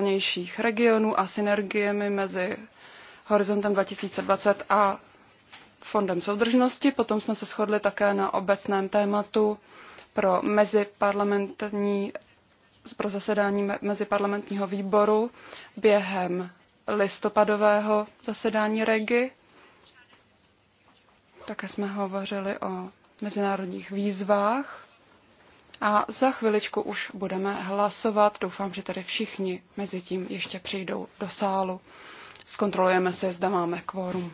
nejvzdálenějších regionů a synergiemi mezi Horizontem 2020 a Fondem soudržnosti. Potom jsme se shodli také na obecném tématu pro meziparlamentní pro zasedání meziparlamentního výboru během listopadového zasedání REGI. Také jsme hovořili o mezinárodních výzvách a za chviličku už budeme hlasovat. Doufám, že tady všichni mezi tím ještě přijdou do sálu. Zkontrolujeme se, zda máme kvórum.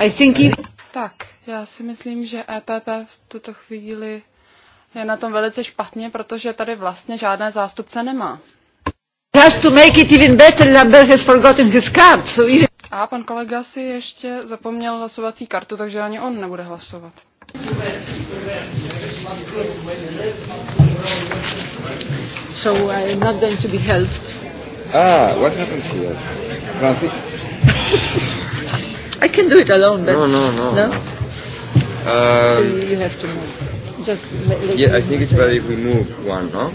I think you... Tak, já si myslím, že EPP v tuto chvíli je na tom velice špatně, protože tady vlastně žádné zástupce nemá. Has to make it even better, Lambert has forgotten his card, A pan kolega si ještě zapomněl hlasovací kartu, takže ani on nebude hlasovat. So I'm uh, not going to be helped. Ah, what happens here? Transi I can do it alone, but. No, no, no. no? Uh, so um, you have to move. Just let, let yeah, I think it's better if we move one, no?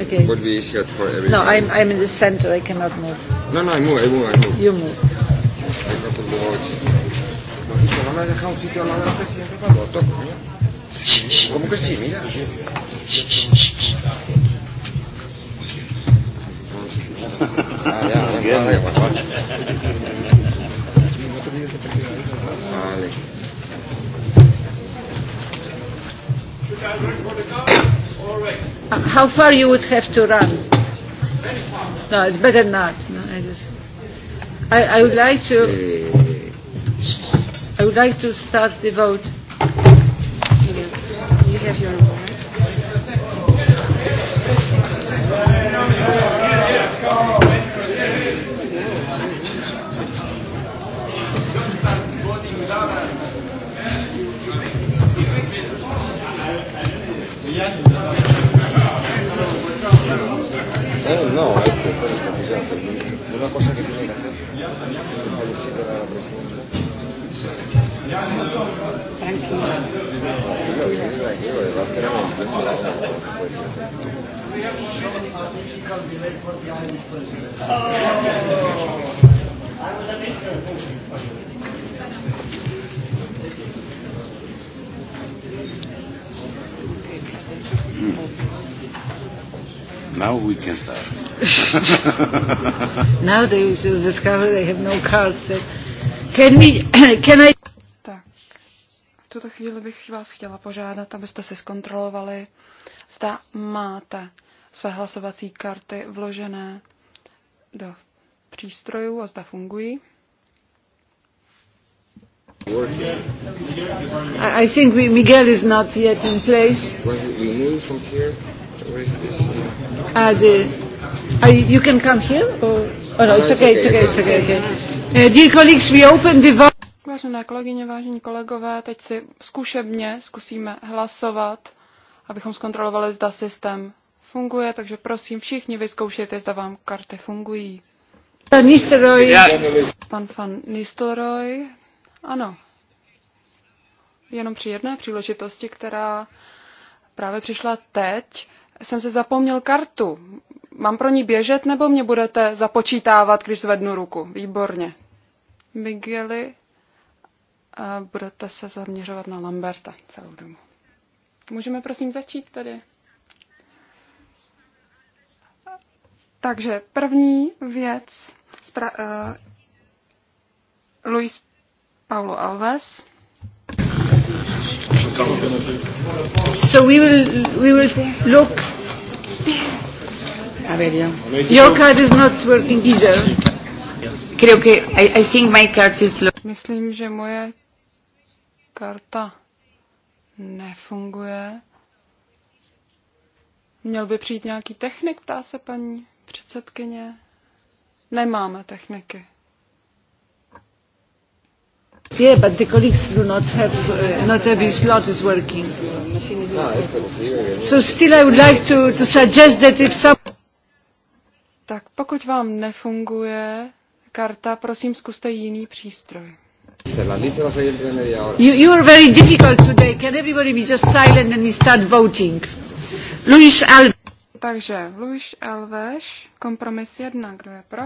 Okay. Would be easier for everyone. No, I'm, I'm in the center, I cannot move. No, no, I move, I move, I move. You move. I got the watch. Ah, yeah, bueno, Uh, how far you would have to run? No, it's better not. No, I just. I, I would like to. Eh. I would like to start the vote. You have your vote. Right? Eh, no, este es complicado. Una cosa que tiene que hacer. Tranquilo. Oh. Now we can start. Now they will discover they have no cards. So can we, can I... Tak, v tuto chvíli bych vás chtěla požádat, abyste si zkontrolovali, zda máte své hlasovací karty vložené do přístrojů a zda fungují. I think we, Miguel is not yet in place. Well, move from here. Where is this? Uh, the, uh, you can come here? Or, oh, oh, no, it's okay, it's okay, it's okay. okay. Uh, dear colleagues, we open the vote. Vážené kolegyně, vážení kolegové, teď si zkušebně zkusíme hlasovat, abychom zkontrolovali, zda systém funguje, takže prosím všichni vyzkoušejte, zda vám karty fungují. Pan Nistelrooy. Pan van Nistelrooy, ano. Jenom při jedné příležitosti, která právě přišla teď, jsem se zapomněl kartu. Mám pro ní běžet, nebo mě budete započítávat, když zvednu ruku? Výborně. Migueli, a eh, budete se zaměřovat na Lamberta celou dobu. Můžeme prosím začít tady? Takže první věc. Spra- uh, eh, Luis Paulo Alves. So we will, we will look. A ver, ya. Your card is not working either. Creo que, I, I think my card is... Myslím, že moje karta nefunguje. Měl by přijít nějaký technik, ptá se paní předsedkyně. Nemáme techniky. Yeah, but the colleagues do not have, uh, not every slot is working. So still I would like to, to suggest that if some... Tak pokud vám nefunguje karta, prosím zkuste jiný přístroj. You, you are very difficult today. Can everybody be just silent and we start voting? Luis Alves. Takže Luis Alves, kompromis jedna, kdo je pro?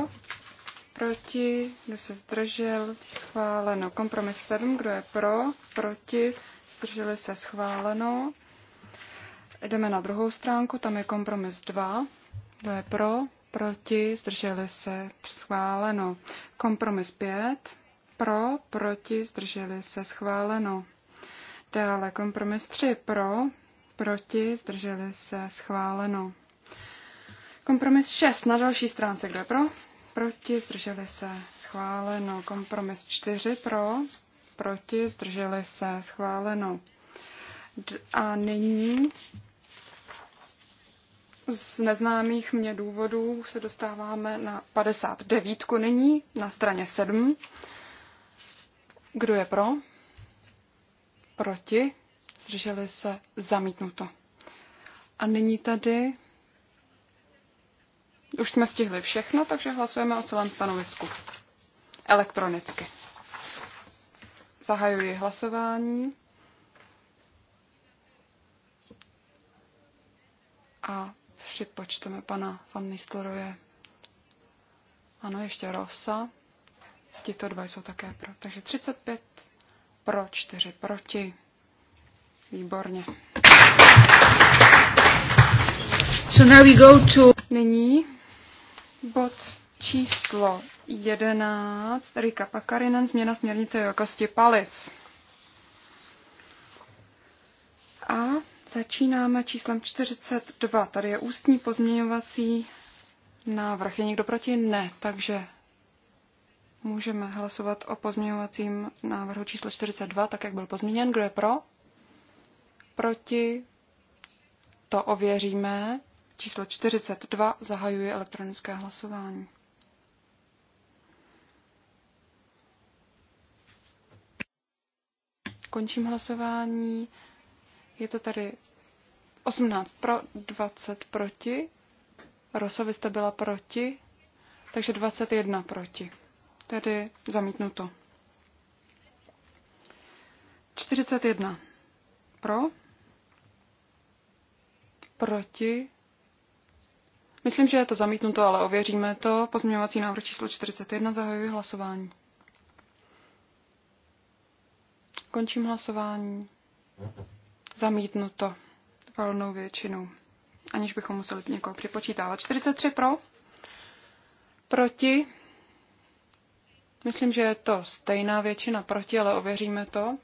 proti, kdo se zdržel, schváleno. Kompromis 7, kdo je pro, proti, zdrželi se, schváleno. Jdeme na druhou stránku, tam je kompromis 2, kdo je pro, proti, zdrželi se, schváleno. Kompromis 5, pro, proti, zdrželi se, schváleno. Dále kompromis 3, pro, proti, zdrželi se, schváleno. Kompromis 6 na další stránce, kdo je pro, proti, zdrželi se, schváleno. Kompromis 4 pro, proti, zdrželi se, schváleno. A nyní z neznámých mě důvodů se dostáváme na 59. Nyní na straně 7. Kdo je pro? Proti? Zdrželi se zamítnuto. A nyní tady už jsme stihli všechno, takže hlasujeme o celém stanovisku. Elektronicky. Zahajuji hlasování. A připočteme pana Van Nistelroje. Ano, ještě Rosa. Tito dva jsou také pro. Takže 35 pro, 4 proti. Výborně. So now we go to... Nyní Bod číslo 11, Rika Pakarinen, změna směrnice jakosti paliv. A začínáme číslem 42. Tady je ústní pozměňovací návrh. Je někdo proti? Ne. Takže můžeme hlasovat o pozměňovacím návrhu číslo 42, tak jak byl pozměněn. Kdo je pro? Proti? To ověříme číslo 42 zahajuje elektronické hlasování. Končím hlasování. Je to tady 18 pro, 20 proti. Rosovi jste byla proti, takže 21 proti. Tedy zamítnuto. 41 pro, proti, Myslím, že je to zamítnuto, ale ověříme to. Pozměňovací návrh číslo 41 zahajuje hlasování. Končím hlasování. Zamítnuto valnou většinou, aniž bychom museli někoho připočítávat. 43 pro, proti, myslím, že je to stejná většina proti, ale ověříme to.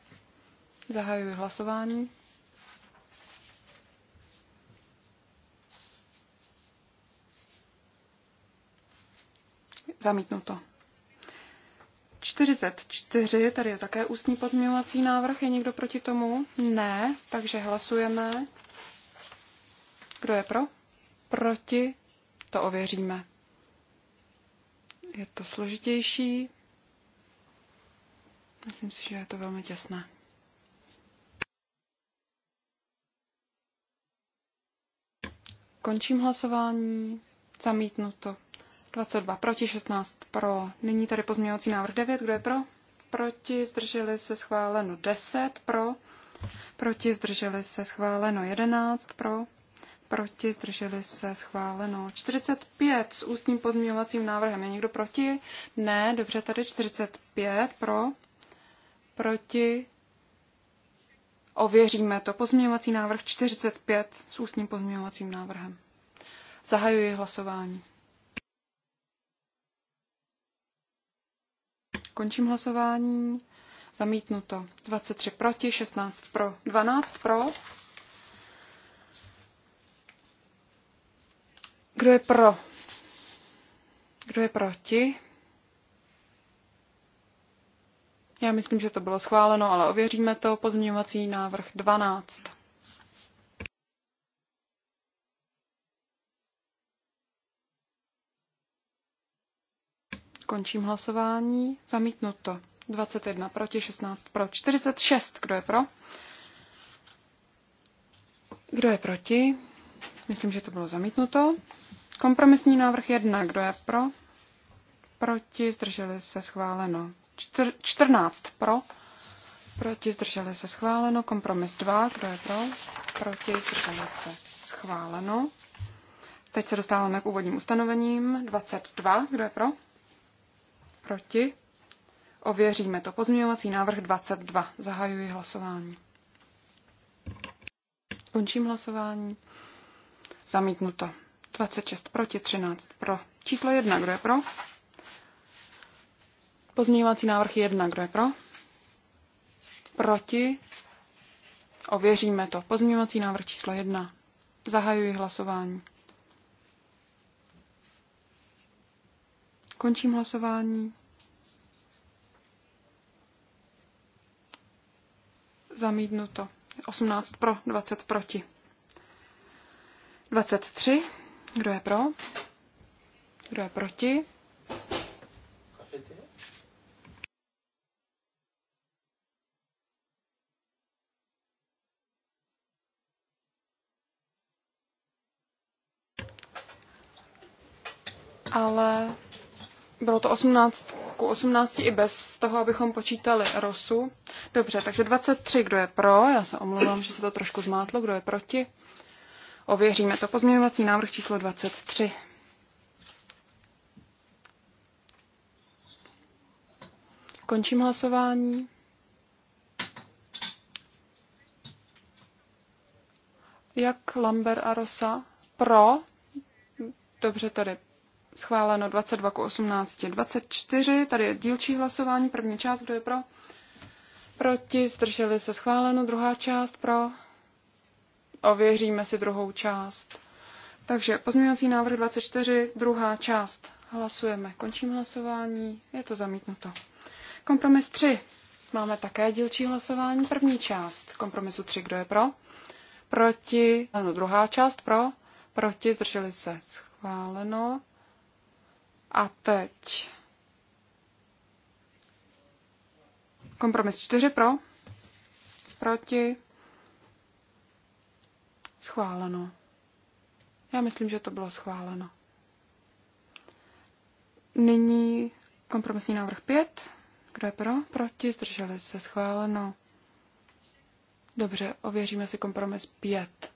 Zahajuji hlasování. Zamítnuto. 44, tady je také ústní pozměňovací návrh. Je někdo proti tomu? Ne, takže hlasujeme. Kdo je pro? Proti? To ověříme. Je to složitější. Myslím si, že je to velmi těsné. Končím hlasování. Zamítnuto. 22 proti, 16 pro. Nyní tady pozměňovací návrh 9. Kdo je pro? Proti, zdrželi se schváleno 10 pro. Proti, zdrželi se schváleno 11 pro. Proti, zdrželi se schváleno 45 s ústním pozměňovacím návrhem. Je někdo proti? Ne, dobře, tady 45 pro. Proti, ověříme to. Pozměňovací návrh 45 s ústním pozměňovacím návrhem. Zahajuji hlasování. Končím hlasování. Zamítnuto. 23 proti, 16 pro, 12 pro. Kdo je pro? Kdo je proti? Já myslím, že to bylo schváleno, ale ověříme to. Pozměňovací návrh 12. Končím hlasování. Zamítnuto. 21 proti, 16 pro, 46. Kdo je pro? Kdo je proti? Myslím, že to bylo zamítnuto. Kompromisní návrh 1. Kdo je pro? Proti, zdrželi se schváleno. 14 pro, proti, zdrželi se schváleno. Kompromis 2. Kdo je pro? Proti, zdrželi se schváleno. Teď se dostáváme k úvodním ustanovením. 22. Kdo je pro? Proti? Ověříme to. Pozměňovací návrh 22. Zahajuji hlasování. Končím hlasování. Zamítnuto. 26 proti, 13 pro. Číslo 1, kdo je pro? Pozměňovací návrh 1, kdo je pro? Proti? Ověříme to. Pozměňovací návrh číslo 1. Zahajuji hlasování. Končím hlasování. Zamítnuto. 18 pro, 20 proti. 23. Kdo je pro? Kdo je proti? ale bylo to 18 ku 18 i bez toho, abychom počítali rosu. Dobře, takže 23, kdo je pro? Já se omlouvám, že se to trošku zmátlo. Kdo je proti? Ověříme to. Pozměňovací návrh číslo 23. Končím hlasování. Jak Lambert a Rosa? Pro? Dobře, tady schváleno 22 k 18, 24, tady je dílčí hlasování, první část, kdo je pro, proti, zdrželi se schváleno, druhá část pro, ověříme si druhou část. Takže pozměňovací návrh 24, druhá část. Hlasujeme. Končím hlasování. Je to zamítnuto. Kompromis 3. Máme také dílčí hlasování. První část kompromisu 3. Kdo je pro? Proti. Ano, druhá část pro. Proti. Zdrželi se. Schváleno. A teď kompromis 4 pro, proti, schváleno. Já myslím, že to bylo schváleno. Nyní kompromisní návrh 5. Kdo je pro? Proti, zdrželi se, schváleno. Dobře, ověříme si kompromis 5.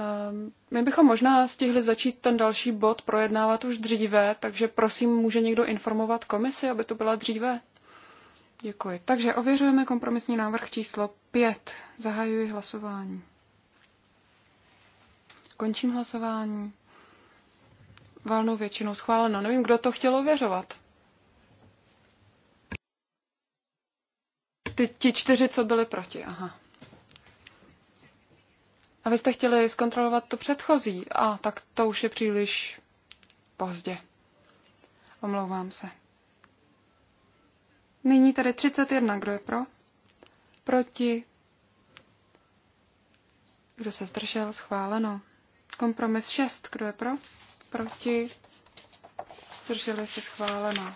Ehm, my bychom možná stihli začít ten další bod projednávat už dříve, takže prosím, může někdo informovat komisi, aby to byla dříve? Děkuji. Takže ověřujeme kompromisní návrh číslo 5. Zahajuji hlasování. Končím hlasování. Válnou většinou schváleno. Nevím, kdo to chtěl ověřovat. Ty, ti čtyři, co byli proti. Aha. A vy jste chtěli zkontrolovat to předchozí. A tak to už je příliš pozdě. Omlouvám se. Nyní tady 31. Kdo je pro? Proti? Kdo se zdržel? Schváleno. Kompromis 6. Kdo je pro? Proti? Zdrželi se schváleno.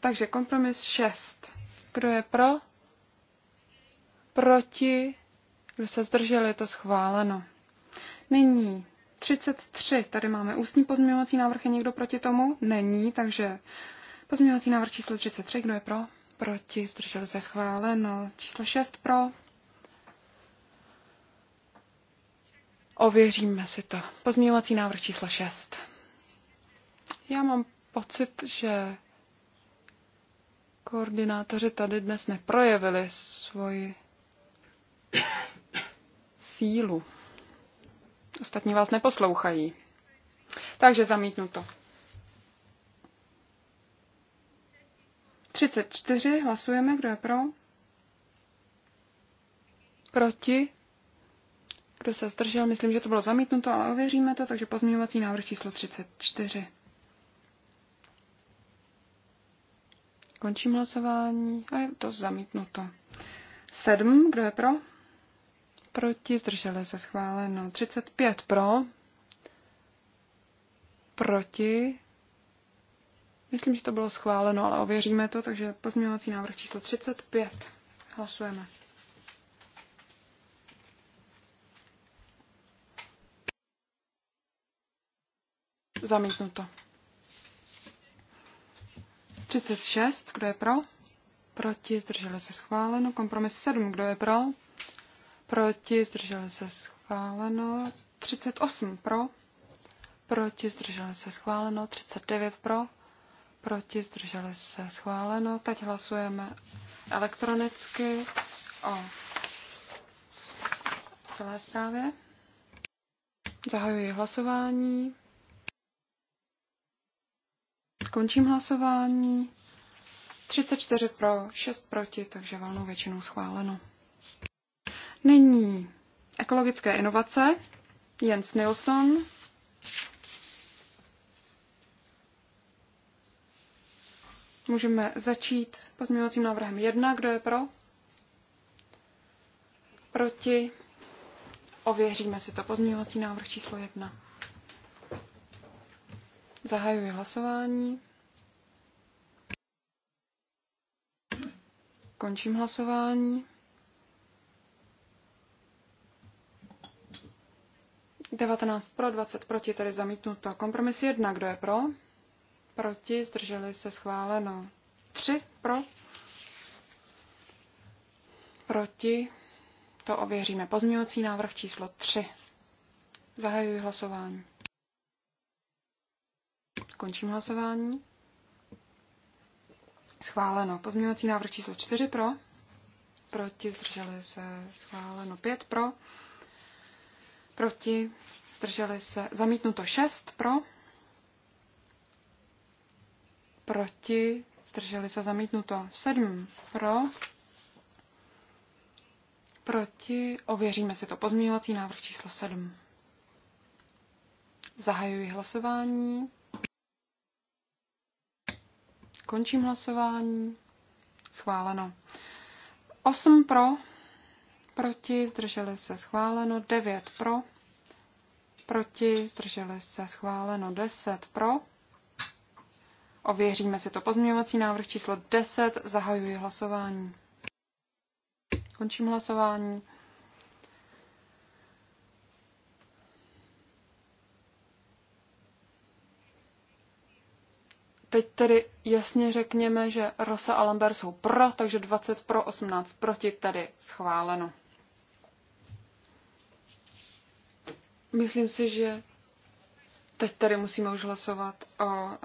Takže kompromis 6. Kdo je pro? proti, kdo se zdržel, je to schváleno. Nyní 33, tady máme ústní pozměňovací návrh, je někdo proti tomu? Není, takže pozměňovací návrh číslo 33, kdo je pro? Proti, zdržel se schváleno. Číslo 6 pro. Ověříme si to. Pozměňovací návrh číslo 6. Já mám pocit, že koordinátoři tady dnes neprojevili svoji sílu. Ostatní vás neposlouchají. Takže zamítnu to. 34 hlasujeme, kdo je pro? Proti? Kdo se zdržel? Myslím, že to bylo zamítnuto, ale ověříme to, takže pozměňovací návrh číslo 34. Končím hlasování a je to zamítnuto. 7, kdo je pro? proti, zdrželi se schváleno. 35 pro, proti, myslím, že to bylo schváleno, ale ověříme to, takže pozměňovací návrh číslo 35. Hlasujeme. Zamítnuto. 36, kdo je pro? Proti, zdrželi se schváleno. Kompromis 7, kdo je pro? proti, zdrželi se schváleno, 38 pro, proti, zdrželi se schváleno, 39 pro, proti, zdrželi se schváleno. Teď hlasujeme elektronicky o celé zprávě. Zahajuji hlasování. Končím hlasování. 34 pro, 6 proti, takže valnou většinou schváleno. Nyní ekologické inovace. Jens Nilsson. Můžeme začít pozměňovacím návrhem 1. Kdo je pro? Proti? Ověříme si to. Pozměňovací návrh číslo 1. Zahajuji hlasování. Končím hlasování. 19 pro, 20 proti, tedy zamítnuto. Kompromis 1, kdo je pro? Proti, zdrželi se schváleno. 3 pro, proti, to ověříme. Pozměňovací návrh číslo 3. Zahajuji hlasování. Končím hlasování. Schváleno. Pozměňovací návrh číslo 4 pro. Proti zdrželi se. Schváleno 5 pro proti, zdrželi se, zamítnuto 6 pro, proti, zdrželi se, zamítnuto 7 pro, proti, ověříme si to pozměňovací návrh číslo 7. Zahajuji hlasování. Končím hlasování. Schváleno. 8 pro, proti, zdrželi se schváleno 9 pro, proti, zdrželi se schváleno 10 pro. Ověříme si to pozměňovací návrh číslo 10, zahajuji hlasování. Končím hlasování. Teď tedy jasně řekněme, že Rosa a Lambert jsou pro, takže 20 pro, 18 proti, tedy schváleno. Myslím si, že teď tady musíme už hlasovat o uh,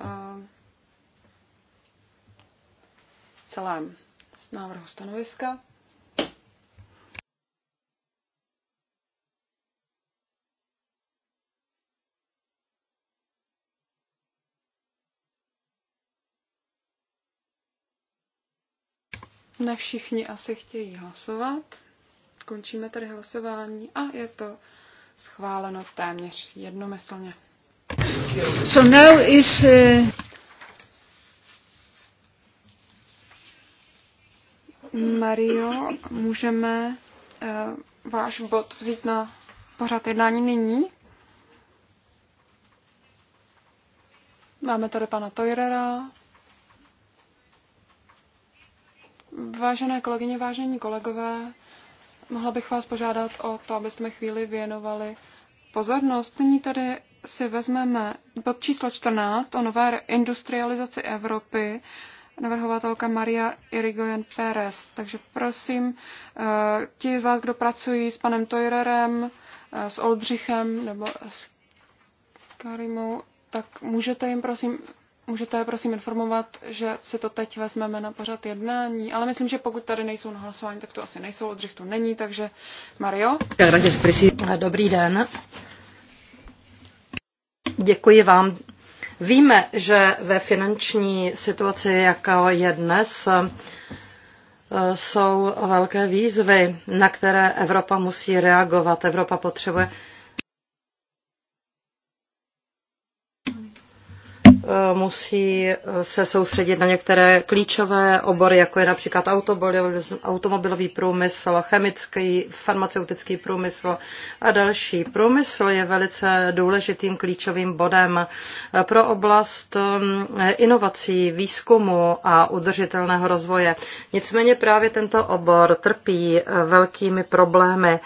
celém z návrhu stanoviska. Ne všichni asi chtějí hlasovat. Končíme tady hlasování a je to schváleno téměř jednomyslně. So now is, uh... Mario, můžeme uh, váš bod vzít na pořad jednání nyní? Máme tady pana Toirera. Vážené kolegyně, vážení kolegové, mohla bych vás požádat o to, abyste mi chvíli věnovali pozornost. Nyní tady si vezmeme bod číslo 14 o nové industrializaci Evropy, navrhovatelka Maria Irigoyen Pérez. Takže prosím, eh, ti z vás, kdo pracují s panem Toirerem, eh, s Oldřichem nebo s Karimou, tak můžete jim prosím Můžete prosím informovat, že si to teď vezmeme na pořad jednání, ale myslím, že pokud tady nejsou na hlasování, tak to asi nejsou, Oldřich tu není, takže Mario. Dobrý den. Děkuji vám. Víme, že ve finanční situaci, jaká je dnes, jsou velké výzvy, na které Evropa musí reagovat. Evropa potřebuje Eh, musí eh, se soustředit na některé klíčové obory, jako je například automobilový průmysl, chemický, farmaceutický průmysl a další. Průmysl je velice důležitým klíčovým bodem eh, pro oblast inovací, výzkumu a udržitelného rozvoje. Nicméně právě tento obor trpí velkými problémy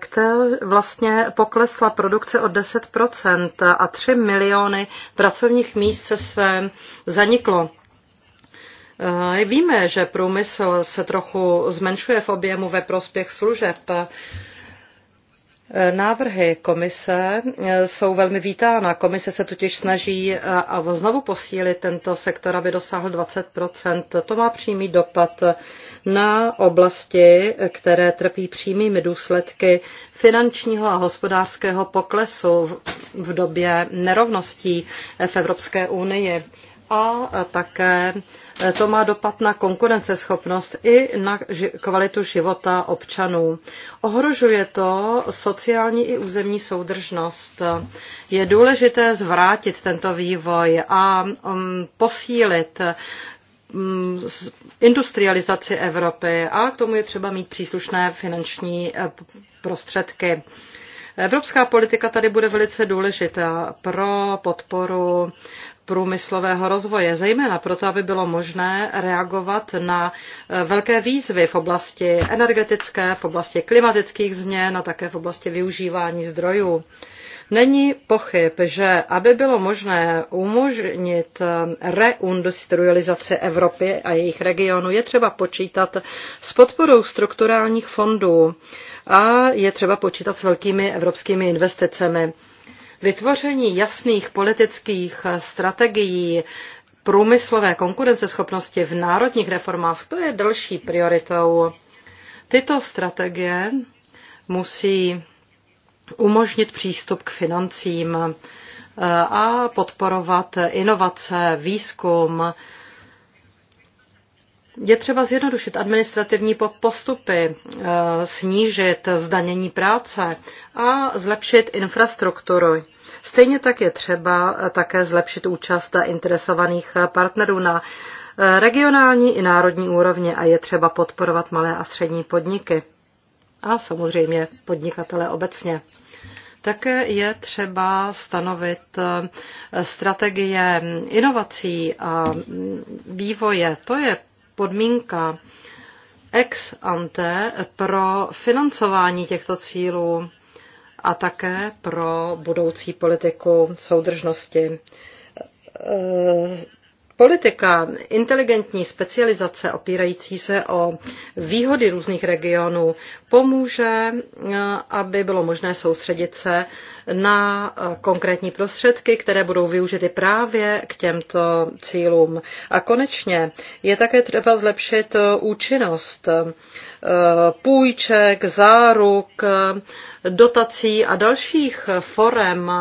které vlastně poklesla produkce o 10% a 3 miliony pracovních míst se zaniklo. Eh, víme, že průmysl se trochu zmenšuje v objemu ve prospěch služeb Eh, návrhy komise eh, jsou velmi vítána. Komise se totiž snaží eh, a znovu posílit tento sektor, aby dosáhl 20 To má přímý dopad na oblasti, které trpí přímými důsledky finančního a hospodářského poklesu v době nerovností v Evropské unii a také to má dopad na konkurenceschopnost i na kvalitu života občanů. Ohrožuje to sociální i územní soudržnost. Je důležité zvrátit tento vývoj a um, posílit um, industrializaci Evropy a k tomu je třeba mít příslušné finanční eh, prostředky. Evropská politika tady bude velice důležitá pro podporu průmyslového rozvoje, zejména proto, aby bylo možné reagovat na eh, velké výzvy v oblasti energetické, v oblasti klimatických změn a také v oblasti využívání zdrojů. Není pochyb, že aby bylo možné umožnit eh, reindustrializaci Evropy a jejich regionu, je třeba počítat s podporou strukturálních fondů a je třeba počítat s velkými evropskými investicemi. Vytvoření jasných politických strategií průmyslové konkurenceschopnosti v národních reformách, to je další prioritou. Tyto strategie musí umožnit přístup k financím eh, a podporovat inovace, výzkum, je třeba zjednodušit administrativní postupy, eh, snížit zdanění práce a zlepšit infrastrukturu. Stejně tak je třeba eh, také zlepšit účast interesovaných eh, partnerů na regionální i národní úrovni a je třeba podporovat malé a střední podniky a samozřejmě podnikatele obecně. Také je třeba stanovit strategie inovací a mm, vývoje. To je podmínka ex ante pro financování těchto cílů a také pro budoucí politiku soudržnosti Politika inteligentní specializace opírající se o výhody různých regionů pomůže, eh, aby bylo možné soustředit se na eh, konkrétní prostředky, které budou využity právě k těmto cílům. A konečně je také třeba zlepšit eh, účinnost půjček, záruk, dotací a dalších forem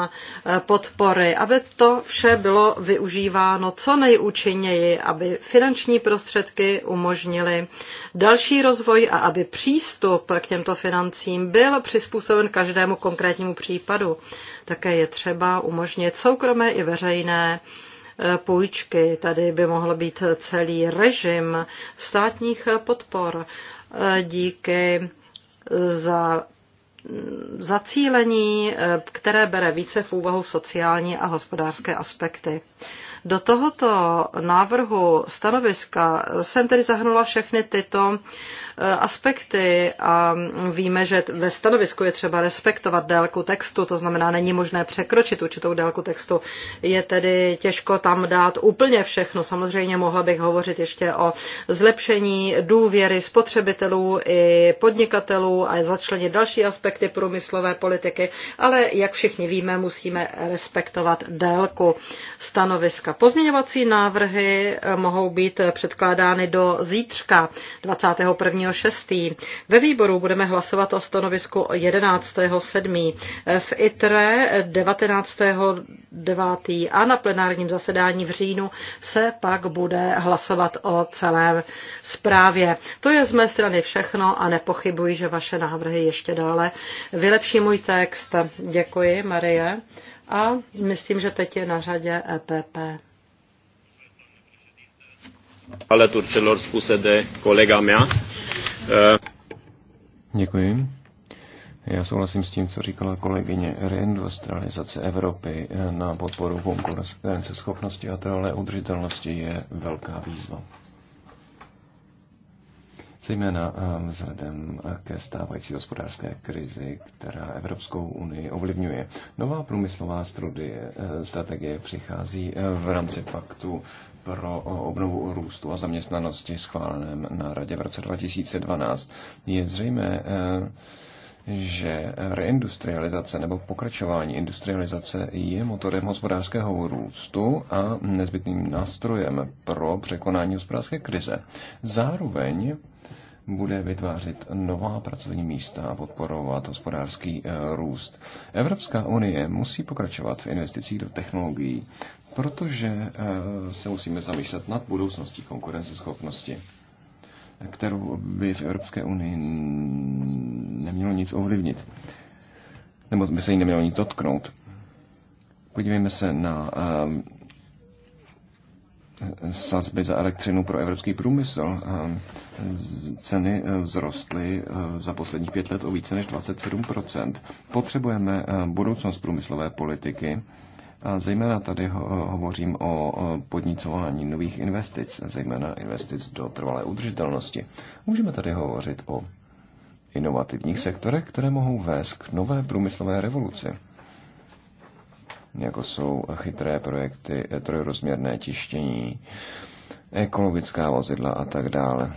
podpory, aby to vše bylo využíváno co nejúčinněji, aby finanční prostředky umožnily další rozvoj a aby přístup k těmto financím byl přizpůsoben každému konkrétnímu případu. Také je třeba umožnit soukromé i veřejné půjčky. Tady by mohl být celý režim státních podpor díky za zacílení, eh, které bere více v úvahu sociální a hospodářské aspekty. Do tohoto návrhu stanoviska jsem tedy zahrnula všechny tyto E, aspekty a víme, že ve stanovisku je třeba respektovat délku textu, to znamená, není možné překročit určitou délku textu. Je tedy těžko tam dát úplně všechno. Samozřejmě mohla bych hovořit ještě o zlepšení důvěry spotřebitelů i podnikatelů a začlenit další aspekty průmyslové politiky, ale jak všichni víme, musíme respektovat délku stanoviska. Pozměňovací návrhy mohou být předkládány do zítřka 21. 6. Ve výboru budeme hlasovat o stanovisku 11. 7. v ITRE 19. 9. a na plenárním zasedání v říjnu se pak bude hlasovat o celém zprávě. To je z mé strany všechno a nepochybuji, že vaše návrhy ještě dále vylepší můj text. Děkuji, Marie. A myslím, že teď je na řadě EPP. Alături celor spuse de colega mea, Eh, děkuji. Já souhlasím s tím, co říkala kolegyně. Reindustrializace Evropy eh, na podporu schopnosti a trvalé udržitelnosti je velká výzva. Zejména ehm, vzhledem eh, ke stávající hospodářské krizi, která Evropskou unii ovlivňuje. Nová průmyslová strategie přichází v rámci paktu pro obnovu růstu a zaměstnanosti schváleném na radě v roce 2012. Je zřejmé, eh, že reindustrializace nebo pokračování industrializace je motorem hospodářského růstu a nezbytným nástrojem pro překonání hospodářské krize. Zároveň bude vytvářet nová pracovní místa a podporovat hospodářský eh, růst. Evropská unie musí pokračovat v investicích do technologií, protože eh, se musíme zamýšlet nad budoucností konkurenceschopnosti, kterou by v Evropské unii nemělo nic ovlivnit, nebo by se jí nemělo nic dotknout. Podívejme se na eh, sazby za elektřinu pro evropský průmysl. Eh, ceny vzrostly za posledních pět let o více než 27 Potřebujeme budoucnost průmyslové politiky zejména tady eh, hovořím o podnicování nových investic, zejména investic do trvalé udržitelnosti. Můžeme tady hovořit o inovativních sektorech, které mohou vést k nové průmyslové revoluci jako jsou chytré projekty, eh, trojrozměrné tištění, ekologická vozidla a tak dále.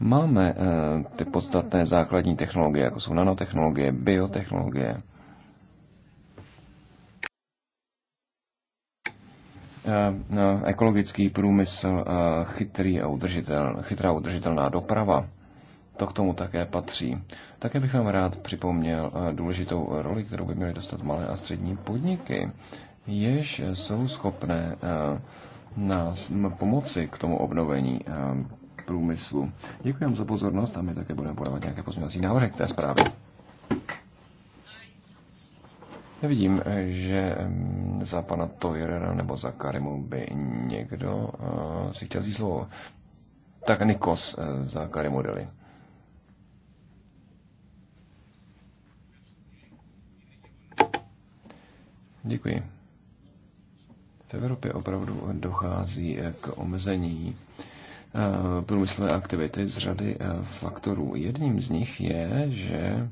Máme eh, ty podstatné základní technologie, jako jsou nanotechnologie, biotechnologie, Eh, eh, ekologický průmysl, eh, chytrý a udržitel, chytrá udržitelná doprava. To k tomu také patří. Také bych vám rád připomněl důležitou roli, kterou by měly dostat malé a střední podniky, jež jsou schopné nás pomoci k tomu obnovení průmyslu. Děkuji vám za pozornost a my také budeme podávat nějaké pozměňovací návrhy k té zprávě. Nevidím, že za pana Tojera nebo za Karimu by někdo eh, si chtěl slovo. Tak Nikos eh, za Karimu Deli. Děkuji. V Evropě opravdu dochází eh, k omezení průmyslové aktivity z řady faktorů. Jedním z nich je, že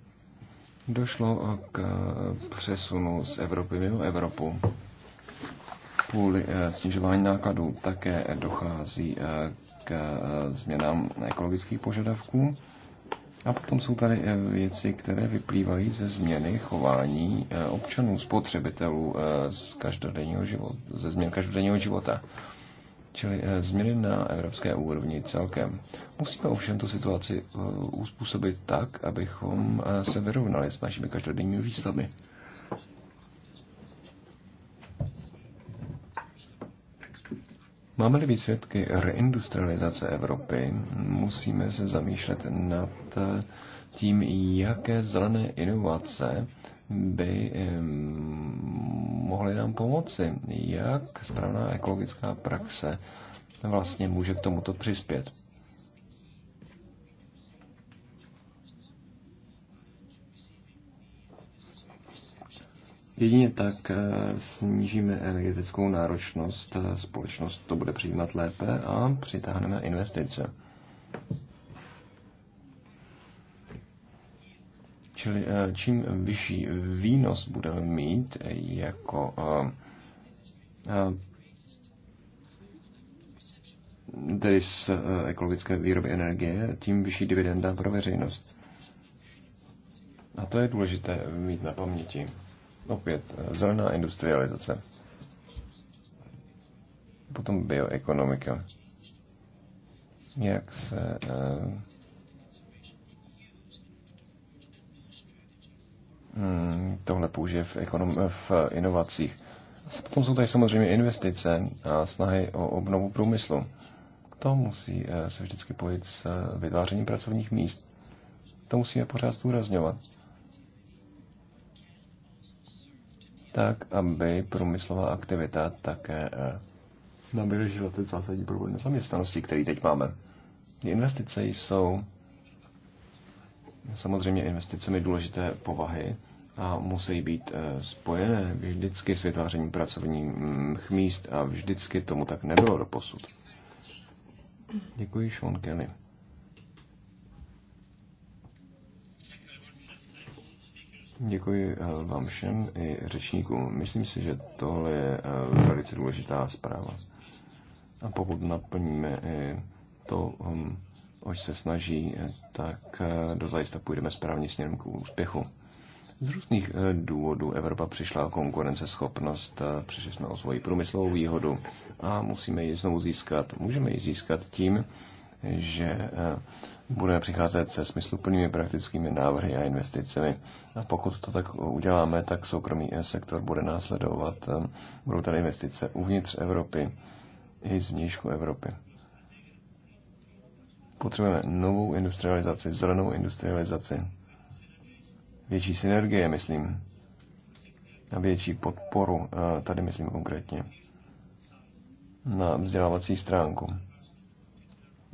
došlo eh, k eh, přesunu z Evropy mimo Evropu. Kvůli eh, snižování nákladů také dochází k změnám ekologických požadavků. A potom jsou tady věci, které vyplývají ze změny chování občanů, spotřebitelů z každodenního života, ze změn každodenního života čili eh, změny na evropské úrovni celkem. Musíme ovšem tu situaci eh, uspůsobit tak, abychom eh, se vyrovnali s našimi každodenními výstavy. Máme-li být svědky reindustrializace Evropy, musíme se zamýšlet nad tím, jaké zelené inovace by mohly nám pomoci, jak správná ekologická praxe vlastně může k tomuto přispět. Jedině tak eh, snížíme energetickou náročnost, eh, společnost to bude přijímat lépe a přitáhneme investice. Čili eh, čím vyšší výnos budeme mít eh, jako eh, tedy z ekologické výroby energie, tím vyšší dividenda pro veřejnost. A to je důležité mít na paměti. Opět, zelená industrializace. Potom bioekonomika. Jak se Hmm, tohle použije v, ekonom- v inovacích. potom jsou tady samozřejmě investice a snahy o obnovu průmyslu. To musí eh, se vždycky pojít s eh, vytvářením pracovních míst. To musíme pořád zdůrazňovat. Tak, aby průmyslová aktivita také eh, nabíležila vyřešila ten zásadní problém nezaměstnanosti, který teď máme. Investice jsou samozřejmě investicemi důležité povahy, a musí být eh, spojené vždycky s vytvářením pracovních míst a vždycky tomu tak nebylo do posud. Děkuji, Sean Kelly. Děkuji eh, vám všem i řečníkům. Myslím si, že tohle je eh, velice důležitá zpráva. A pokud naplníme i to, hm, oč se snaží, tak dozajista půjdeme správně směrem k úspěchu. Z různých eh, důvodů Evropa přišla o konkurenceschopnost, eh, přišli jsme o svoji průmyslovou výhodu a musíme ji znovu získat. Můžeme ji získat tím, že eh, budeme přicházet se smysluplnými praktickými návrhy a investicemi. A pokud to tak uděláme, tak soukromý sektor bude následovat. Budou tady investice uvnitř Evropy i z vnějšku Evropy. Potřebujeme novou industrializaci, zelenou industrializaci větší synergie, myslím, a větší podporu, eh, tady myslím konkrétně, na vzdělávací stránku.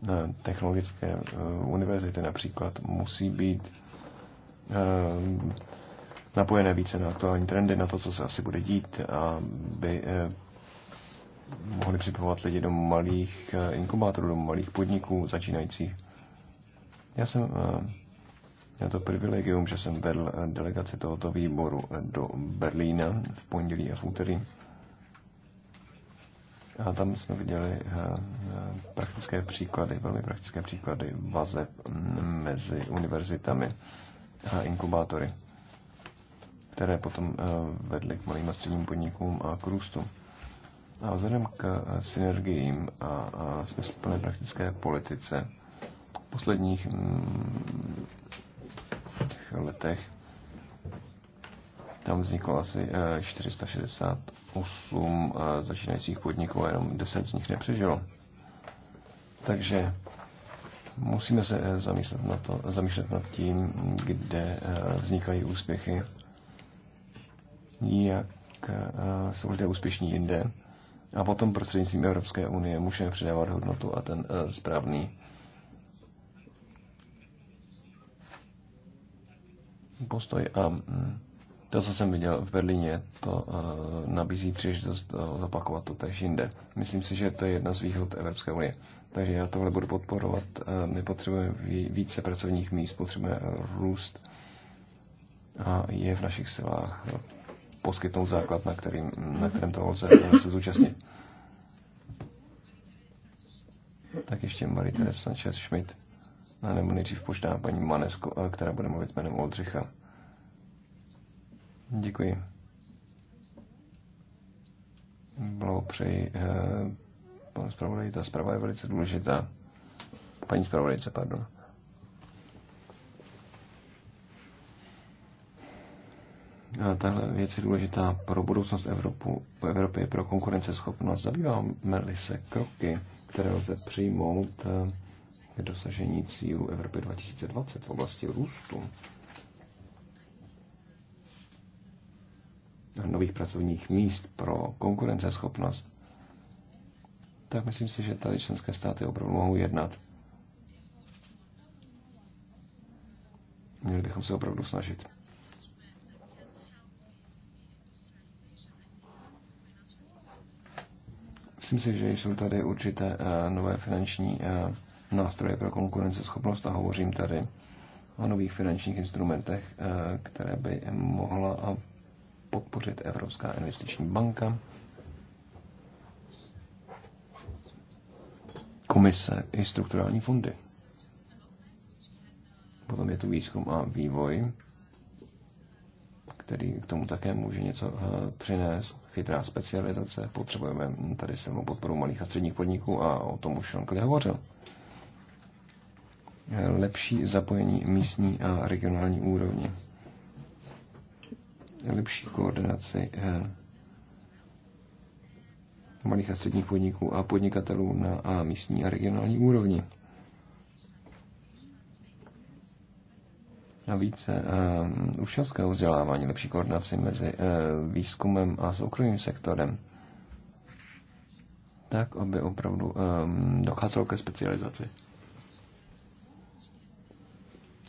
Eh, technologické eh, univerzity například musí být napojené více na aktuální trendy, na to, co se asi bude dít, aby mohli připravovat lidi do malých inkubátorů, do malých podniků začínajících. Já jsem já to privilegium, že jsem vedl eh, delegaci tohoto výboru eh, do Berlína v pondělí a v úterý. A tam jsme viděli eh, praktické příklady, velmi praktické příklady vazeb mm, mezi univerzitami a inkubátory, které potom vedly k malým a středním podnikům a k růstu. A vzhledem k synergiím a, a smysluplné praktické politice posledních mm, letech. Tam vzniklo asi 468 eh, eh, začínajících podniků a jenom 10 z nich nepřežilo. Takže musíme se eh, zamýšlet, na to, zamýšlet nad tím, kde vznikají úspěchy, jak jsou lidé úspěšní jinde a potom prostřednictvím Evropské unie můžeme předávat hodnotu a ten správný postoj a mm, to, co jsem viděl v Berlíně, to uh, nabízí příležitost uh, zopakovat to tež jinde. Myslím si, že to je jedna z výhod Evropské unie. Takže já tohle budu podporovat. Uh, my potřebujeme více pracovních míst, potřebujeme růst a je v našich silách poskytnout základ, na, kterým, na kterém to lze se zúčastnit. Tak ještě Marie Teresa Sanchez Schmidt nebo nejdřív počtá paní Manesko, eh, která bude mluvit jménem Oldřicha. Děkuji. Blahopřeji eh, pan zpravodaj, Ta zpráva je velice důležitá. Paní zpravodajce, pardon. Tahle věc je důležitá pro budoucnost Evropu, pro Evropě, pro konkurenceschopnost. Zabýváme-li se kroky, které lze přijmout, eh, k dosažení cílu Evropy 2020 v oblasti růstu a nových pracovních míst pro konkurenceschopnost, tak myslím si, že tady členské státy opravdu mohou jednat. Měli bychom se opravdu snažit. Myslím si, že jsou tady určité uh, nové finanční uh, nástroje pro konkurenceschopnost a hovořím tady o nových finančních instrumentech, eh, které by mohla podpořit Evropská investiční banka, komise i strukturální fondy. Potom je tu výzkum a vývoj, který k tomu také může něco eh, přinést. Chytrá specializace, potřebujeme tady silnou podporu malých a středních podniků a o tom už Šonkli hovořil lepší zapojení místní a regionální úrovně, lepší koordinaci eh, malých a středních podniků a podnikatelů na a místní a regionální úrovni. Navíc uh, učňovského vzdělávání, lepší koordinaci mezi uh, výzkumem a soukromým sektorem, tak aby opravdu um, docházelo ke specializaci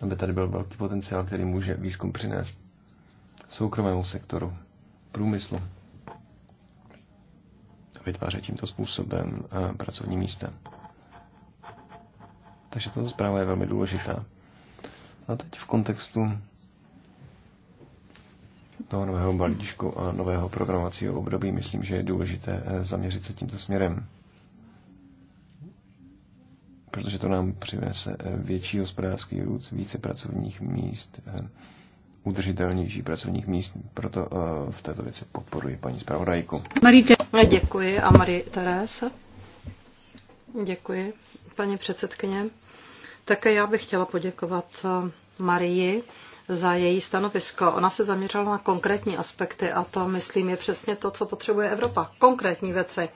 aby tady byl velký potenciál, který může výzkum přinést soukromému sektoru, průmyslu, vytvářet tímto způsobem eh, pracovní místa. Takže tato zpráva je velmi důležitá. A teď v kontextu toho nového balíčku a nového programovacího období myslím, že je důležité eh, zaměřit se tímto směrem protože to nám přinese eh, větší hospodářský růst, více pracovních míst, eh, udržitelnější pracovních míst. Proto eh, v této věci podporuji paní zpravodajku. Marie, děkuji a Marie Teresa. Děkuji, paní předsedkyně. Také já bych chtěla poděkovat Marii za její stanovisko. Ona se zaměřila na konkrétní aspekty a to, myslím, je přesně to, co potřebuje Evropa. Konkrétní věci.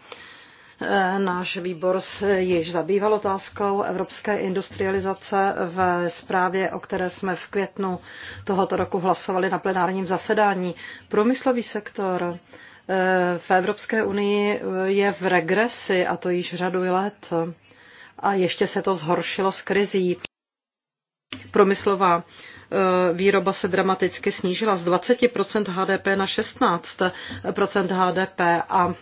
Eh, náš výbor se již zabýval otázkou evropské industrializace v zprávě, o které jsme v květnu tohoto roku hlasovali na plenárním zasedání. Průmyslový sektor eh, v Evropské unii eh, je v regresi a to již řadu let. A ještě se to zhoršilo s krizí. Promyslová výroba se dramaticky snížila z 20 HDP na 16 HDP a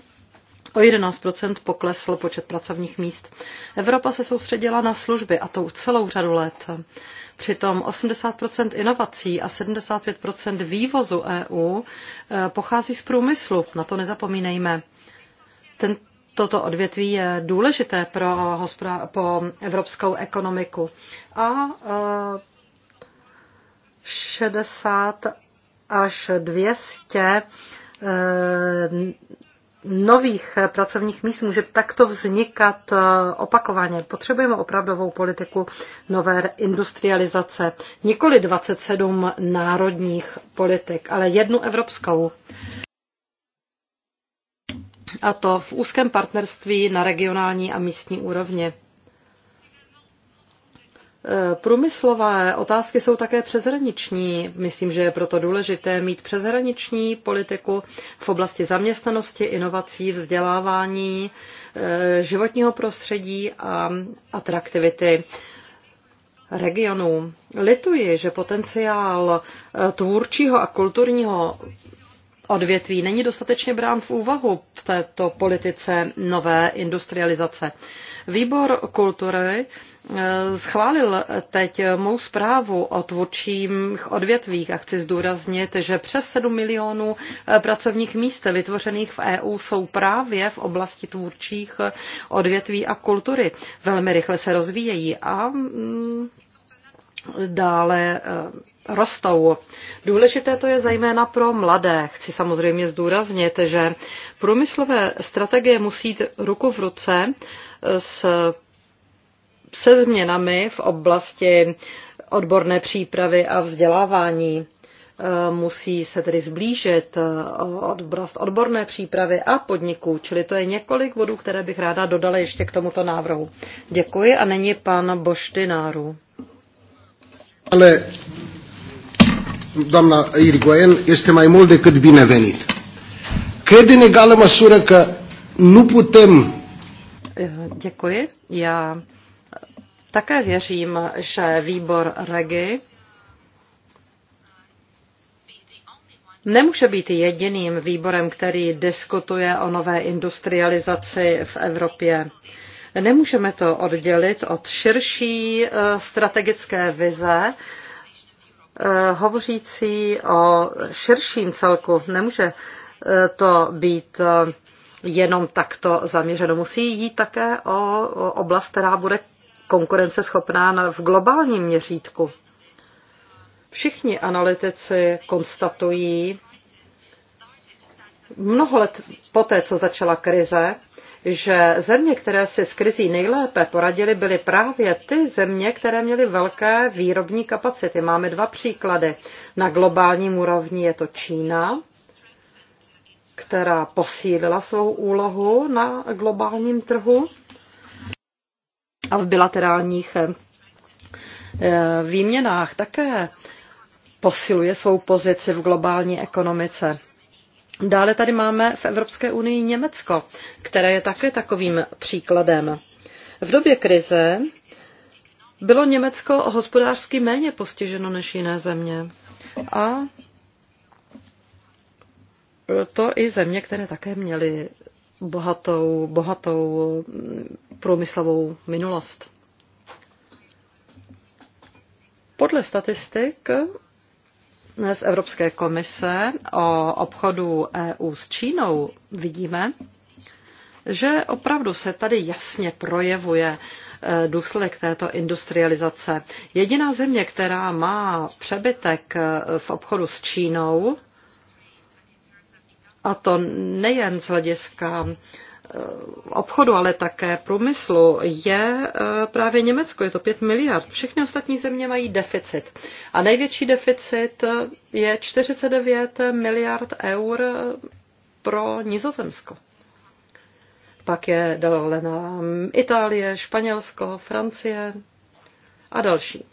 O 11 poklesl počet pracovních míst. Evropa se soustředila na služby a to celou řadu let. Přitom 80 inovací a 75 vývozu EU eh, pochází z průmyslu, na to nezapomínejme. Ten, toto odvětví je důležité pro, pro evropskou ekonomiku. A uh, eh, 60 až 200 uh, eh, nových eh, pracovních míst může takto vznikat eh, opakovaně. Potřebujeme opravdovou politiku nové industrializace. Nikoli 27 národních politik, ale jednu evropskou. A to v úzkém partnerství na regionální a místní úrovni. Průmyslové otázky jsou také přezhraniční. Myslím, že je proto důležité mít přezhraniční politiku v oblasti zaměstnanosti, inovací, vzdělávání, eh, životního prostředí a atraktivity regionů. Lituji, že potenciál eh, tvůrčího a kulturního odvětví není dostatečně brán v úvahu v této politice nové industrializace. Výbor kultury Eh, schválil teď mou zprávu o tvůrčích odvětvích a chci zdůraznit, že přes 7 milionů eh, pracovních míst vytvořených v EU jsou právě v oblasti tvůrčích eh, odvětví a kultury. Velmi rychle se rozvíjejí a mm, dále rostou. Důležité to je zejména pro mladé. Chci samozřejmě zdůraznit, že průmyslové strategie musí jít ruku v ruce s se změnami v oblasti odborné přípravy a vzdělávání. E, musí se tedy zblížit e, oblast odborné přípravy a podniků, čili to je několik bodů, které bych ráda dodala ještě k tomuto návrhu. Děkuji a není pan Boštináru. Ale doamna Irgoen, este mai mult decât binevenit. Cred în egală măsură că nu putem e, Děkuji. Já také věřím, že výbor REGI nemůže být jediným výborem, který diskutuje o nové industrializaci v Evropě. Nemůžeme to oddělit od širší e, strategické vize, e, hovořící o širším celku. Nemůže e, to být jenom takto zaměřeno. Musí jít také o oblast, která bude konkurenceschopná v globálním měřítku. Všichni analytici konstatují, mnoho let poté, co začala krize, že země, které si s krizí nejlépe poradily, byly právě ty země, které měly velké výrobní kapacity. Máme dva příklady. Na globálním úrovni je to Čína, která posílila svou úlohu na globálním trhu a v bilaterálních eh, eh, výměnách také posiluje svou pozici v globální ekonomice. Dále tady máme v Evropské unii Německo, které je také takovým příkladem. V době krize bylo Německo hospodářsky méně postiženo než jiné země. A to i země, které také měly bohatou, bohatou mm, průmyslovou minulost. Podle statistik z Evropské komise o obchodu EU s Čínou vidíme, že opravdu se tady jasně projevuje e, důsledek této industrializace. Jediná země, která má přebytek v obchodu s Čínou, a to nejen z hlediska eh, obchodu, ale také průmyslu je eh, právě Německo, je to 5 miliard. Všechny ostatní země mají deficit. A největší deficit eh, je 49 miliard eur pro Nizozemsko. Pak je dále na Itálie, Španělsko, Francie a další.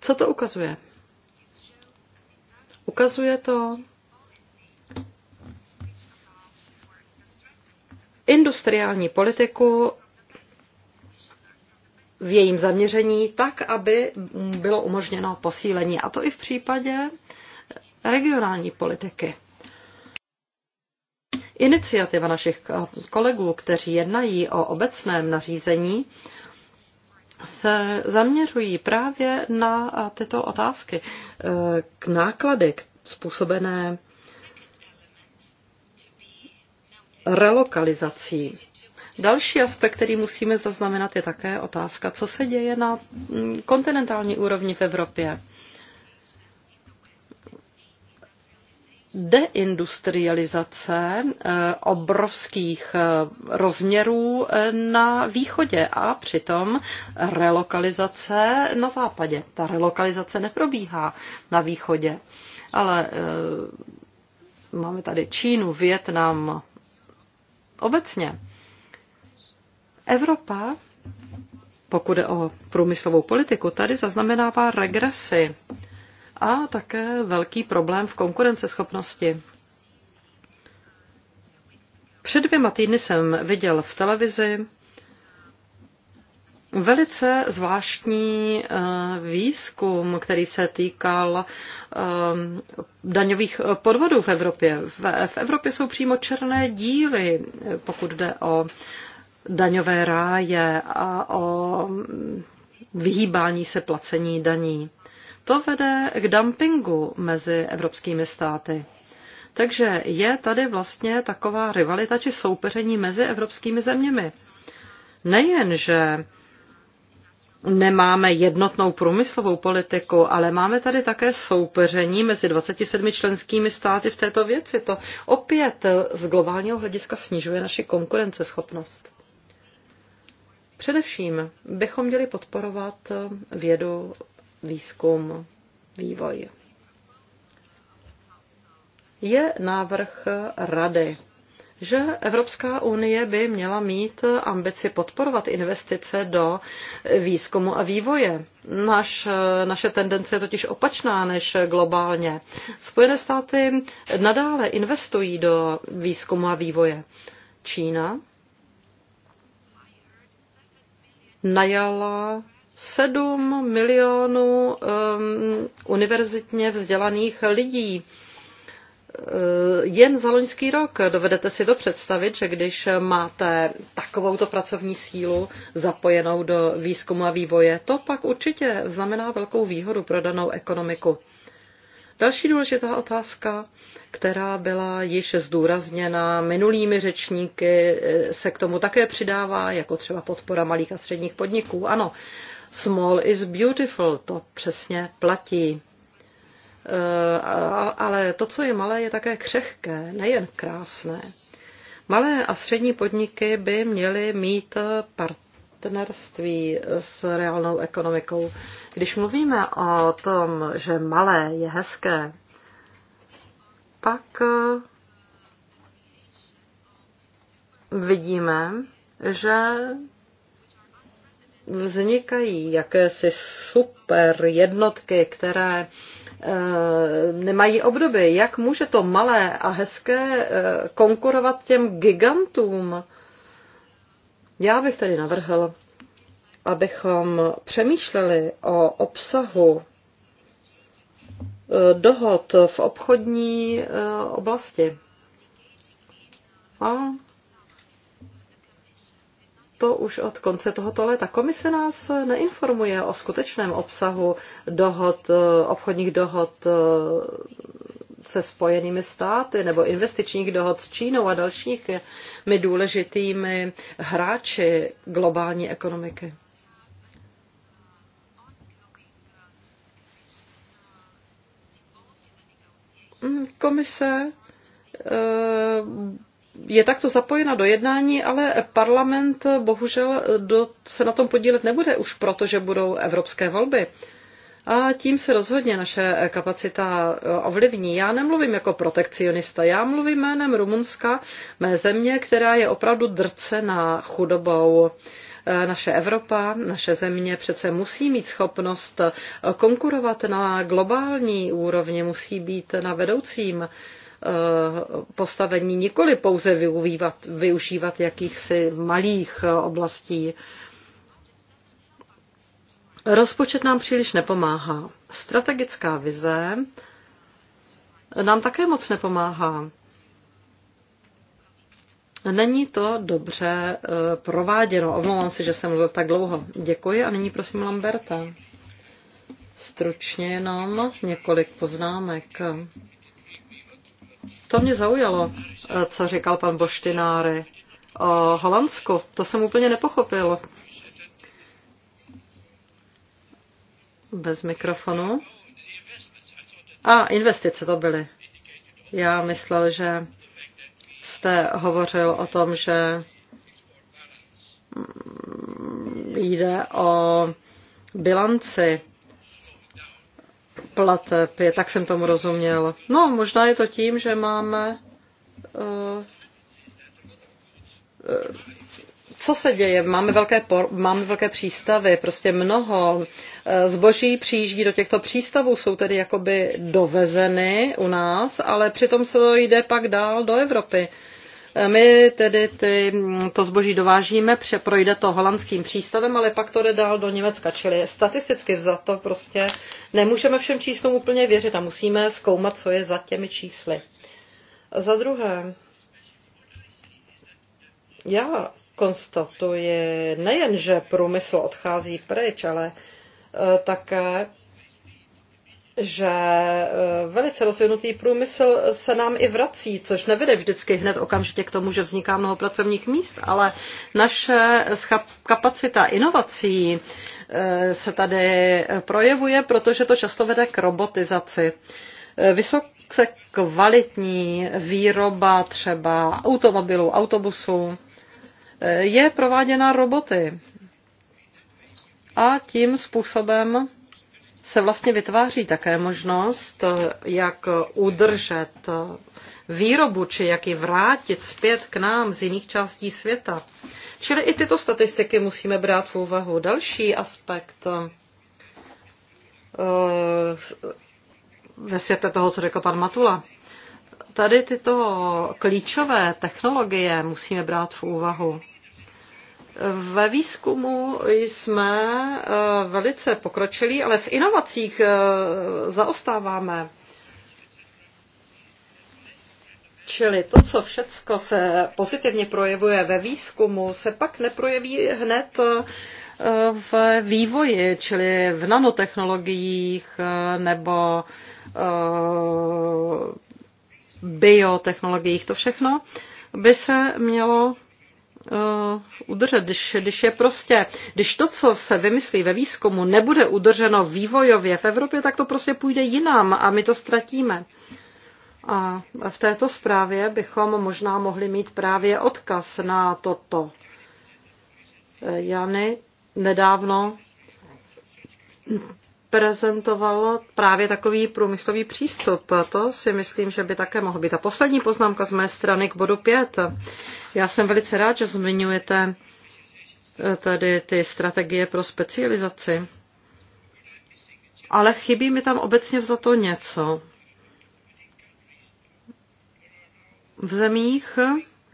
Co to ukazuje? Ukazuje to industriální politiku v jejím zaměření tak, aby bylo umožněno posílení. A to i v případě regionální politiky. Iniciativa našich kolegů, kteří jednají o obecném nařízení, se zaměřují právě na tyto otázky eh, k náklady způsobené relokalizací. Další aspekt, který musíme zaznamenat, je také otázka, co se děje na mm, kontinentální úrovni v Evropě. deindustrializace eh, obrovských eh, rozměrů eh, na východě a přitom relokalizace na západě. Ta relokalizace neprobíhá na východě, ale máme tady Čínu, Větnam, obecně. Evropa, pokud je o průmyslovou politiku, tady zaznamenává regresy a také velký problém v konkurenceschopnosti. Před dvěma týdny jsem viděl v televizi velice zvláštní eh, výzkum, který se týkal eh, daňových podvodů v Evropě. V Evropě jsou přímo černé díly, pokud jde o daňové ráje a o mm, vyhýbání se placení daní to vede k dumpingu mezi evropskými státy. Takže je tady vlastně taková rivalita či soupeření mezi evropskými zeměmi. Nejen, že nemáme jednotnou průmyslovou politiku, ale máme tady také soupeření mezi 27 členskými státy v této věci. To opět z globálního hlediska snižuje naši konkurenceschopnost. Především bychom měli podporovat vědu výzkum, vývoj. Je návrh Rady, že Evropská unie by měla mít ambici podporovat investice do výzkumu a vývoje. Naš, naše tendence je totiž opačná než globálně. Spojené státy nadále investují do výzkumu a vývoje. Čína najala 7 milionů um, univerzitně vzdělaných lidí. Uh, jen za loňský rok dovedete si to představit, že když máte takovouto pracovní sílu zapojenou do výzkumu a vývoje, to pak určitě znamená velkou výhodu pro danou ekonomiku. Další důležitá otázka, která byla již zdůrazněna minulými řečníky, se k tomu také přidává, jako třeba podpora malých a středních podniků. Ano, Small is beautiful, to přesně platí. Eh, ale to, co je malé, je také křehké, nejen krásné. Malé a střední podniky by měly mít partnerství s reálnou ekonomikou. Když mluvíme o tom, že malé je hezké, pak eh, vidíme, že vznikají jakési super jednotky, které eh, nemají obdoby. Jak může to malé a hezké eh, konkurovat těm gigantům? Já bych tady navrhl, abychom přemýšleli o obsahu eh, dohod v obchodní oblasti. A to už od konce tohoto léta. Komise nás neinformuje o skutečném obsahu dohod, eh, obchodních dohod eh, se spojenými státy nebo investičních dohod s Čínou a dalšími důležitými hráči globální ekonomiky. Hmm, komise eh, je takto zapojena do jednání, ale parlament bohužel do, se na tom podílet nebude už proto, že budou evropské volby. A tím se rozhodně naše kapacita ovlivní. Já nemluvím jako protekcionista, já mluvím jménem Rumunska, mé země, která je opravdu drcená chudobou naše Evropa, naše země přece musí mít schopnost konkurovat na globální úrovni, musí být na vedoucím Eh, postavení, nikoli pouze využívat, využívat jakýchsi malých eh, oblastí. Rozpočet nám příliš nepomáhá. Strategická vize nám také moc nepomáhá. Není to dobře eh, prováděno. Omlouvám se, že jsem mluvil tak dlouho. Děkuji a nyní prosím Lamberta. Stručně jenom několik poznámek. To mě zaujalo, eh, co říkal pan Boštináry o Holandsku. To jsem úplně nepochopil. Bez mikrofonu. A investice to byly. Já myslel, že jste hovořil o tom, že mm, jde o bilanci plateb, je, tak jsem tomu rozuměl. No, možná je to tím, že máme. Uh, uh, co se děje? Máme velké, por, máme velké přístavy, prostě mnoho eh, zboží přijíždí do těchto přístavů, jsou tedy jakoby dovezeny u nás, ale přitom se to jde pak dál do Evropy. Uh, my tedy ty, mm, to zboží dovážíme, projde to holandským přístavem, ale pak to jde dál do Německa. Čili statisticky vzato prostě nemůžeme všem číslům úplně věřit a musíme zkoumat, co je za těmi čísly. Za druhé, já konstatuji nejen, že průmysl odchází pryč, ale eh, také že eh, velice rozvinutý průmysl se nám i vrací, což nevede vždycky hned okamžitě k tomu, že vzniká mnoho pracovních míst, ale naše kapacita inovací eh, se tady projevuje, protože to často vede k robotizaci. Eh, vysoce kvalitní výroba třeba automobilů, autobusů je prováděna roboty. A tím způsobem se vlastně vytváří také možnost, jak udržet výrobu, či jak ji vrátit zpět k nám z jiných částí světa. Čili i tyto statistiky musíme brát v úvahu. Další aspekt eh, ve světle toho, co řekl pan Matula. Tady tyto klíčové technologie musíme brát v úvahu. Ve výzkumu jsme eh, velice pokročili, ale v inovacích eh, zaostáváme. Čili to, co všecko se pozitivně projevuje ve výzkumu, se pak neprojeví hned eh, v vývoji, čili v nanotechnologiích nebo biotechnologiích. To všechno by se mělo Uh, udržet, když, když je prostě, když to, co se vymyslí ve výzkumu, nebude udrženo vývojově v Evropě, tak to prostě půjde jinam a my to ztratíme. A v této zprávě bychom možná mohli mít právě odkaz na toto. Jany nedávno prezentoval právě takový průmyslový přístup. To si myslím, že by také mohlo být. A poslední poznámka z mé strany k bodu 5. Já jsem velice rád, že zmiňujete eh, tady ty strategie pro specializaci. Ale chybí mi tam obecně za to něco. V zemích,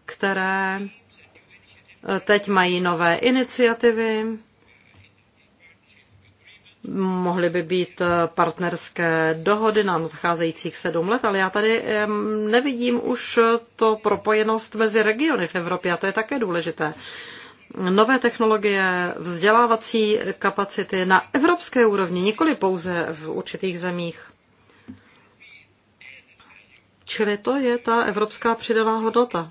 které eh, teď mají nové iniciativy, mohly by být eh, partnerské dohody na nadcházejících sedm let, ale já tady nevidím už to propojenost mezi regiony v Evropě a to je také důležité. Nové technologie, vzdělávací kapacity na evropské úrovni, nikoli pouze v určitých zemích. Čili to je ta evropská přidaná hodnota.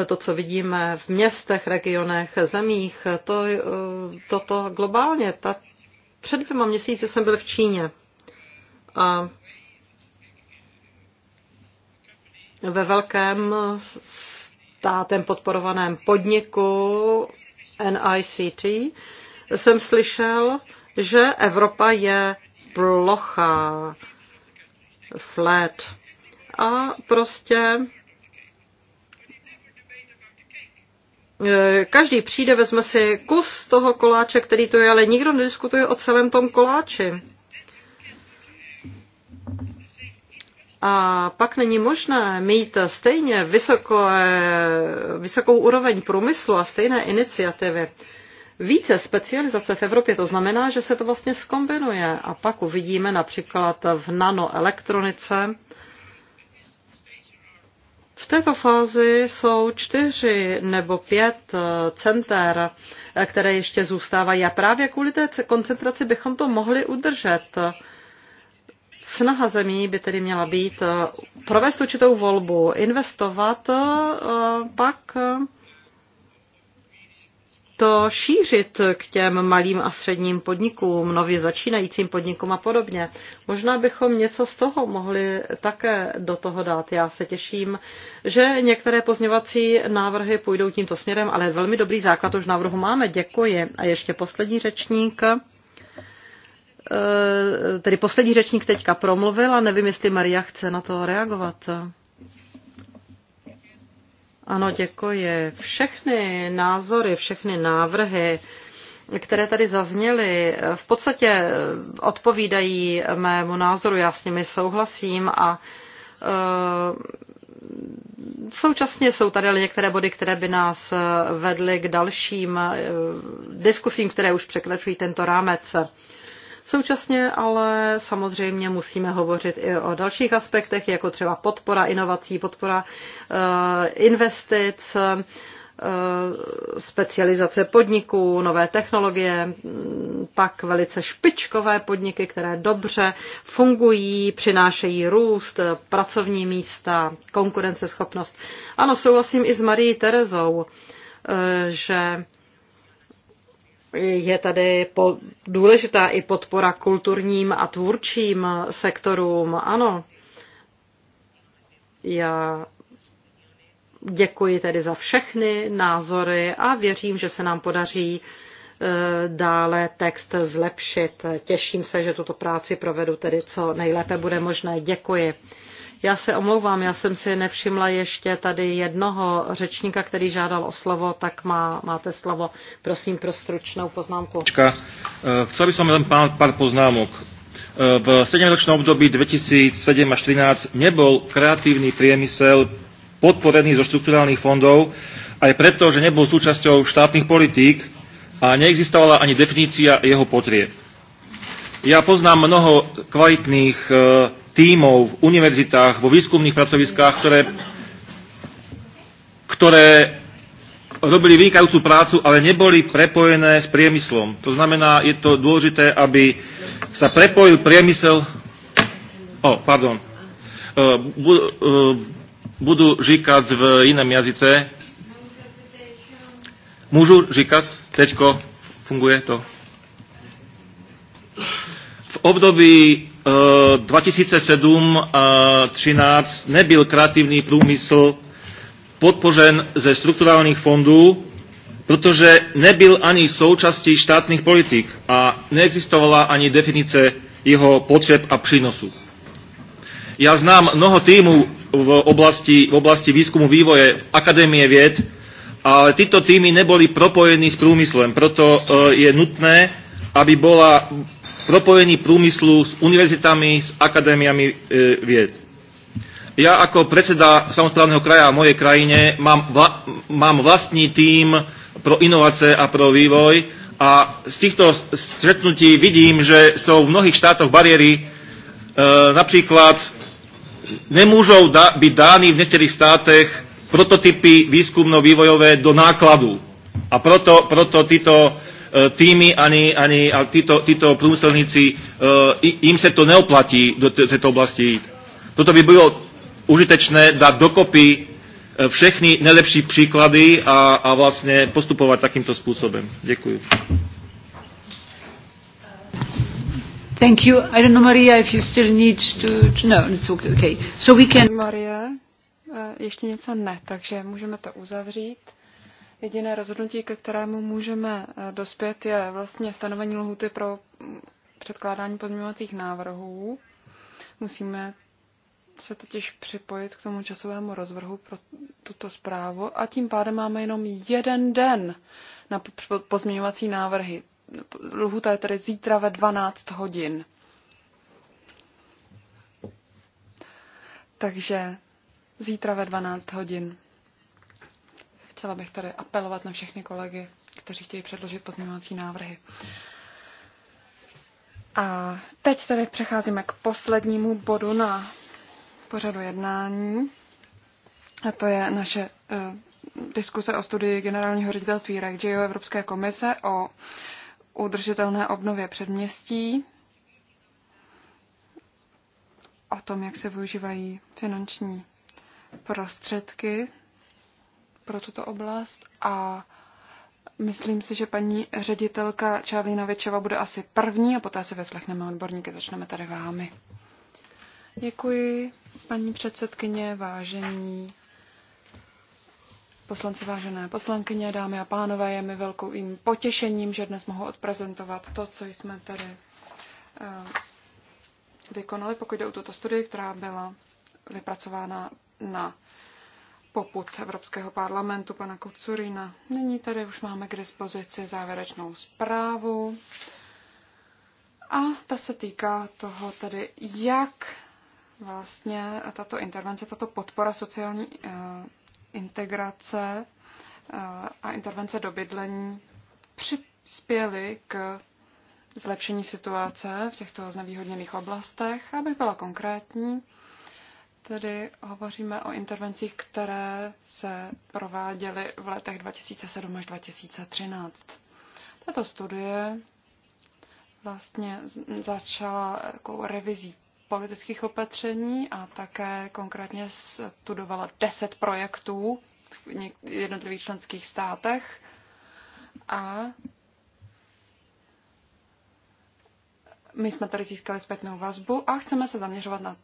Eh, to, co vidíme v městech, regionech, zemích, to, eh, to to globálně. Ta, před dvěma měsíci jsem byl v Číně a ve velkém státem podporovaném podniku NICT jsem slyšel, že Evropa je plochá, flat a prostě Eh, každý přijde, vezme si kus toho koláče, který to je, ale nikdo nediskutuje o celém tom koláči. A pak není možné mít stejně vysoko, eh, vysokou úroveň průmyslu a stejné iniciativy. Více specializace v Evropě to znamená, že se to vlastně skombinuje. A pak uvidíme například v nanoelektronice, v této fázi jsou čtyři nebo pět eh, center, eh, které ještě zůstávají a právě kvůli té koncentraci bychom to mohli udržet. Snaha zemí by tedy měla být eh, provést určitou volbu, investovat pak to šířit k těm malým a středním podnikům, nově začínajícím podnikům a podobně. Možná bychom něco z toho mohli také do toho dát. Já se těším, že některé pozněvací návrhy půjdou tímto směrem, ale velmi dobrý základ už návrhu máme. Děkuji. A ještě poslední řečník. E, tedy poslední řečník teďka promluvil a nevím, jestli Maria chce na to reagovat. Ano, děkuji. Všechny názory, všechny návrhy, které tady zazněly, v podstatě odpovídají mému názoru. Já s nimi souhlasím a eh, současně jsou tady některé body, které by nás vedly k dalším eh, diskusím, které už překračují tento rámec. Současně ale samozřejmě musíme hovořit i o dalších aspektech, jako třeba podpora inovací, podpora eh, investic, eh, specializace podniků, nové technologie, mm, pak velice špičkové podniky, které dobře fungují, přinášejí růst, pracovní místa, konkurenceschopnost. Ano, souhlasím i s Marí Terezou, eh, že je tady po, důležitá i podpora kulturním a tvůrčím sektorům. Ano, já děkuji tedy za všechny názory a věřím, že se nám podaří e, dále text zlepšit. Těším se, že tuto práci provedu tedy co nejlépe bude možné. Děkuji. Já se omlouvám, já jsem si nevšimla ještě tady jednoho řečníka, který žádal o slovo, tak má, máte slovo. Prosím pro stručnou poznámku. Eh, chcel bych vám pár, pár poznámok. Eh, v 7-ročnom období 2007 až 2013 nebol kreatívny priemysel podporený zo fondů, fondov aj preto, že nebol súčasťou štátnych politík a neexistovala ani definícia jeho potrieb. Ja poznám mnoho kvalitných eh, tímov v univerzitách, vo výskumných pracoviskách, ktoré, ktoré robili vynikajúcu prácu, ale neboli prepojené s priemyslom. To znamená, je to dôležité, aby sa prepojil priemysel... O, oh, pardon. E, e, budu říkat v jiném jazyce. Můžu říkat? Teďko funguje to. V období 2007 eh, a 2013 nebyl kreativní průmysl podpořen ze strukturálních fondů, protože nebyl ani součástí štátnych politik a neexistovala ani definice jeho potřeb a přínosů. Já znám mnoho týmů v oblasti, v oblasti výzkumu vývoje Akademie věd, ale tyto týmy nebyly propojeny s průmyslem, proto eh, je nutné, aby byla propojení průmyslu s univerzitami, s akadémiami e, věd. Ja ako predseda samozprávneho kraja v mojej krajine mám, vla, mám vlastní tým pro inovace a pro vývoj a z týchto stretnutí vidím, že sú v mnohých štátoch bariéry. E, napríklad nemôžu da, byť dány v niektorých státech prototypy výskumno-vývojové do nákladu. A proto, proto títo Eh, týmy ani, ani a títo, títo průmyslníci, eh, jim se to neoplatí do této oblasti jít. Toto by bylo užitečné dát dokopy eh, všechny nejlepší příklady a, a vlastně postupovat takýmto způsobem. Děkuji. Thank you. I don't know, Maria, if you still need to... to no, it's okay. okay. So we can... Maria, ještě něco ne, takže můžeme to uzavřít. Jediné rozhodnutí, ke kterému můžeme eh, dospět, je vlastně stanovení lhuty pro mm, předkládání pozměňovacích návrhů. Musíme se totiž připojit k tomu časovému rozvrhu pro tuto zprávu a tím pádem máme jenom jeden den na pozměňovací návrhy. Lhuta je tedy zítra ve 12 hodin. Takže zítra ve 12 hodin. Chtěla bych tady apelovat na všechny kolegy, kteří chtějí předložit pozměňovací návrhy. A teď tedy přecházíme k poslednímu bodu na pořadu jednání. A to je naše uh, diskuse o studii generálního ředitelství RegGeo Evropské komise o udržitelné obnově předměstí, o tom, jak se využívají finanční prostředky pro tuto oblast a myslím si, že paní ředitelka Čávlína Věčeva bude asi první a poté si vyslechneme odborníky. Začneme tady vámi. Děkuji, paní předsedkyně, vážení poslanci, vážené poslankyně, dámy a pánové, je mi velkým potěšením, že dnes mohu odprezentovat to, co jsme tady eh, vykonali, pokud jde o tuto studii, která byla vypracována na poput Evropského parlamentu pana Kucurina. Nyní tady už máme k dispozici závěrečnou zprávu a ta se týká toho tedy, jak vlastně tato intervence, tato podpora sociální uh, integrace uh, a intervence do bydlení přispěly k zlepšení situace v těchto znevýhodněných oblastech. Abych byla konkrétní, Tedy hovoříme o intervencích, které se prováděly v letech 2007 až 2013. Tato studie vlastně začala jako revizí politických opatření a také konkrétně studovala 10 projektů v jednotlivých členských státech a my jsme tady získali zpětnou vazbu a chceme se zaměřovat na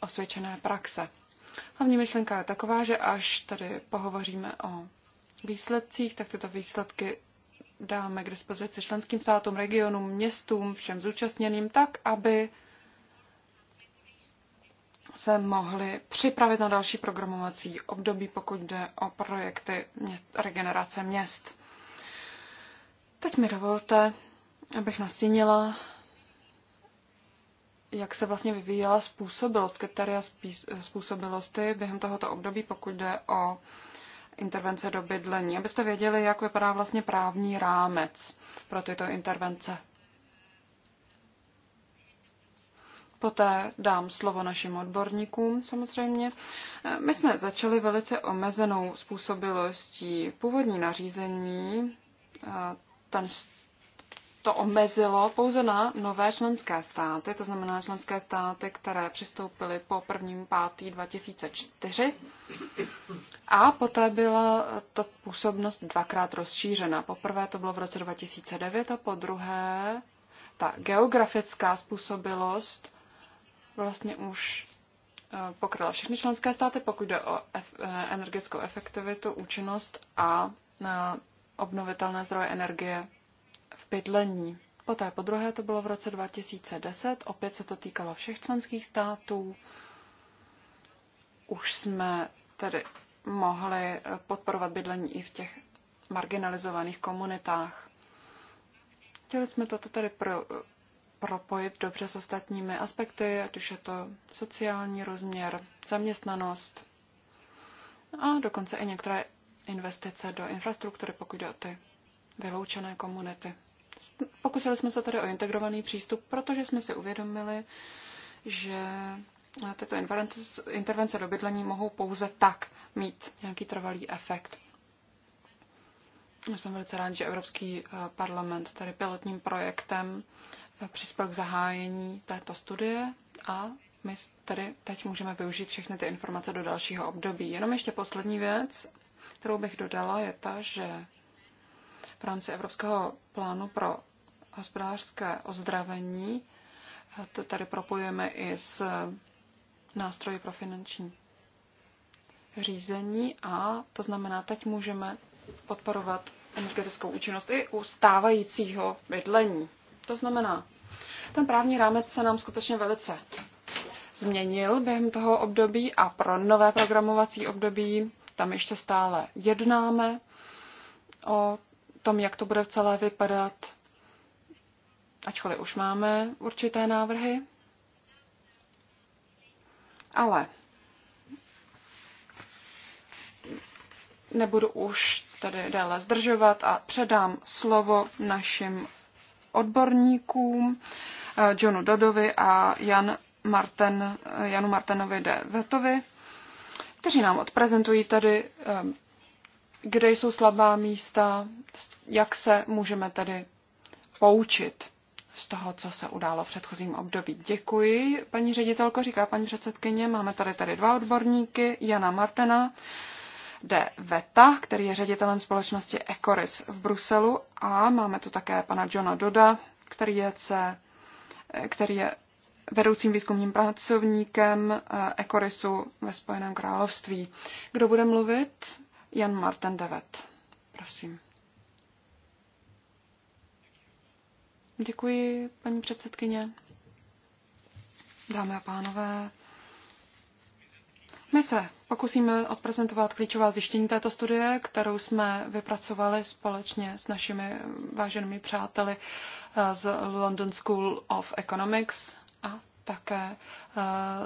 osvědčené praxe. Hlavní myšlenka je taková, že až tady pohovoříme o výsledcích, tak tyto výsledky dáme k dispozici členským státům, regionům, městům, všem zúčastněným, tak, aby se mohli připravit na další programovací období, pokud jde o projekty měst, regenerace měst. Teď mi dovolte, abych nastínila jak se vlastně vyvíjela způsobilost, kritéria způsobilosti během tohoto období, pokud jde o intervence do bydlení, abyste věděli, jak vypadá vlastně právní rámec pro tyto intervence. Poté dám slovo našim odborníkům samozřejmě. My jsme začali velice omezenou způsobilostí původní nařízení, eh, ten to omezilo pouze na nové členské státy, to znamená členské státy, které přistoupily po 1.5.2004. 2004 a poté byla ta působnost dvakrát rozšířena. Poprvé to bylo v roce 2009 a po druhé ta geografická způsobilost vlastně už eh, pokryla všechny členské státy, pokud jde o eh, energetickou efektivitu, účinnost a eh, obnovitelné zdroje energie bydlení. Poté po druhé to bylo v roce 2010, opět se to týkalo všech členských států. Už jsme tedy mohli podporovat bydlení i v těch marginalizovaných komunitách. Chtěli jsme toto tedy pro, propojit dobře s ostatními aspekty, ať už je to sociální rozměr, zaměstnanost a dokonce i některé investice do infrastruktury, pokud jde o ty vyloučené komunity. Pokusili jsme se tady o integrovaný přístup, protože jsme si uvědomili, že tyto intervence do bydlení mohou pouze tak mít nějaký trvalý efekt. jsme velice rádi, že Evropský eh, parlament tady pilotním projektem eh, přispěl k zahájení této studie a my tady teď můžeme využít všechny ty informace do dalšího období. Jenom ještě poslední věc, kterou bych dodala, je ta, že v rámci Evropského plánu pro hospodářské ozdravení. To tady propojujeme i s nástroji pro finanční řízení a to znamená, teď můžeme podporovat energetickou účinnost i u stávajícího bydlení. To znamená, ten právní rámec se nám skutečně velice změnil během toho období a pro nové programovací období tam ještě stále jednáme o tom, jak to bude celé vypadat, ačkoliv už máme určité návrhy. Ale nebudu už tady déle zdržovat a předám slovo našim odborníkům, eh, Johnu Dodovi a Jan Marten, eh, Janu Martenovi de Vetovi, kteří nám odprezentují tady eh, kde jsou slabá místa, jak se můžeme tedy poučit z toho, co se událo v předchozím období. Děkuji, paní ředitelko, říká paní předsedkyně. Máme tady tady dva odborníky, Jana Martena, de Veta, který je ředitelem společnosti Ecoris v Bruselu a máme tu také pana Johna Doda, který je, C, který je vedoucím výzkumním pracovníkem eh, Ecorisu ve Spojeném království. Kdo bude mluvit? Jan Martin Devet. Prosím. Děkuji, paní předsedkyně. Dámy a pánové, my se pokusíme odprezentovat klíčová zjištění této studie, kterou jsme vypracovali společně s našimi váženými přáteli eh, z London School of Economics a také eh,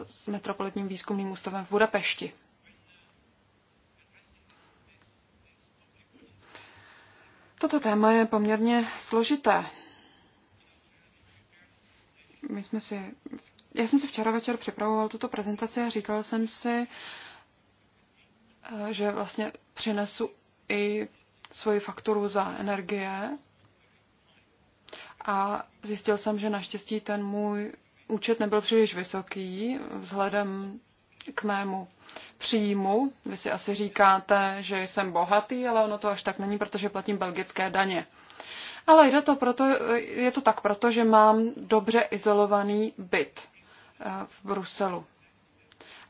s Metropolitním výzkumným ústavem v Budapešti. Toto téma je poměrně složité. My jsme si, já jsem si včera večer připravoval tuto prezentaci a říkal jsem si, eh, že vlastně přinesu i svoji fakturu za energie a zjistil jsem, že naštěstí ten můj účet nebyl příliš vysoký vzhledem k mému příjmu. Vy si asi říkáte, že jsem bohatý, ale ono to až tak není, protože platím belgické daně. Ale jde to proto, je to tak proto, že mám dobře izolovaný byt eh, v Bruselu.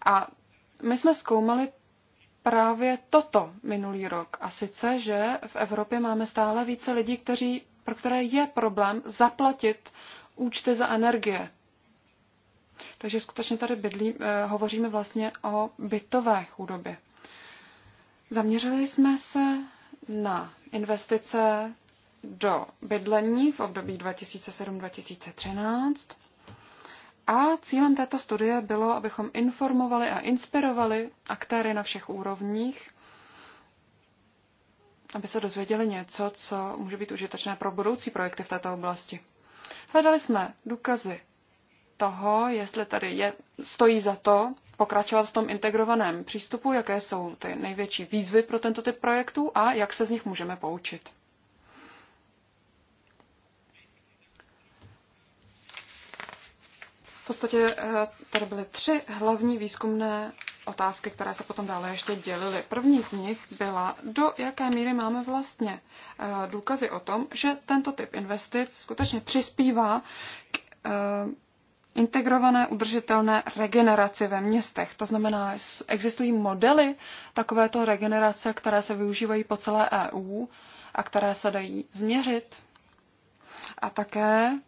A my jsme zkoumali právě toto minulý rok. A sice, že v Evropě máme stále více lidí, kteří, pro které je problém zaplatit účty za energie. Takže skutečně tady bydlí, eh, hovoříme vlastně o bytové chudobě. Zaměřili jsme se na investice do bydlení v období 2007-2013 a cílem této studie bylo, abychom informovali a inspirovali aktéry na všech úrovních, aby se dozvěděli něco, co může být užitečné pro budoucí projekty v této oblasti. Hledali jsme důkazy toho, jestli tady je, stojí za to pokračovat v tom integrovaném přístupu, jaké jsou ty největší výzvy pro tento typ projektů a jak se z nich můžeme poučit. V podstatě eh, tady byly tři hlavní výzkumné otázky, které se potom dále ještě dělily. První z nich byla, do jaké míry máme vlastně eh, důkazy o tom, že tento typ investic skutečně přispívá k eh, integrované udržitelné regeneraci ve městech. To znamená, existují modely takovéto regenerace, které se využívají po celé EU a které se dají změřit. A také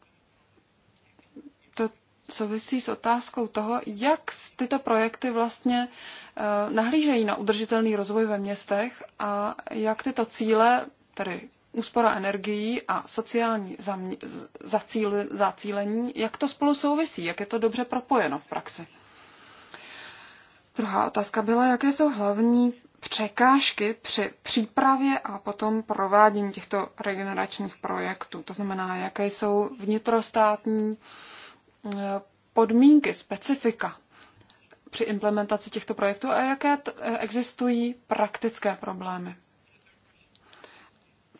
to souvisí s otázkou toho, jak tyto projekty vlastně e, nahlížejí na udržitelný rozvoj ve městech a jak tyto cíle, tedy úspora energií a sociální zacílení, jak to spolu souvisí, jak je to dobře propojeno v praxi. Druhá otázka byla, jaké jsou hlavní překážky při přípravě a potom provádění těchto regeneračních projektů. To znamená, jaké jsou vnitrostátní eh, podmínky, specifika při implementaci těchto projektů a jaké existují praktické problémy.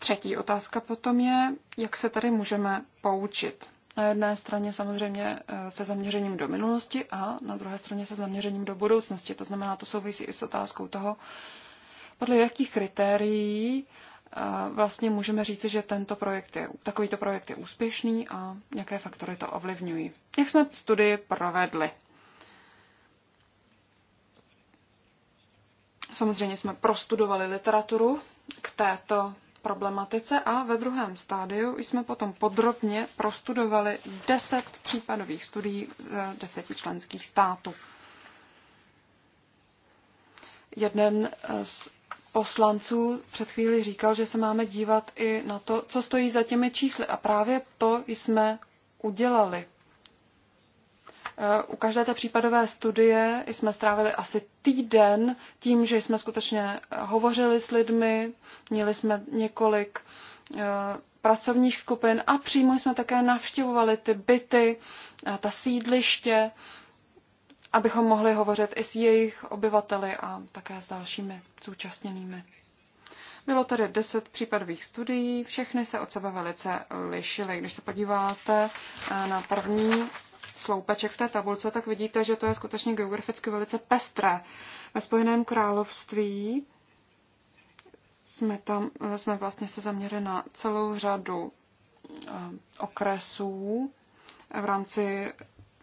Třetí otázka potom je, jak se tady můžeme poučit. Na jedné straně samozřejmě eh, se zaměřením do minulosti a na druhé straně se zaměřením do budoucnosti. To znamená, to souvisí i s otázkou toho, podle jakých kritérií eh, vlastně můžeme říci, že tento projekt je, takovýto projekt je úspěšný a jaké faktory to ovlivňují. Jak jsme studii provedli? Samozřejmě jsme prostudovali literaturu k této problematice a ve druhém stádiu jsme potom podrobně prostudovali deset případových studií z eh, deseti členských států. Jeden eh, z poslanců před chvíli říkal, že se máme dívat i na to, co stojí za těmi čísly. A právě to jsme udělali. U každé té případové studie jsme strávili asi týden tím, že jsme skutečně hovořili s lidmi, měli jsme několik eh, pracovních skupin a přímo jsme také navštěvovali ty byty, eh, ta sídliště, abychom mohli hovořit i s jejich obyvateli a také s dalšími zúčastněnými. Bylo tady deset případových studií, všechny se od sebe velice lišily. Když se podíváte eh, na první sloupeček v té tabulce, tak vidíte, že to je skutečně geograficky velice pestré. Ve Spojeném království jsme, tam, jsme vlastně se zaměřili na celou řadu eh, okresů v rámci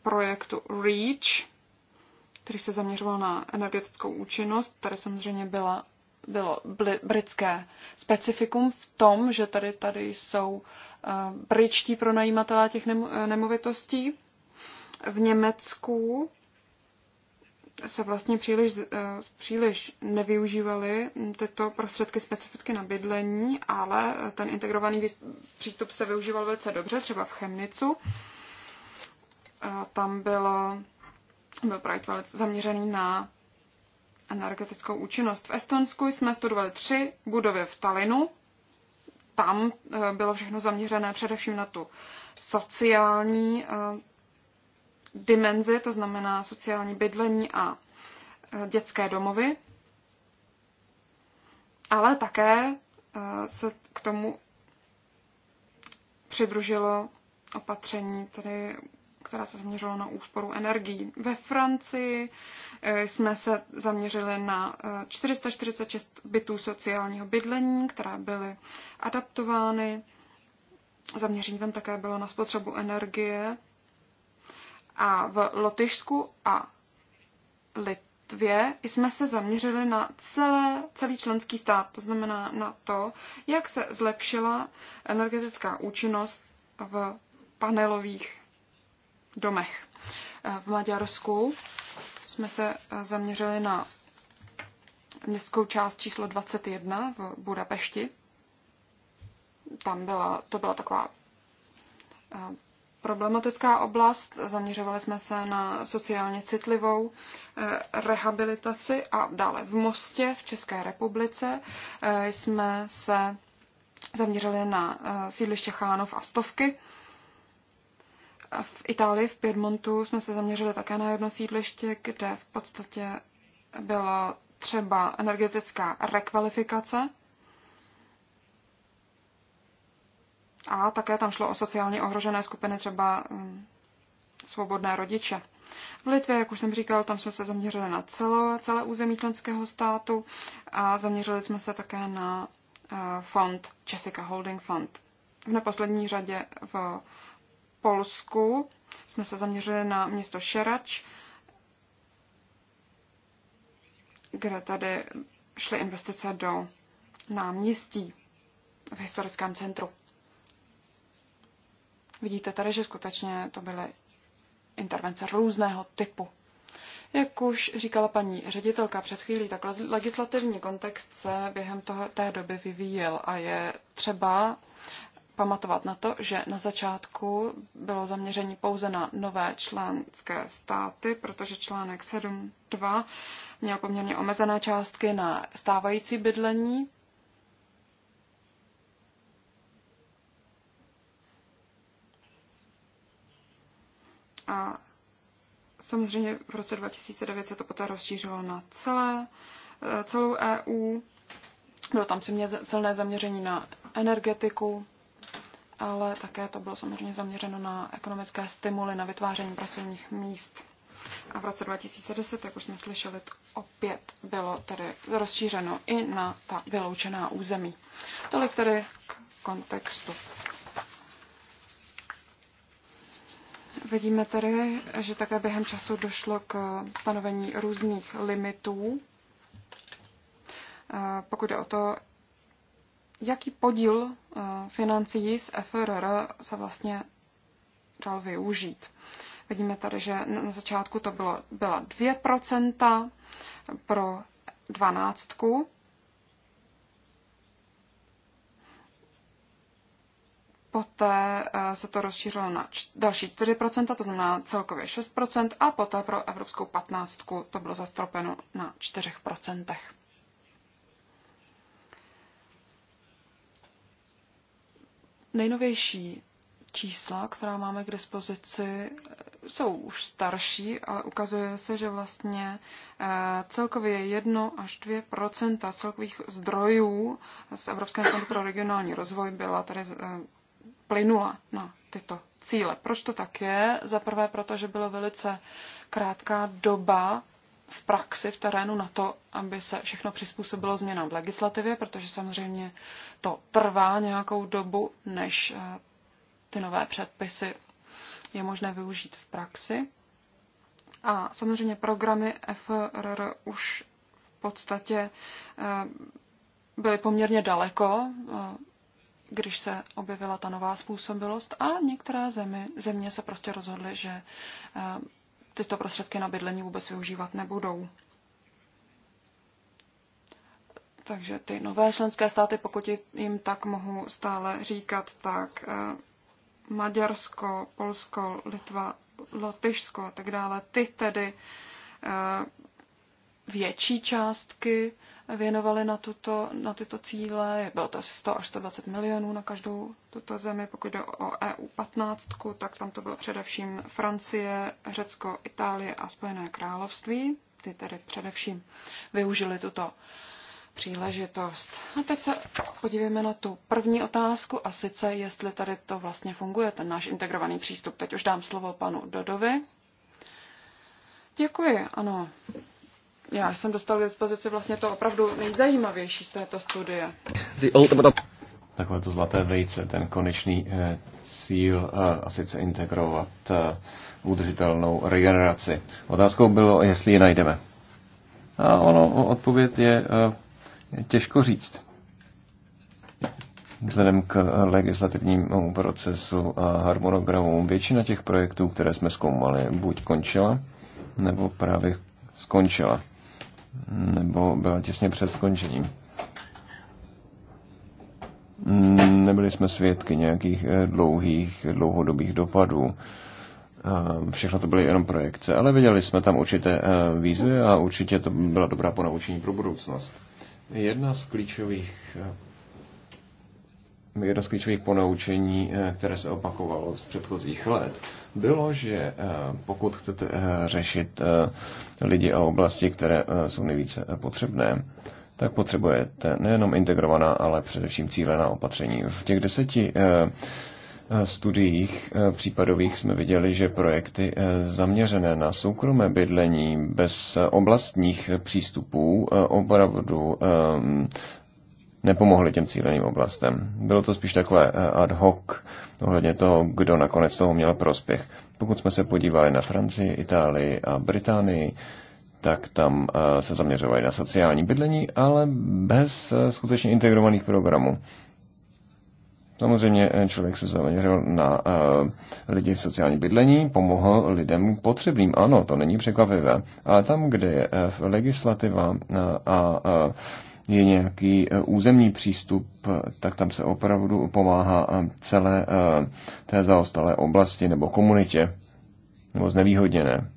projektu REACH, který se zaměřoval na energetickou účinnost. Tady samozřejmě byla, bylo britské specifikum v tom, že tady, tady jsou uh, britští pronajímatelé těch eh, nemovitostí v Německu se vlastně příliš, eh, příliš nevyužívaly tyto prostředky specificky na bydlení, ale ten integrovaný přístup se využíval velice dobře, třeba v Chemnicu. Tam bylo, byl projekt velice zaměřený na energetickou účinnost. V Estonsku jsme studovali tři budovy v Talinu. Tam eh, bylo všechno zaměřené především na tu sociální eh, dimenzi, to znamená sociální bydlení a e, dětské domovy, ale také e, se k tomu přidružilo opatření, tedy, která se zaměřila na úsporu energií. Ve Francii e, jsme se zaměřili na 446 bytů sociálního bydlení, které byly adaptovány. Zaměření tam také bylo na spotřebu energie a v Lotyšsku a Litvě jsme se zaměřili na celé, celý členský stát, to znamená na to, jak se zlepšila energetická účinnost v panelových domech. V Maďarsku jsme se zaměřili na městskou část číslo 21 v Budapešti. Tam byla, to byla taková eh, problematická oblast. Zaměřovali jsme se na sociálně citlivou eh, rehabilitaci a dále v Mostě v České republice eh, jsme se zaměřili na eh, sídliště Chánov a Stovky. V Itálii, v Piedmontu, jsme se zaměřili také na jedno sídliště, kde v podstatě byla třeba energetická rekvalifikace A také tam šlo o sociálně ohrožené skupiny, třeba mm, svobodné rodiče. V Litvě, jak už jsem říkal, tam jsme se zaměřili na celo, celé území členského státu a zaměřili jsme se také na eh, fond Jessica Holding Fund. V neposlední řadě v Polsku jsme se zaměřili na město Šerač, kde tady šly investice do náměstí v historickém centru. Vidíte tady, že skutečně to byly intervence různého typu. Jak už říkala paní ředitelka před chvílí, tak legislativní kontext se během toho, té doby vyvíjel a je třeba pamatovat na to, že na začátku bylo zaměření pouze na nové členské státy, protože článek 7.2 měl poměrně omezené částky na stávající bydlení, A samozřejmě v roce 2009 se to poté rozšířilo na celé, eh, celou EU. Bylo tam silné zaměření na energetiku, ale také to bylo samozřejmě zaměřeno na ekonomické stimuly, na vytváření pracovních míst. A v roce 2010, jak už jsme slyšeli, opět bylo tedy rozšířeno i na ta vyloučená území. Tolik tedy k kontextu. Vidíme tedy, že také během času došlo k stanovení různých limitů. Eh, pokud je o to, jaký podíl eh, financí z FRR se vlastně dal využít. Vidíme tady, že na začátku to bylo, byla 2% pro dvanáctku poté eh, se to rozšířilo na další 4%, to znamená celkově 6%, a poté pro evropskou patnáctku to bylo zastropeno na 4%. Nejnovější čísla, která máme k dispozici, eh, jsou už starší, ale ukazuje se, že vlastně eh, celkově 1 až 2 celkových zdrojů z Evropského fondu pro regionální rozvoj byla tady plynula na tyto cíle. Proč to tak je? Za prvé proto, že byla velice krátká doba v praxi, v terénu na to, aby se všechno přizpůsobilo změnám v legislativě, protože samozřejmě to trvá nějakou dobu, než eh, ty nové předpisy je možné využít v praxi. A samozřejmě programy FRR už v podstatě eh, byly poměrně daleko eh, když se objevila ta nová způsobilost a některé zemi, země se prostě rozhodly, že eh, tyto prostředky na bydlení vůbec využívat nebudou. Takže ty nové členské státy, pokud jim tak mohu stále říkat, tak eh, Maďarsko, Polsko, Litva, Lotyšsko a tak dále, ty tedy eh, větší částky věnovali na, tuto, na tyto cíle. Bylo to asi 100 až 120 milionů na každou tuto zemi. Pokud jde o EU 15, tak tam to bylo především Francie, Řecko, Itálie a Spojené království. Ty tedy především využili tuto příležitost. A teď se podívejme na tu první otázku a sice, jestli tady to vlastně funguje, ten náš integrovaný přístup. Teď už dám slovo panu Dodovi. Děkuji, ano já jsem dostal k dispozici vlastně to opravdu nejzajímavější z této studie. The ultimate... Takové to zlaté vejce, ten konečný eh, cíl eh, a sice integrovat eh, udržitelnou regeneraci. Otázkou bylo, jestli ji najdeme. A ono, odpověď je eh, těžko říct. Vzhledem k eh, legislativnímu procesu a harmonogramu většina těch projektů, které jsme zkoumali, buď končila, nebo právě skončila nebo byla těsně před skončením. Nebyli jsme svědky nějakých eh, dlouhých, dlouhodobých dopadů. Eh, všechno to byly jenom projekce, ale viděli jsme tam určité eh, výzvy a určitě to byla dobrá ponaučení pro budoucnost. Jedna z klíčových jedno z klíčových ponaučení, eh, které se opakovalo z předchozích let, bylo, že eh, pokud chcete eh, řešit lidi a oblasti, které jsou nejvíce potřebné, tak potřebujete nejenom integrovaná, ale především cílená opatření. V těch deseti studiích případových jsme viděli, že projekty zaměřené na soukromé bydlení bez oblastních přístupů opravdu nepomohly těm cíleným oblastem. Bylo to spíš takové eh, ad hoc ohledně toho, kdo nakonec toho měl prospěch. Pokud jsme se podívali na Francii, Itálii a Británii, tak tam eh, se zaměřovali na sociální bydlení, ale bez eh, skutečně integrovaných programů. Samozřejmě člověk se zaměřil na uh, lidi v sociální bydlení, pomohl lidem potřebným. Ano, to není překvapivé. Ale tam, kde je uh, legislativa uh, a uh, je nějaký eh, územní přístup, eh, tak tam se opravdu pomáhá eh, celé té zaostalé oblasti nebo komunitě, nebo znevýhodněné.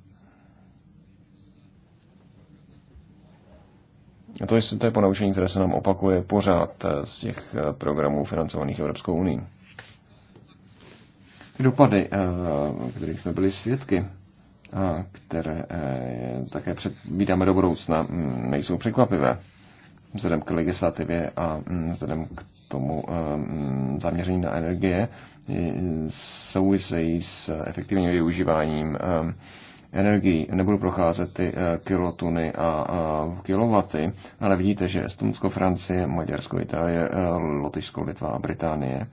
A to, je, to je ponaučení, které se nám opakuje pořád z těch programů financovaných Evropskou unii. Ty dopady, kterých jsme byli svědky, a které také předvídáme do budoucna, mm, nejsou překvapivé vzhledem k legislativě a mm, vzhledem k tomu eh, mm, zaměření na energie souvisejí s efektivním využíváním eh, energii. Nebudu procházet ty eh, kilotuny a kilowaty, ale vidíte, že Estonsko, Francie, Maďarsko, Itálie, Lotyšsko, Litva a Británie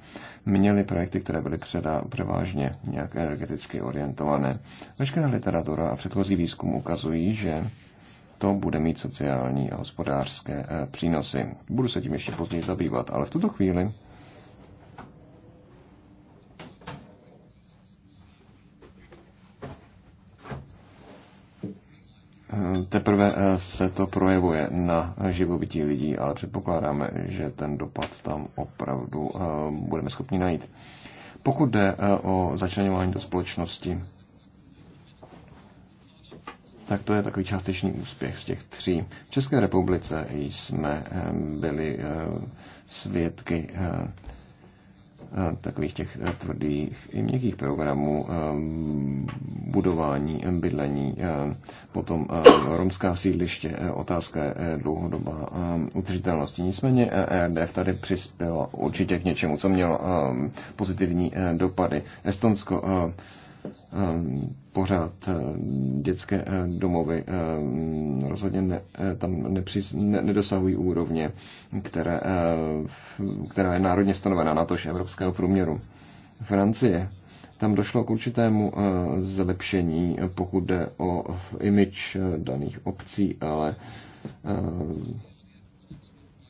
měly projekty, které byly předá, převážně nějak energeticky orientované. Veškerá literatura a předchozí výzkum ukazují, že to bude mít sociální a hospodářské eh, přínosy. Budu se tím ještě později zabývat, ale v tuto chvíli eh, teprve eh, se to projevuje na živobytí lidí, ale předpokládáme, že ten dopad tam opravdu budeme schopni najít. Pokud jde o začlenování do společnosti, tak to je takový částečný úspěch z těch tří. V České republice jsme eh, byli eh, svědky eh, takových těch tvrdých i měkkých programů budování bydlení, potom romská sídliště, otázka dlouhodobá utržitelnosti. Nicméně RDF tady přispěla určitě k něčemu, co mělo pozitivní dopady. Estonsko Eh, pořád eh, dětské eh, domovy rozhodně ne, tam nepři, ne, nedosahují úrovně, které, která je národně stanovená na tož evropského průměru. Francie. Tam došlo k určitému zlepšení, pokud jde o image daných obcí, ale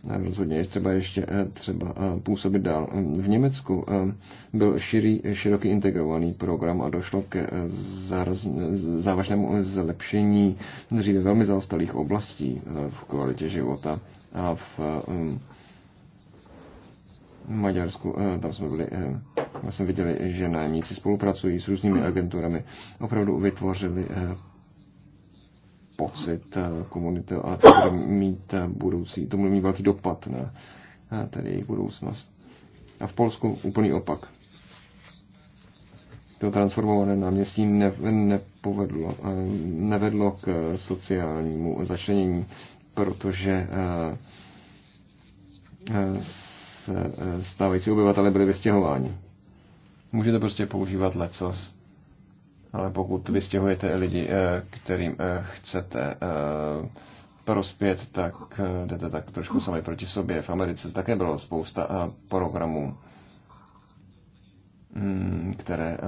rozhodně je třeba ještě eh, třeba eh, působit dál. V Německu eh, byl širý, široký integrovaný program a došlo ke záraz, závažnému zlepšení dříve velmi zaostalých oblastí v kvalitě života a v Maďarsku, tam jsme byli, vlastně viděli, že nájemníci spolupracují s různými agenturami, opravdu vytvořili pocit eh, komunity a to bude mít eh, budoucí, to bude mít velký dopad na eh, tady jejich budoucnost. A v Polsku úplný opak. To transformované náměstí ne, nepovedlo, nevedlo k sociálnímu začlenění, protože stávající obyvatele byli vystěhováni. Můžete prostě používat lecos ale pokud vystěhujete lidi, eh, kterým eh, chcete eh, prospět, tak jdete tak trošku sami proti sobě. V Americe také bylo spousta programů, mm, které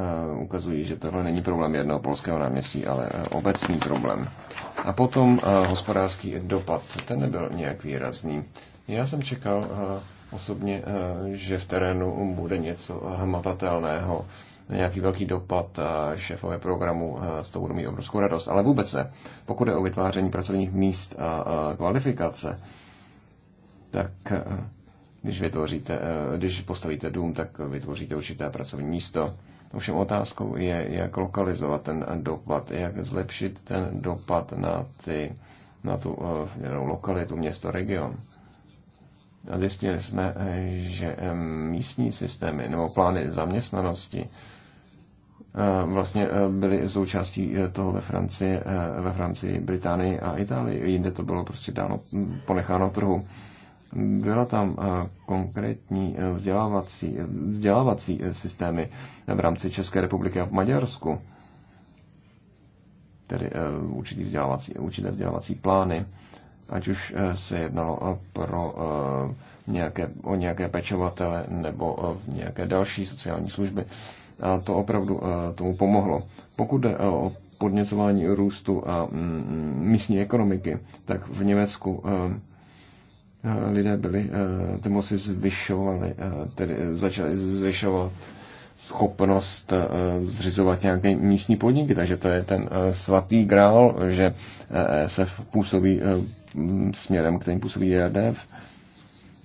ukazují, že tohle není problém jednoho polského náměstí, ale obecný problém. A potom hospodářský dopad, ten nebyl nějak výrazný. Já jsem čekal osobně, že v terénu bude něco hmatatelného jaký velký dopad eh, šéfové programu z eh, toho budou mít obrovskou radost. Ale vůbec se, Pokud je o vytváření pracovních míst a kvalifikace, tak eh, když, vytvoříte, když postavíte dům, tak vytvoříte určité pracovní místo. Ovšem otázkou je, jak lokalizovat ten dopad, jak zlepšit ten dopad na, ty, na tu jenom lokalitu, město, region. A zjistili jsme, že místní systémy nebo plány zaměstnanosti Eh, vlastně eh, byli součástí eh, toho ve Francii, ve Francii, Británii a Itálii. Jinde to bylo prostě dáno, hm, ponecháno trhu. Byla tam konkrétní vzdělávací, vzdělávací systémy v rámci České republiky a v Maďarsku, tedy určitý vzdělávací, určité vzdělávací plány, ať už se jednalo pro nějaké, o nějaké pečovatele nebo o nějaké další sociální služby a to opravdu eh, tomu pomohlo. Pokud jde eh, o podněcování růstu a mm, mm, místní ekonomiky, tak v Německu eh, lidé byli, ty moci zvyšovali, tedy začali zvyšovat schopnost zřizovat nějaké místní podniky. Takže to je ten svatý grál, že se působí mm, směrem, který působí RDF.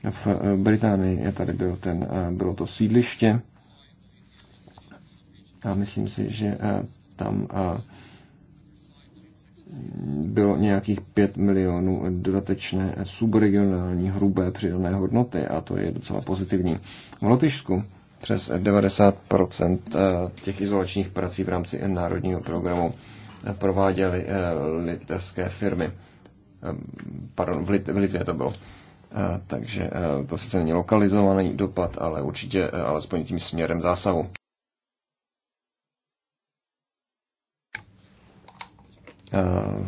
V Británii je tady byl ten, bylo to sídliště a myslím si, že eh, tam eh, bylo nějakých 5 milionů dodatečné subregionální hrubé přidané hodnoty a to je docela pozitivní. V Lotyšsku přes 90% eh, těch izolačních prací v rámci národního programu prováděly litevské firmy. Pardon, v, Lit- v Litvě to bylo. Takže to sice není lokalizovaný dopad, ale určitě alespoň tím směrem zásahu.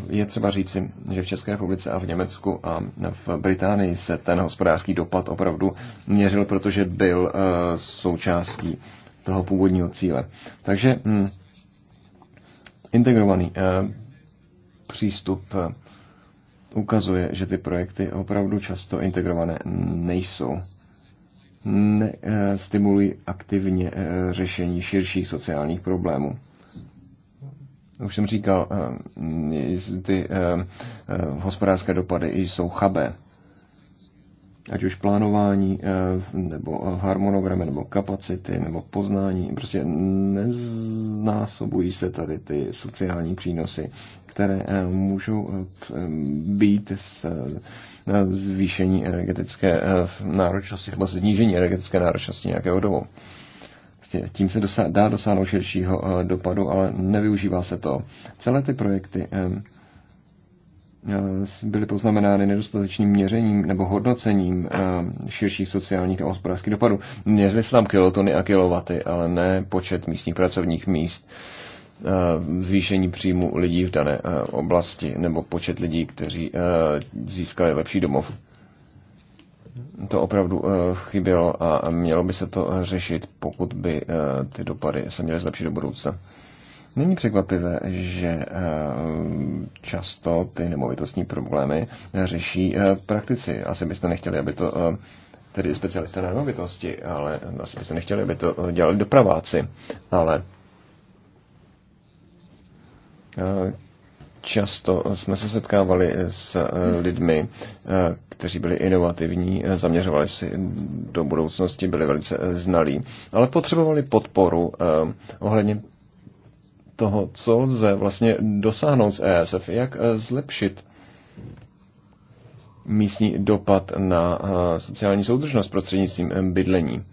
Je třeba říci, že v České republice a v Německu a v Británii se ten hospodářský dopad opravdu měřil, protože byl eh, součástí toho původního cíle. Takže hm, integrovaný eh, přístup eh, ukazuje, že ty projekty opravdu často integrované nejsou. Nestimulují aktivně řešení širších sociálních problémů už jsem říkal, eh, ty eh, eh, hospodářské dopady jsou chabé. Ať už plánování, nebo harmonogramy, nebo kapacity, nebo poznání. Prostě neznásobují se tady ty sociální přínosy, které můžou být z zvýšení energetické náročnosti, nebo snížení energetické náročnosti nějakého domu. Tím se dosa- dá dosáhnout širšího eh, dopadu, ale nevyužívá se to. Celé ty projekty eh, byly poznamenány nedostatečným měřením nebo hodnocením eh, širších sociálních a hospodářských dopadů. Měřili se tam kilotony a kilowaty, ale ne počet místních pracovních míst, zvýšení příjmu lidí v dané oblasti nebo počet lidí, kteří získali lepší domov to opravdu eh, chybělo a mělo by se to řešit, pokud by eh, ty dopady se měly zlepšit do budoucna. Není překvapivé, že eh, často ty nemovitostní problémy řeší praktici. Asi byste nechtěli, aby to tedy specialisté na nemovitosti, ale asi byste nechtěli, aby to dělali dopraváci. Ale často jsme se setkávali s eh, lidmi, eh, kteří byli inovativní, eh, zaměřovali si do budoucnosti, byli velice znalí, ale potřebovali podporu ohledně toho, co lze vlastně dosáhnout z ESF, jak zlepšit místní dopad na sociální soudržnost prostřednictvím bydlení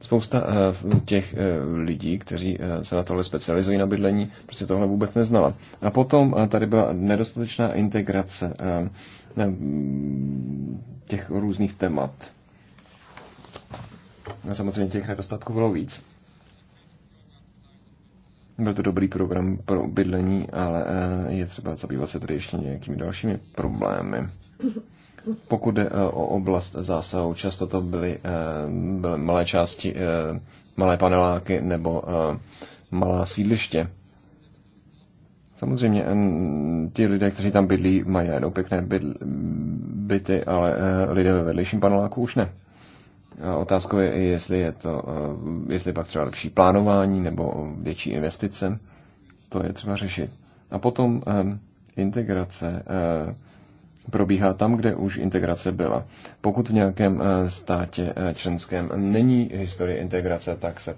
spousta eh, těch eh, lidí, kteří eh, se na tohle specializují na bydlení, prostě tohle vůbec neznala. A potom tady byla nedostatečná integrace těch různých témat. A samozřejmě těch nedostatků bylo víc. Byl to dobrý program pro bydlení, ale je třeba zabývat se tady ještě nějakými dalšími problémy. Pokud jde eh, o oblast zásahu, často to byly, eh, byly malé části, eh, malé paneláky nebo malá sídliště. Samozřejmě ti lidé, kteří tam bydlí, mají najednou pěkné byty, ale lidé ve vedlejším paneláku už ne. Otázkou je, jestli je to, jestli pak třeba lepší plánování nebo větší investice. To je třeba řešit. A potom integrace probíhá tam, kde už integrace byla. Pokud v nějakém eh, státě eh, členském není historie integrace, tak se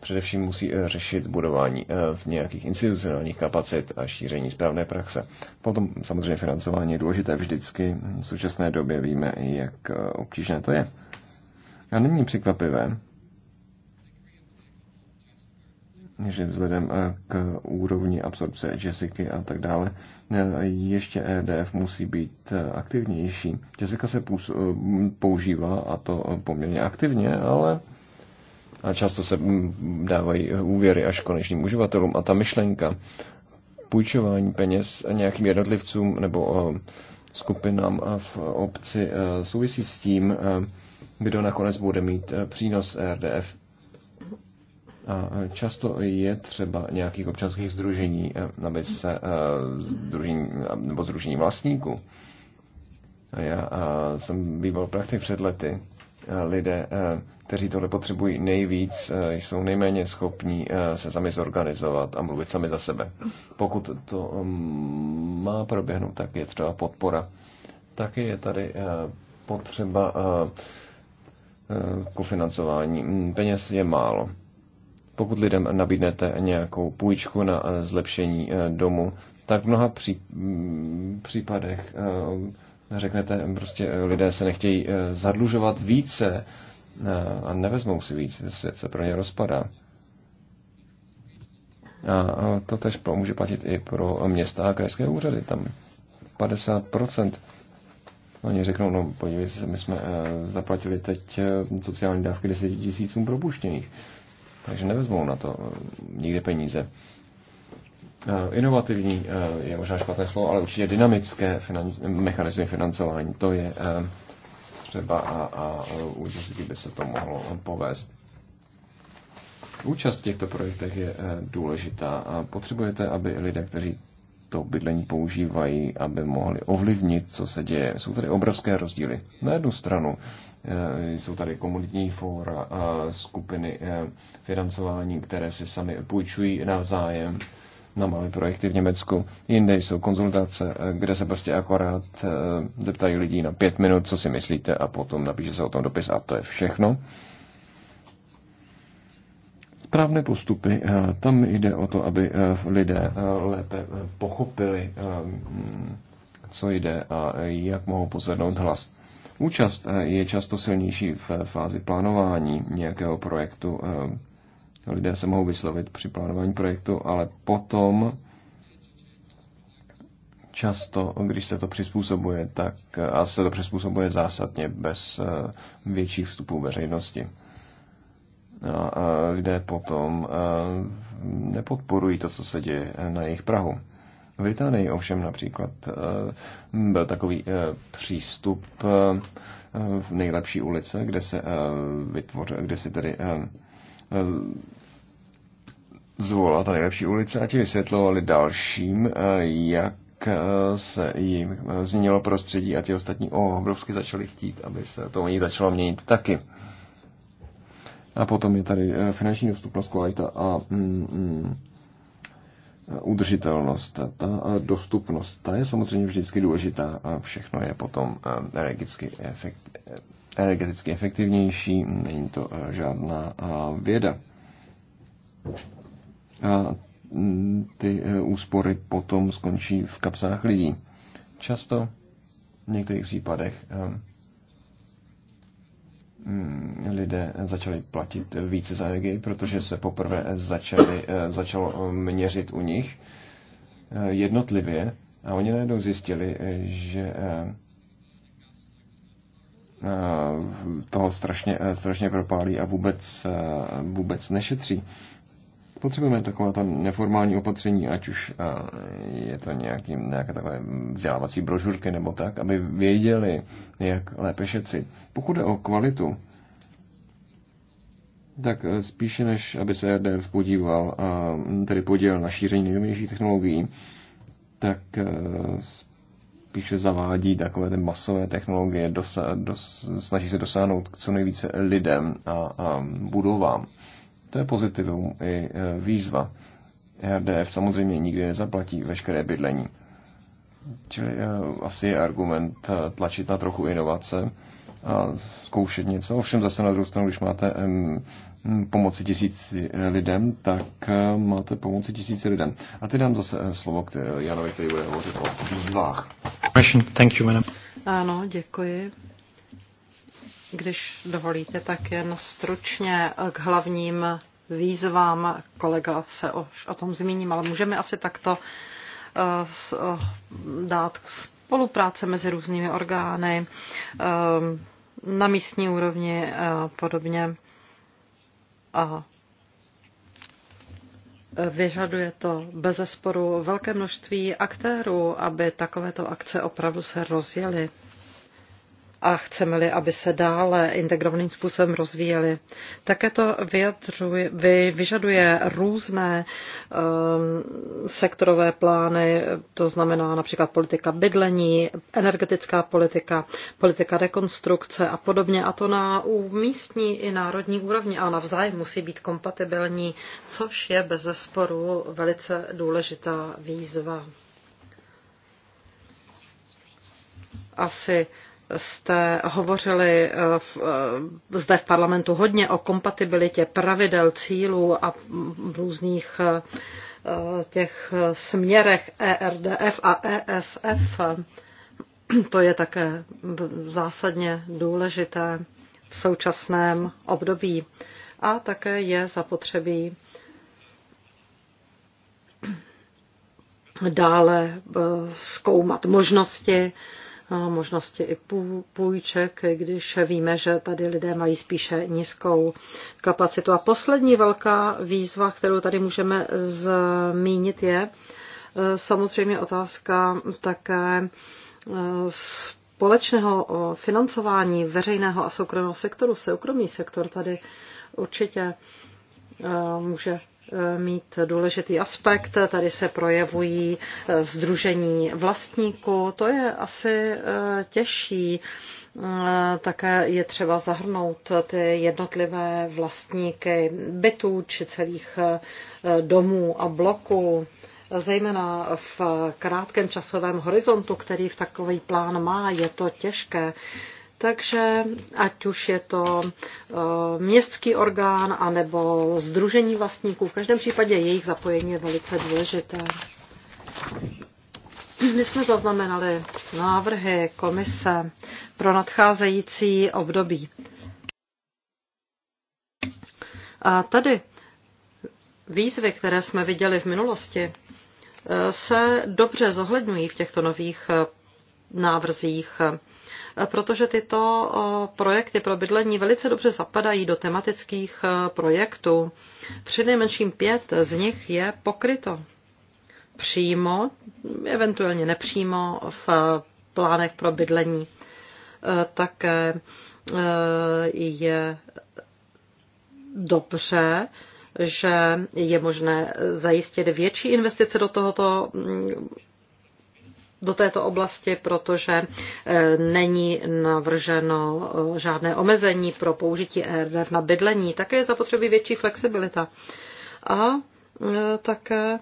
především musí eh, řešit budování v nějakých institucionálních kapacit a šíření správné praxe. Potom samozřejmě financování je důležité vždycky. V současné době víme, jak obtížné to je. A není překvapivé, že vzhledem eh, k úrovni absorpce Jessica a tak dále, eh, ještě EDF musí být eh, aktivnější. Jessica se používá a to poměrně aktivně, ale a často se mm, dávají úvěry až konečným uživatelům a ta myšlenka půjčování peněz nějakým jednotlivcům nebo skupinám v obci souvisí s tím, kdo nakonec bude mít přínos RDF e a často je třeba nějakých občanských združení, eh, aby se združení, eh, nebo združení vlastníků. A já eh, jsem býval praktik před lety. A lidé, kteří tohle potřebují nejvíc, jsou nejméně schopní se sami zorganizovat a mluvit sami za sebe. Pokud to mm, má proběhnout, tak je třeba podpora. Taky je tady potřeba kofinancování. Mm, peněz je málo pokud lidem nabídnete nějakou půjčku na eh, zlepšení eh, domu, tak v mnoha pří, mm, případech eh, řeknete, prostě lidé se nechtějí zadlužovat více a nevezmou si víc, svět se pro ně rozpadá. A to tež může platit i pro města a krajské úřady. Tam 50%. Oni řeknou, no podívejte se, my jsme zaplatili teď sociální dávky 10 tisícům propuštěných takže nevezmou na to eh, nikde peníze. Eh, inovativní eh, je možná špatné slovo, ale určitě dynamické finan, mechanizmy financování, to je třeba a, a účastníky by se to mohlo povést. Účast v těchto projektech je důležitá a potřebujete, aby lidé, kteří to bydlení používají, aby mohli ovlivnit, co se děje. Jsou tady obrovské rozdíly. Na jednu stranu eh, jsou tady komunitní fóra a skupiny eh, financování, které si sami půjčují navzájem na malé projekty v Německu. Jinde jsou konzultace, eh, kde se prostě akorát zeptají lidí na pět minut, co si myslíte a potom napíše se o tom dopis a to je všechno. Správné postupy. Eh, tam jde o to, aby eh, lidé eh, lépe pochopili, co jde a jak mohou pozvednout hlas. Účast je často silnější v fázi plánování nějakého projektu. Lidé se mohou vyslovit při plánování projektu, ale potom často, když se to přizpůsobuje, tak a se to přizpůsobuje zásadně bez větších vstupů veřejnosti. No a lidé potom eh, nepodporují to, co se děje na jejich Prahu. V Británii ovšem například eh, byl takový eh, přístup v nejlepší ulice, kde se vytvořil, kde se tedy zvolila ta nejlepší ulice a ti vysvětlovali dalším, jak se jim změnilo prostředí a ti ostatní oh, obrovsky začali chtít, aby se to oni začalo měnit taky. A potom je tady eh, finanční dostupnost, kvalita a mm, mm, udržitelnost. Ta eh, dostupnost, ta je samozřejmě vždycky důležitá a všechno je potom eh, energeticky, efekt, energeticky efektivnější, není to žádná věda. A mm, ty úspory potom skončí v kapsách lidí. Často v některých případech Mm, lidé začali platit více za energii, protože se poprvé začali, eh, začalo eh, měřit u nich eh, jednotlivě a oni najednou zjistili, že toho strašně, strašně propálí a vůbec, vůbec nešetří. Potřebujeme taková ta neformální opatření, ať už eh, je to nějaký, nějaké takové vzdělávací brožurky nebo tak, aby věděli, jak lépe šetřit. Pokud jde o kvalitu, tak eh, spíše než aby se RDF podíval, eh, tedy podíl na šíření nejnovějších technologií, tak spíše zavádí takové ty masové technologie, dosa, dos, snaží se dosáhnout k co nejvíce lidem a, a budovám. To je pozitivum i e, výzva. RDF e samozřejmě nikdy nezaplatí veškeré bydlení. Čili e, asi je argument tlačit na trochu inovace a zkoušet něco. Ovšem zase na druhou stranu, když máte pomoci tisíci lidem, tak máte pomoci tisíci lidem. A teď dám zase slovo k Janovi, který bude hovořit o výzvách. Thank you, madam. Ano, děkuji, když dovolíte, tak jen stručně k hlavním výzvám. Kolega se o, o tom zmíním, ale můžeme asi takto uh, dát spolupráce mezi různými orgány uh, na místní úrovni a podobně. A Vyžaduje to bez velké množství aktérů, aby takovéto akce opravdu se rozjely a chceme-li, aby se dále integrovaným způsobem rozvíjeli. Také to vy, vyžaduje různé um, sektorové plány, to znamená například politika bydlení, energetická politika, politika rekonstrukce a podobně. A to na místní i národní úrovni a navzájem musí být kompatibilní, což je bez zesporu velice důležitá výzva. Asi jste hovořili eh, v, eh, zde v parlamentu hodně o kompatibilitě pravidel, cílů a různých eh, těch směrech ERDF a ESF. To je také zásadně důležité v současném období. A také je zapotřebí dále zkoumat možnosti, možnosti i půjček, když víme, že tady lidé mají spíše nízkou kapacitu. A poslední velká výzva, kterou tady můžeme zmínit, je e, samozřejmě otázka také e, společného financování veřejného a soukromého sektoru. Soukromý sektor tady určitě e, může mít důležitý aspekt. Tady se projevují združení eh, vlastníků. To je asi eh, těžší. Eh, také je třeba zahrnout ty jednotlivé vlastníky bytů či celých domů a bloků zejména v krátkém časovém horizontu, který v takový plán má, je to těžké. Takže ať už je to e, městský orgán anebo združení vlastníků, v každém případě jejich zapojení je velice důležité. My jsme zaznamenali návrhy komise pro nadcházející období. A tady výzvy, které jsme viděli v minulosti, e, se dobře zohledňují v těchto nových e, návrzích protože tyto eh, projekty pro bydlení velice dobře zapadají do tematických eh, projektů. Při nejmenším pět z nich je pokryto přímo, eventuálně nepřímo v eh, plánech pro bydlení. Také je dobře, že je možné zajistit větší investice do tohoto mm, do této oblasti, protože eh, není navrženo eh, žádné omezení pro použití ERDF na bydlení. Také je zapotřebí větší flexibilita. A eh, také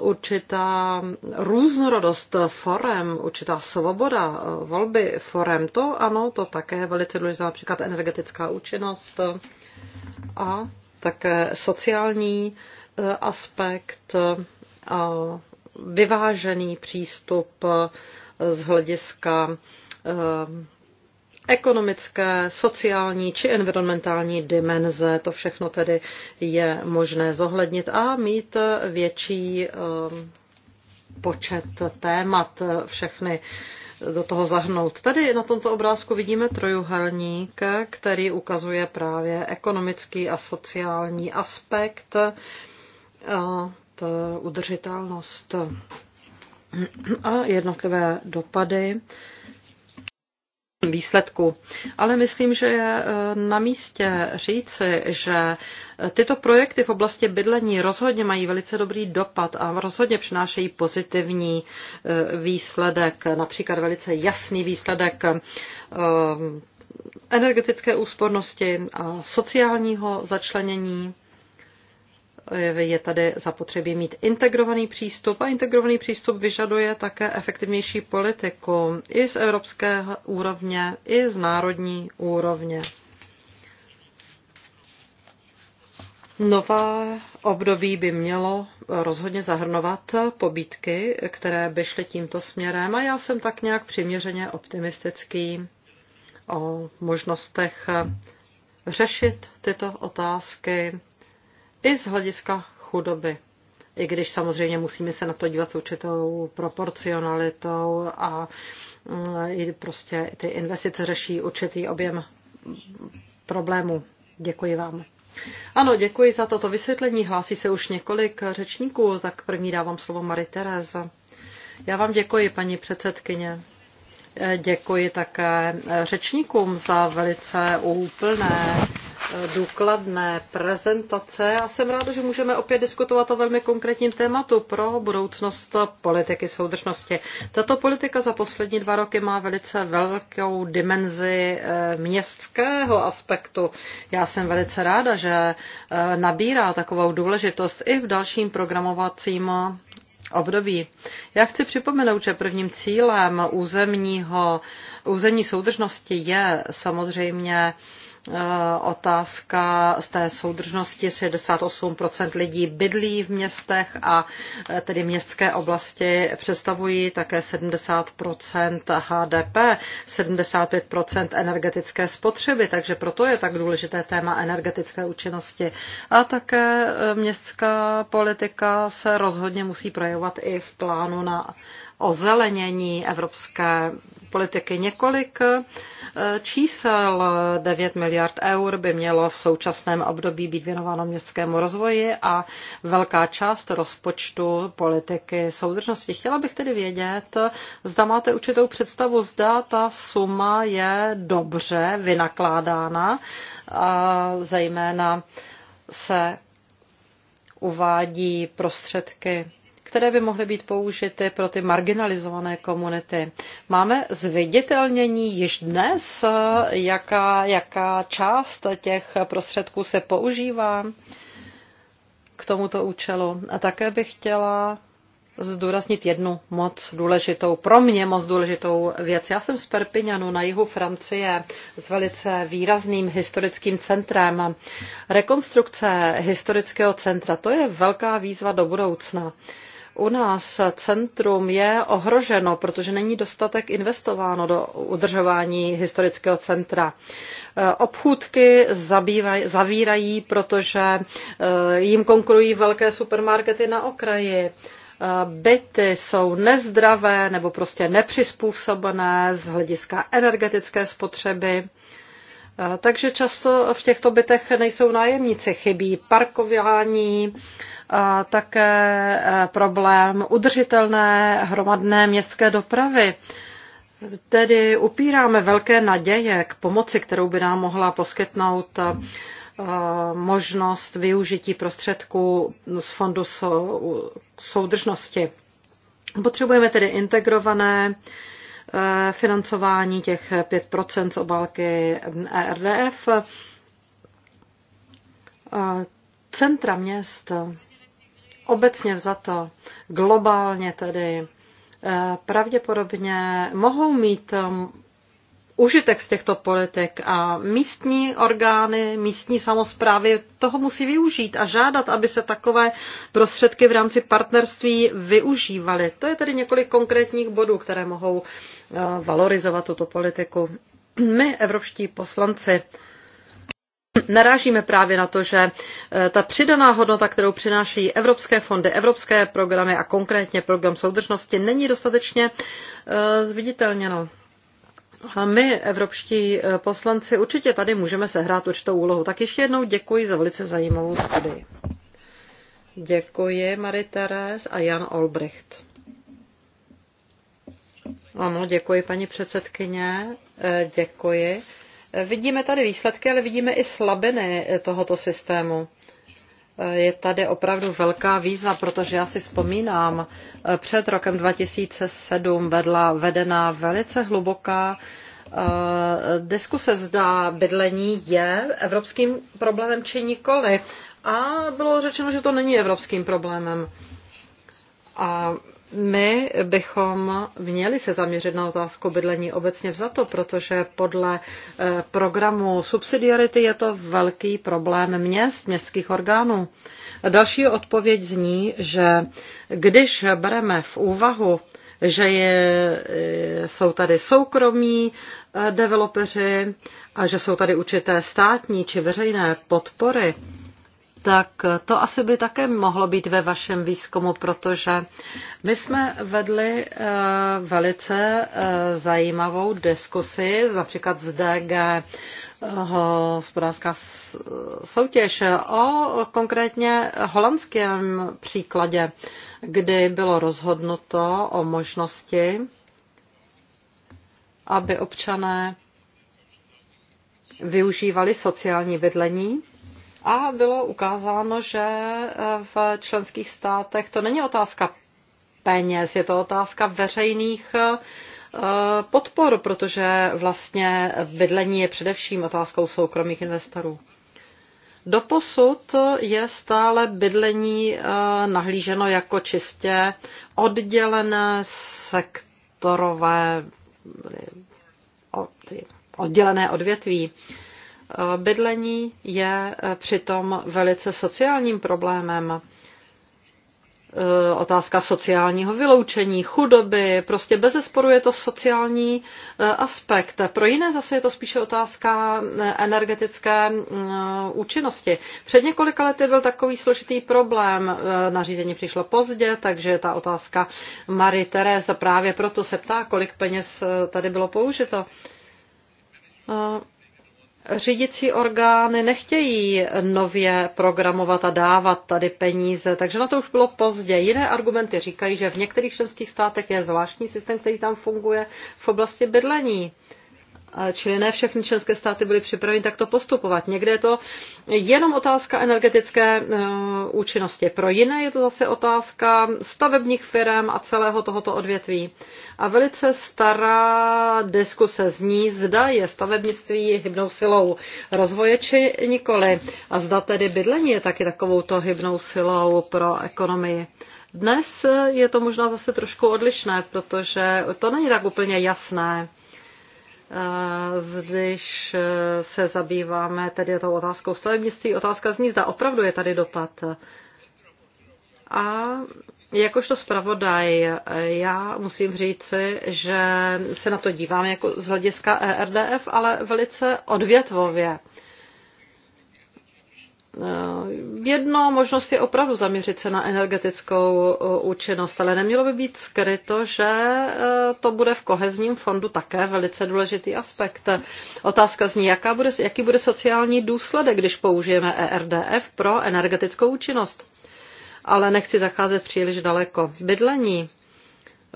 určitá různorodost forem, určitá svoboda volby forem, to ano, to také je velice důležitá, například energetická účinnost a také sociální aspekt a vyvážený přístup eh, z hlediska eh, ekonomické, sociální či environmentální dimenze. To všechno tedy je možné zohlednit a mít větší eh, počet témat, všechny do toho zahnout. Tady na tomto obrázku vidíme trojuhelník, který ukazuje právě ekonomický a sociální aspekt udržitelnost a jednotlivé dopady výsledku. Ale myslím, že je eh, na místě říci, že eh, tyto projekty v oblasti bydlení rozhodně mají velice dobrý dopad a rozhodně přinášejí pozitivní eh, výsledek, například velice jasný výsledek energetické úspornosti a sociálního začlenění je tady zapotřebí mít integrovaný přístup a integrovaný přístup vyžaduje také efektivnější politiku i z evropské úrovně, i z národní úrovně. Nové období by mělo rozhodně zahrnovat pobítky, které by šly tímto směrem a já jsem tak nějak přiměřeně optimistický o možnostech řešit tyto otázky i z hlediska chudoby. I když samozřejmě musíme se na to dívat s určitou proporcionalitou a mm, prostě ty investice řeší určitý objem problémů. Děkuji vám. Ano, děkuji za toto vysvětlení. Hlásí se už několik řečníků, tak první dávám slovo Marie Tereza. Já vám děkuji, paní předsedkyně. Děkuji také řečníkům za velice úplné důkladné prezentace a jsem ráda, že můžeme opět diskutovat o velmi konkrétním tématu pro budoucnost politiky soudržnosti. Tato politika za poslední dva roky má velice velkou dimenzi eh, městského aspektu. Já jsem velice ráda, že eh, nabírá takovou důležitost i v dalším programovacím období. Já chci připomenout, že prvním cílem územního, územní soudržnosti je samozřejmě Eh, otázka z té soudržnosti. 68% lidí bydlí v městech a eh, tedy městské oblasti představují také 70% HDP, 75% energetické spotřeby, takže proto je tak důležité téma energetické účinnosti. A také eh, městská politika se rozhodně musí projevovat i v plánu na ozelenění evropské politiky. Několik eh, čísel 9 miliard eur by mělo v současném období být věnováno městskému rozvoji a velká část rozpočtu politiky soudržnosti. Chtěla bych tedy vědět, zda máte určitou představu, zda ta suma je dobře vynakládána, a zejména se uvádí prostředky které by mohly být použity pro ty marginalizované komunity. Máme zviditelnění již dnes, jaká, jaká část těch prostředků se používá k tomuto účelu. A také bych chtěla zdůraznit jednu moc důležitou, pro mě moc důležitou věc. Já jsem z Perpignanu na jihu Francie s velice výrazným historickým centrem. Rekonstrukce historického centra, to je velká výzva do budoucna u nás centrum je ohroženo, protože není dostatek investováno do udržování historického centra. Eh, obchůdky zabývaj, zavírají, protože eh, jim konkurují velké supermarkety na okraji eh, byty jsou nezdravé nebo prostě nepřizpůsobené z hlediska energetické spotřeby. Takže často v těchto bytech nejsou nájemníci, chybí parkování, také e, problém udržitelné hromadné městské dopravy. Tedy upíráme velké naděje k pomoci, kterou by nám mohla poskytnout e, možnost využití prostředků z fondu soudržnosti. Potřebujeme tedy integrované e, financování těch 5% z obálky ERDF. Centra měst obecně vzato, globálně tedy, eh, pravděpodobně mohou mít eh, užitek z těchto politik a místní orgány, místní samozprávy toho musí využít a žádat, aby se takové prostředky v rámci partnerství využívaly. To je tedy několik konkrétních bodů, které mohou eh, valorizovat tuto politiku. My, evropští poslanci, narážíme právě na to, že eh, ta přidaná hodnota, kterou přináší evropské fondy, evropské programy a konkrétně program soudržnosti, není dostatečně eh, zviditelněno. A my, evropští eh, poslanci, určitě tady můžeme sehrát určitou úlohu. Tak ještě jednou děkuji za velice zajímavou studii. Děkuji marie Teres a Jan Olbricht. Ano, děkuji paní předsedkyně, děkuji Vidíme tady výsledky, ale vidíme i slabiny tohoto systému. Je tady opravdu velká výzva, protože já si vzpomínám, před rokem 2007 vedla vedena velice hluboká eh, diskuse, zda bydlení je evropským problémem či nikoli. A bylo řečeno, že to není evropským problémem. A my bychom měli se zaměřit na otázku bydlení obecně vzato, protože podle eh, programu subsidiarity je to velký problém měst, městských orgánů. Další odpověď zní, že když bereme v úvahu, že je, eh, jsou tady soukromí eh, developeři a že jsou tady určité státní či veřejné podpory, tak to asi by také mohlo být ve vašem výzkumu, protože my jsme vedli eh, velice eh, zajímavou diskusi, například z DG eh, hospodářská soutěž o konkrétně holandském příkladě, kdy bylo rozhodnuto o možnosti, aby občané využívali sociální bydlení a bylo ukázáno, že e, v členských státech to není otázka peněz, je to otázka veřejných e, podpor, protože vlastně bydlení je především otázkou soukromých investorů. Doposud je stále bydlení e, nahlíženo jako čistě oddělené sektorové oddělené odvětví. Bydlení je eh, přitom velice sociálním problémem. Eh, otázka sociálního vyloučení, chudoby, prostě bezesporu je to sociální eh, aspekt. Pro jiné zase je to spíše otázka energetické účinnosti. Před několika lety byl takový složitý problém, nařízení přišlo pozdě, takže ta otázka Marie Tereza právě proto se ptá, kolik peněz tady bylo použito. Řídící orgány nechtějí nově programovat a dávat tady peníze, takže na to už bylo pozdě. Jiné argumenty říkají, že v některých členských státech je zvláštní systém, který tam funguje v oblasti bydlení. Čili ne všechny členské státy byly připraveny takto postupovat. Někde je to jenom otázka energetické e, účinnosti. Pro jiné je to zase otázka stavebních firm a celého tohoto odvětví a velice stará diskuse zní, zda je stavebnictví hybnou silou rozvoje či nikoli a zda tedy bydlení je taky takovouto hybnou silou pro ekonomii. Dnes je to možná zase trošku odlišné, protože to není tak úplně jasné eh, když eh, se zabýváme tedy tou otázkou stavebnictví. Otázka zní, zda opravdu je tady dopad a jakožto zpravodaj, já musím říci, že se na to dívám jako z hlediska ERDF, ale velice odvětvově. Jedno možnost je opravdu zaměřit se na energetickou e, účinnost, ale nemělo by být skryto, že e, to bude v kohezním fondu také velice důležitý aspekt. Otázka zní, jaká bude, jaký bude sociální důsledek, když použijeme ERDF pro energetickou účinnost ale nechci zacházet příliš daleko. Bydlení.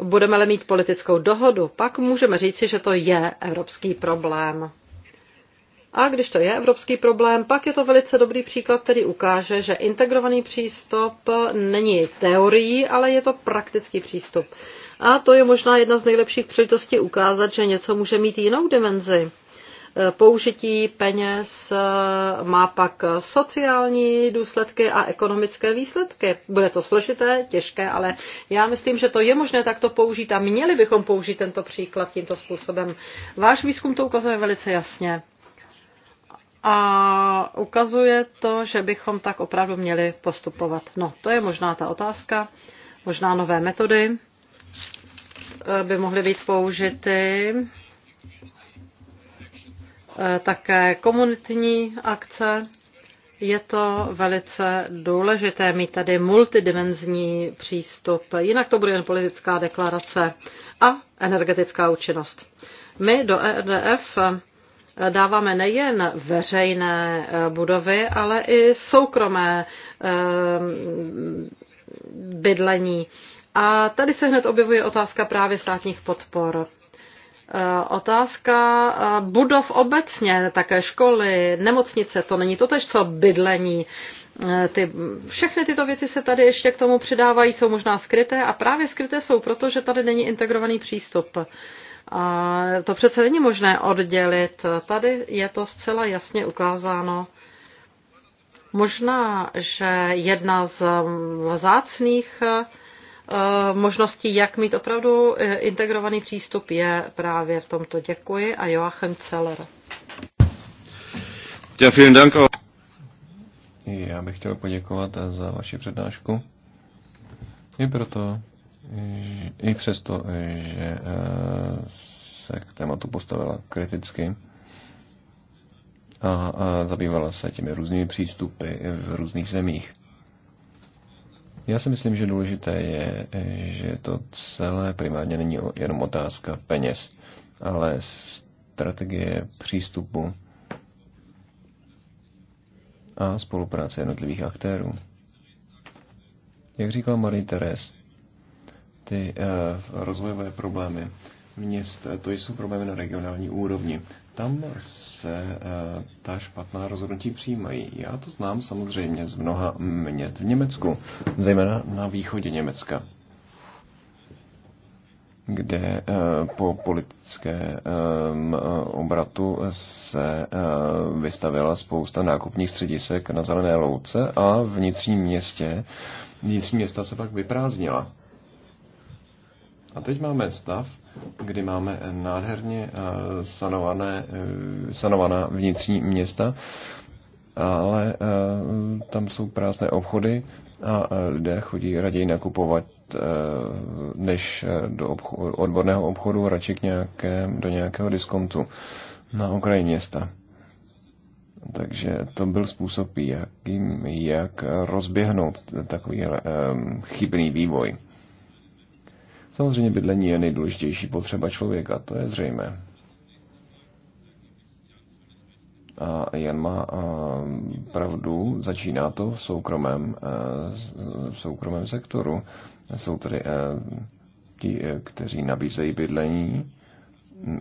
Budeme-li mít politickou dohodu, pak můžeme říci, že to je evropský problém. A když to je evropský problém, pak je to velice dobrý příklad, který ukáže, že integrovaný přístup není teorií, ale je to praktický přístup. A to je možná jedna z nejlepších příležitostí ukázat, že něco může mít jinou dimenzi. Eh, použití peněz eh, má pak sociální důsledky a ekonomické výsledky. Bude to složité, těžké, ale já myslím, že to je možné takto použít a měli bychom použít tento příklad tímto způsobem. Váš výzkum to ukazuje velice jasně. A ukazuje to, že bychom tak opravdu měli postupovat. No, to je možná ta otázka, možná nové metody eh, by mohly být použity Eh, také komunitní akce. Je to velice důležité mít tady multidimenzní přístup, jinak to bude jen politická deklarace a energetická účinnost. My do EDF eh, dáváme nejen veřejné eh, budovy, ale i soukromé bydlení. A tady se hned objevuje otázka právě státních podpor. Eh, otázka eh, budov obecně, také školy, nemocnice, to není to tež, co bydlení. Eh, ty, všechny tyto věci se tady ještě k tomu přidávají, jsou možná skryté a právě skryté jsou proto, že tady není integrovaný přístup. A to přece není možné oddělit. Tady je to zcela jasně ukázáno. Možná, že jedna z mm, vzácných Eh, možností, jak mít opravdu eh, integrovaný přístup, je právě v tomto. Děkuji a Joachim Celer. Ja, Dank. Já bych chtěl poděkovat za vaši přednášku. I proto, i přesto, že eh, se k tématu postavila kriticky a zabývala se těmi různými přístupy v různých zemích. Já si myslím, že důležité je, že to celé primárně není jenom otázka peněz, ale strategie přístupu a spolupráce jednotlivých aktérů. Jak říkala Marie Teres, ty uh, rozvojové problémy měst, eh, to jsou problémy na regionální úrovni tam se eh, ta špatná rozhodnutí přijímají. Já to znám samozřejmě z mnoha měst v Německu, zejména na východě Německa kde eh, po politickém ehm, obratu se eh, vystavila spousta nákupních středisek na zelené louce a vnitřní městě, vnitřní města se pak vyprázdnila. A teď máme stav, kdy máme nádherně eh, sanované, eh, sanovaná vnitřní města, ale eh, tam jsou prázdné obchody a lidé chodí raději nakupovat než do obchodu, odborného obchodu, radši k nějaké, do nějakého diskontu na okraji města. Takže to byl způsob, jak, jak rozběhnout takový um, chybný vývoj. Samozřejmě bydlení je nejdůležitější potřeba člověka, to je zřejmé. A Jan má pravdu, začíná to v soukromém, v soukromém sektoru. Jsou tady ti, kteří nabízejí bydlení,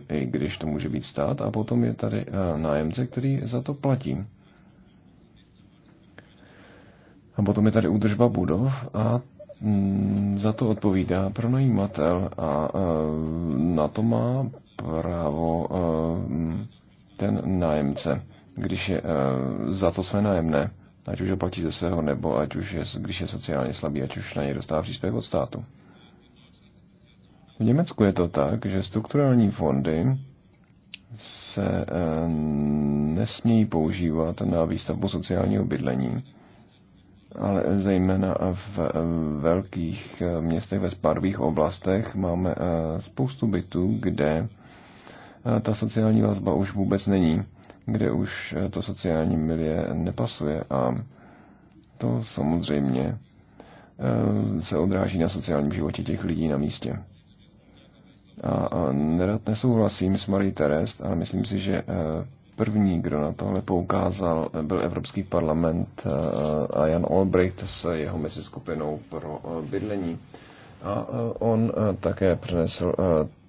i když to může být stát, a potom je tady nájemce, který za to platí. A potom je tady údržba budov a Mm, za to odpovídá pronajímatel a na to má právo e, ten nájemce, když je e, za to své nájemné, ať už ho platí ze svého, nebo ať už je, když je sociálně slabý, ať už na něj dostává příspěvek od státu. V Německu je to tak, že strukturální fondy se e, nesmějí používat na výstavbu sociálního bydlení ale zejména v velkých eh, městech, ve spadových oblastech máme eh, spoustu bytů, kde eh, ta sociální vazba už vůbec není, kde už to sociální milie nepasuje a to samozřejmě se odráží na sociálním životě těch lidí na místě. A nerad nesouhlasím s Marie Terest, ale myslím si, že První, kdo na tohle poukázal, byl Evropský parlament eh, a Jan Olbricht s jeho mezi skupinou pro eh, bydlení. A eh, on také přinesl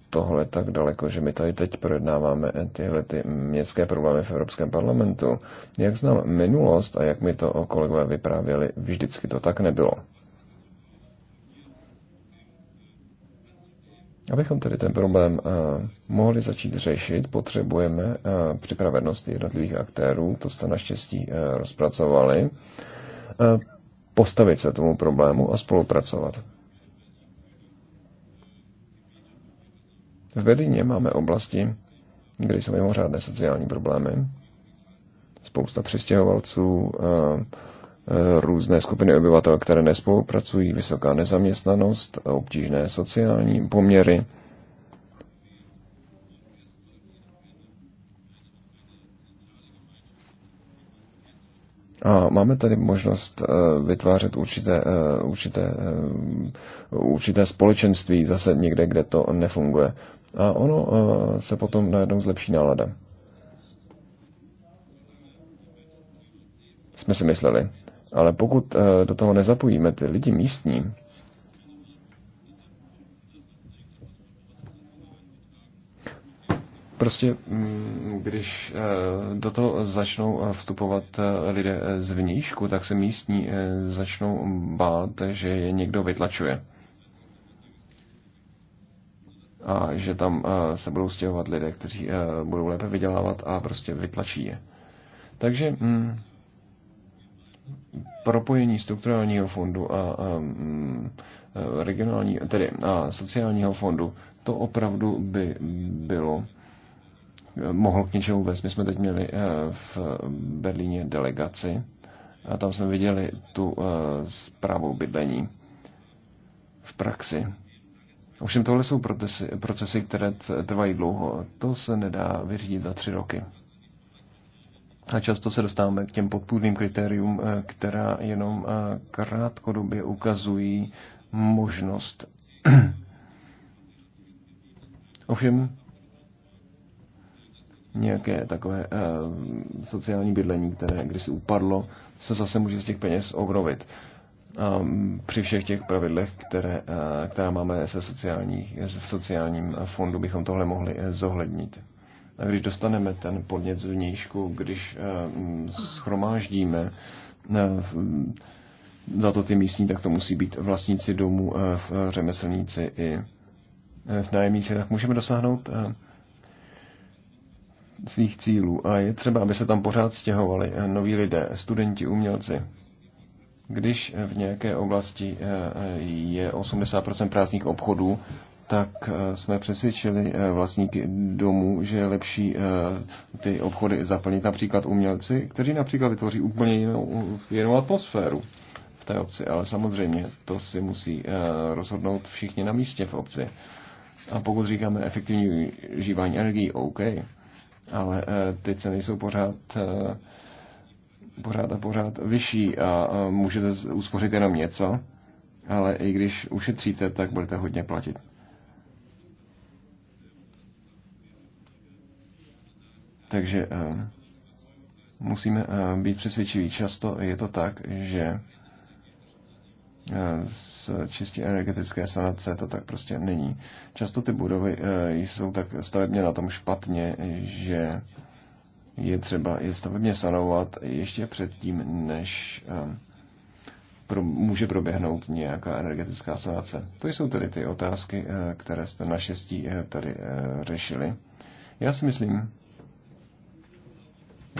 tohle tak daleko, že my tady teď projednáváme tyhle ty městské problémy v Evropském parlamentu. Jak znám minulost a jak mi to kolegové vyprávěli, vždycky to tak nebylo. Abychom tedy ten problém eh, mohli začít řešit, potřebujeme eh, připravenost jednotlivých aktérů, to jste naštěstí eh, rozpracovali, postavit se tomu problému a spolupracovat. V Berlíně máme oblasti, kde jsou mimořádné sociální problémy, spousta přistěhovalců, různé skupiny obyvatel, které nespolupracují, vysoká nezaměstnanost, obtížné sociální poměry. A máme tady možnost eh, vytvářet určité, eh, určité, eh, určité společenství zase někde, kde to nefunguje. A ono se potom najednou zlepší nálada. Jsme si mysleli. Ale pokud eh, do toho nezapojíme ty lidi místní, prostě, mm, když eh, do toho začnou eh, vstupovat lidé z vnížku, tak se místní začnou bát, že je někdo vytlačuje. A že tam se budou stěhovat lidé, kteří budou lépe vydělávat a prostě vytlačí je. Takže mm, propojení strukturálního fondu a, a mm, e, regionální, tedy a sociálního fondu, to opravdu by bylo e, mohlo k něčemu vést. My jsme teď měli e, v Berlíně delegaci a tam jsme viděli tu zprávu bydlení v praxi. Ovšem tohle jsou procesy, procesy, které trvají dlouho. To se nedá vyřídit za tři roky. A často se dostáváme k těm podpůrným kritériům, eh, která jenom eh, krátkodobě ukazují možnost. Ovšem, nějaké takové uh, sociální bydlení, které když si upadlo, se zase může z těch peněz obnovit. Um, ehm, při všech těch pravidlech, které, uh, která máme se, sociální, se sociálním fondu, bychom tohle mohli zohlednit když dostaneme ten podnět z vnějšku, když eh, mm, schromáždíme eh, za to ty místní, tak to musí být vlastníci domů, eh, řemeslníci i nájemníci, tak můžeme dosáhnout svých cílů. A je třeba, aby se tam pořád stěhovali noví lidé, studenti, umělci. Když v nějaké oblasti je 80% prázdných obchodů, tak eh, jsme přesvědčili eh, vlastníky domů, že je lepší eh, ty obchody zaplnit například umělci, kteří například vytvoří úplně jinou, jinou atmosféru v té obci. Ale samozřejmě to si musí rozhodnout všichni na místě v obci. A pokud říkáme efektivní užívání energii, OK, ale ty ceny jsou pořád pořád a pořád vyšší a můžete uspořit jenom něco, ale i když ušetříte, tak budete hodně platit. Takže eh, musíme eh, být přesvědčiví. Často je to tak, že eh, z čistě energetické sanace to tak prostě není. Často ty budovy jsou tak stavebně na tom špatně, že je třeba je stavebně sanovat ještě předtím, než pro, může proběhnout nějaká energetická sanace. To jsou tedy ty otázky, které jste naštěstí tady řešili. Já si myslím,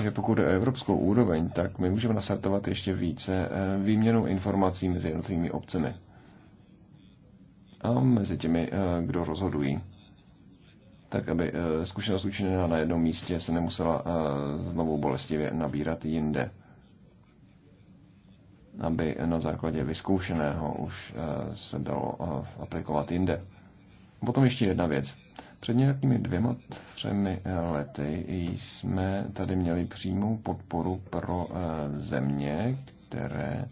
že pokud je evropskou úroveň, tak my můžeme nasartovat ještě více eh, výměnou informací mezi jednotlivými obcemi a mezi těmi, eh, kdo rozhodují. Tak, aby eh, zkušenost učiněná na jednom místě se nemusela znovu bolestivě nabírat jinde. Aby na základě vyzkoušeného už se dalo aplikovat jinde. Potom ještě jedna věc. Před nějakými dvěma, třemi eh, lety jsme tady měli přímou podporu pro eh, země, které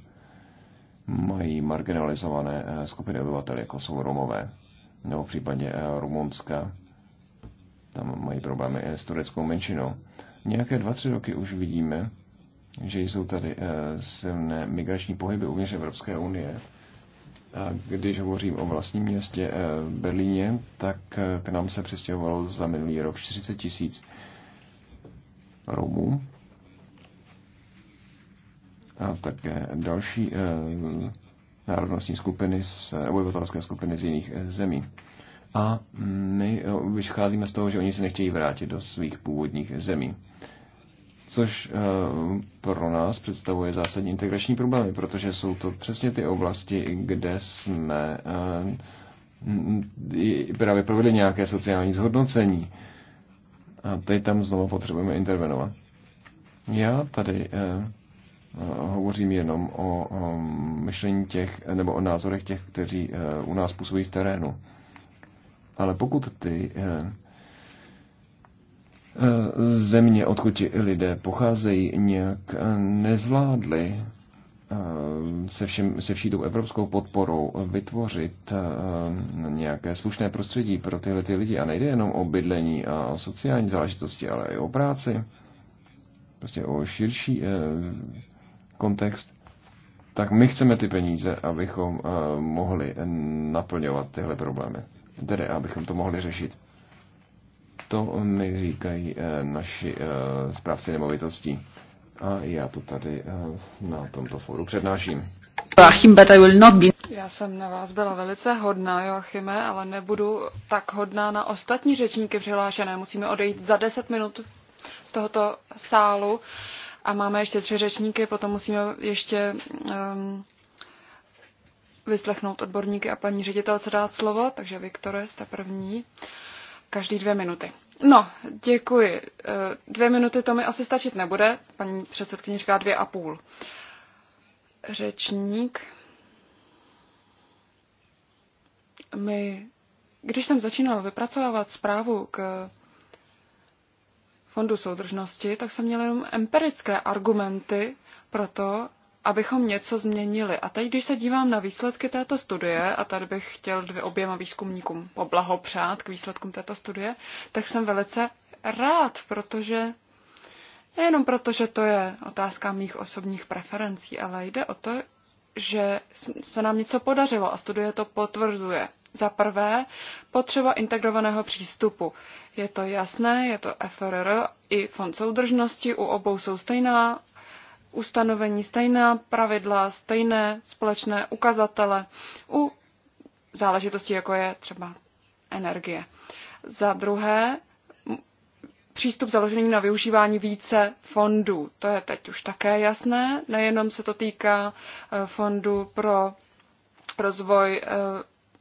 mají marginalizované eh, skupiny obyvatel, jako jsou Romové, nebo v případě Rumunska. Tam mají problémy s tureckou menšinou. Nějaké dva, tři roky už vidíme, že jsou tady silné migrační pohyby uvnitř Evropské unie a když hovořím o vlastním městě eh, Berlíně, tak eh, k nám se přestěhovalo za minulý rok 40 tisíc Romů a také další eh, národnostní skupiny, z, obyvatelské skupiny z jiných zemí. A mm, my vycházíme z toho, že oni se nechtějí vrátit do svých původních zemí což eh, pro nás představuje zásadní integrační problémy, protože jsou to přesně ty oblasti, kde jsme eh, právě provedli nějaké sociální zhodnocení. A teď tam znovu potřebujeme intervenovat. Já tady eh, hovořím jenom o, myšlení těch, nebo o názorech těch, kteří u nás působí v terénu. Ale pokud ty země, odkud ti lidé pocházejí, nějak eh, nezvládli eh, se, všem, se vší tou evropskou podporou vytvořit eh, nějaké slušné prostředí pro tyhle ty lidi. A nejde jenom o bydlení a o sociální záležitosti, ale i o práci, prostě o širší kontext. Tak my chceme ty peníze, abychom mohli naplňovat tyhle problémy. Tedy, abychom to mohli řešit. To mi říkají eh, naši zprávci eh, nemovitostí. A já to tady eh, na tomto fóru přednáším. Joachim, but I will not be... Já jsem na vás byla velice hodná, Joachime, ale nebudu tak hodná na ostatní řečníky přihlášené. Musíme odejít za 10 minut z tohoto sálu a máme ještě tři řečníky, potom musíme ještě um, vyslechnout odborníky a paní ředitelce dát slovo, takže Viktore, jste první. Uh, každý dvě minuty. No, děkuji. Eh, dvě minuty to mi asi stačit nebude. Paní předsedkyně říká dvě a půl. Řečník. My, když jsem začínal vypracovávat zprávu k fondu soudržnosti, tak jsem měl jenom empirické argumenty pro to, abychom něco změnili. A teď, když se dívám na výsledky této studie, a tady bych chtěl dvě oběma výzkumníkům poblahopřát k výsledkům této studie, tak jsem velice rád, protože nejenom proto, že to je otázka mých osobních preferencí, ale jde o to, že se nám něco podařilo a studie to potvrzuje. Za prvé, potřeba integrovaného přístupu. Je to jasné, je to FRR, i fond soudržnosti u obou jsou stejná ustanovení, stejná pravidla, stejné společné ukazatele u záležitostí, jako je třeba energie. Za druhé, přístup založený na využívání více fondů. To je teď už také jasné. Nejenom se to týká e, fondu pro rozvoj e,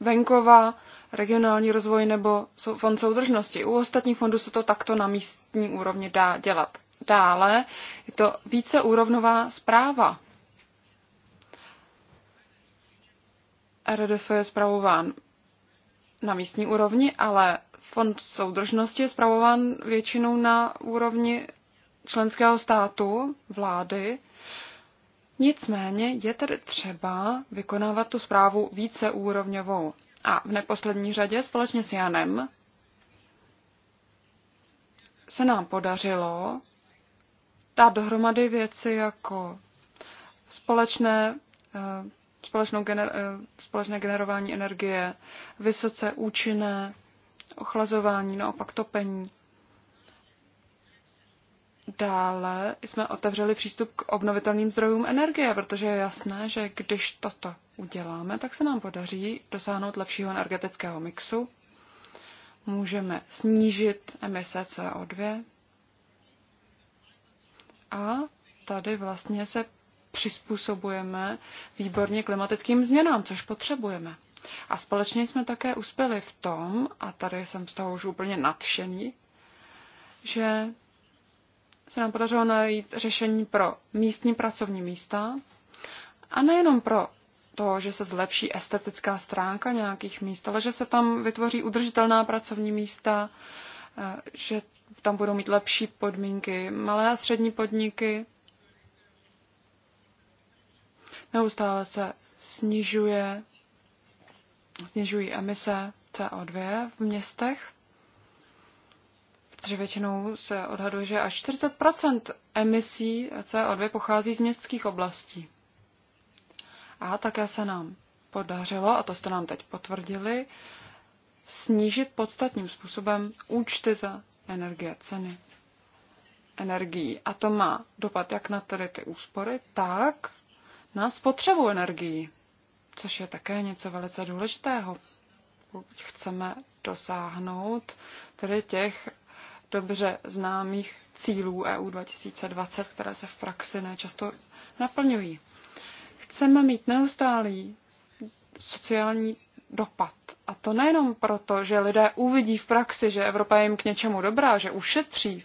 venkova, regionální rozvoj nebo fond soudržnosti. U ostatních fondů se to takto na místní úrovni dá dělat. Dále je to víceúrovnová zpráva. RDF je zpravován na místní úrovni, ale fond soudržnosti je zpravován většinou na úrovni členského státu, vlády. Nicméně je tedy třeba vykonávat tu zprávu víceúrovňovou. A v neposlední řadě společně s Janem se nám podařilo dát dohromady věci jako společné, eh, společnou gener, eh, společné generování energie, vysoce účinné ochlazování, naopak topení. Dále jsme otevřeli přístup k obnovitelným zdrojům energie, protože je jasné, že když toto uděláme, tak se nám podaří dosáhnout lepšího energetického mixu. Můžeme snížit emise CO2, a tady vlastně se přizpůsobujeme výborně klimatickým změnám, což potřebujeme. A společně jsme také uspěli v tom, a tady jsem z toho už úplně nadšený, že se nám podařilo najít řešení pro místní pracovní místa a nejenom pro to, že se zlepší estetická stránka nějakých míst, ale že se tam vytvoří udržitelná pracovní místa, eh, že tam budou mít lepší podmínky. Malé a střední podniky neustále se snižuje, snižují emise CO2 v městech, protože většinou se odhaduje, že až 40 emisí CO2 pochází z městských oblastí. A také se nám podařilo, a to jste nám teď potvrdili, snížit podstatným způsobem účty za energie, ceny energií. A to má dopad jak na tedy ty úspory, tak na spotřebu energií, což je také něco velice důležitého. Pokud chceme dosáhnout tedy těch dobře známých cílů EU 2020, které se v praxi nečasto naplňují. Chceme mít neustálý sociální dopad. A to nejenom proto, že lidé uvidí v praxi, že Evropa je jim k něčemu dobrá, že ušetří,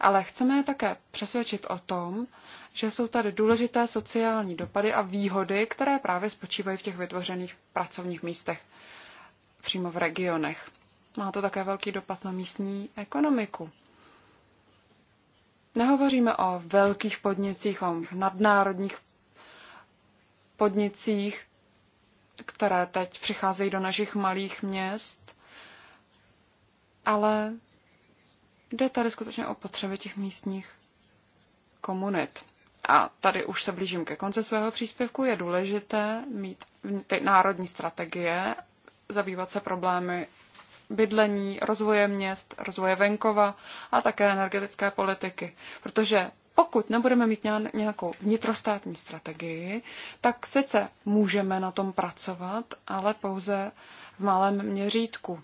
ale chceme je také přesvědčit o tom, že jsou tady důležité sociální dopady a výhody, které právě spočívají v těch vytvořených pracovních místech přímo v regionech. Má to také velký dopad na místní ekonomiku. Nehovoříme o velkých podnicích, o nadnárodních podnicích, které teď přicházejí do našich malých měst, ale jde tady skutečně o potřeby těch místních komunit. A tady už se blížím ke konci svého příspěvku. Je důležité mít ty národní strategie, zabývat se problémy bydlení, rozvoje měst, rozvoje venkova a také energetické politiky. Protože pokud nebudeme mít nějakou vnitrostátní strategii, tak sice můžeme na tom pracovat, ale pouze v malém měřítku.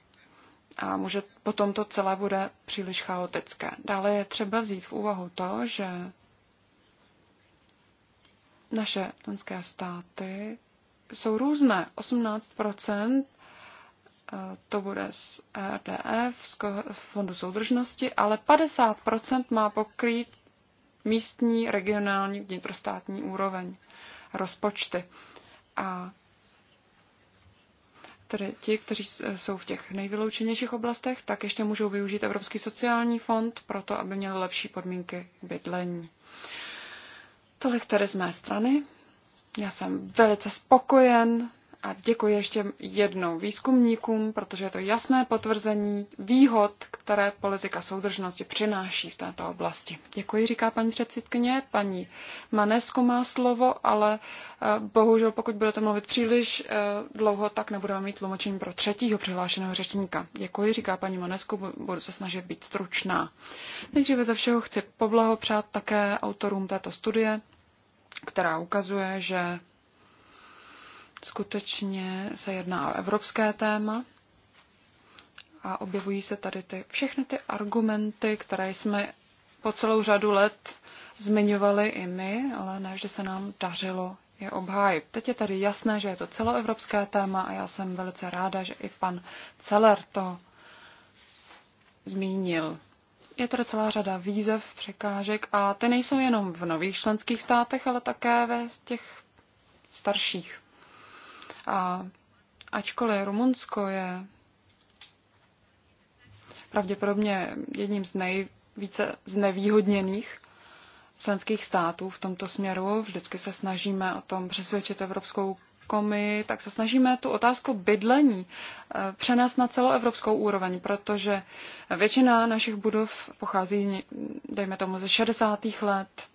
A může, potom to celé bude příliš chaotické. Dále je třeba vzít v úvahu to, že naše členské státy jsou různé. 18 eh, to bude z RDF, z Fondu soudržnosti, ale 50 má pokrýt místní, regionální, vnitrostátní úroveň rozpočty. A tedy ti, kteří jsou v těch nejvyloučenějších oblastech, tak ještě můžou využít Evropský sociální fond pro to, aby měli lepší podmínky bydlení. Tolik tedy z mé strany. Já jsem velice spokojen a děkuji ještě jednou výzkumníkům, protože je to jasné potvrzení výhod, které politika soudržnosti přináší v této oblasti. Děkuji, říká paní předsedkyně. Paní Manesku má slovo, ale eh, bohužel pokud budete mluvit příliš eh, dlouho, tak nebudeme mít tlumočení pro třetího přihlášeného řečníka. Děkuji, říká paní Manesku, budu se snažit být stručná. Nejdříve ze všeho chci poblahopřát také autorům této studie, která ukazuje, že Skutečně se jedná o evropské téma a objevují se tady ty, všechny ty argumenty, které jsme po celou řadu let zmiňovali i my, ale ne že se nám dařilo je obhájit. Teď je tady jasné, že je to celoevropské téma a já jsem velice ráda, že i pan Celer to zmínil. Je tady celá řada výzev, překážek a ty nejsou jenom v nových členských státech, ale také ve těch starších. A ačkoliv Rumunsko je pravděpodobně jedním z nejvíce znevýhodněných členských států v tomto směru. Vždycky se snažíme o tom přesvědčit Evropskou komi, tak se snažíme tu otázku bydlení eh, přenést na celou evropskou úroveň, protože většina našich budov pochází, dejme tomu, ze 60. let,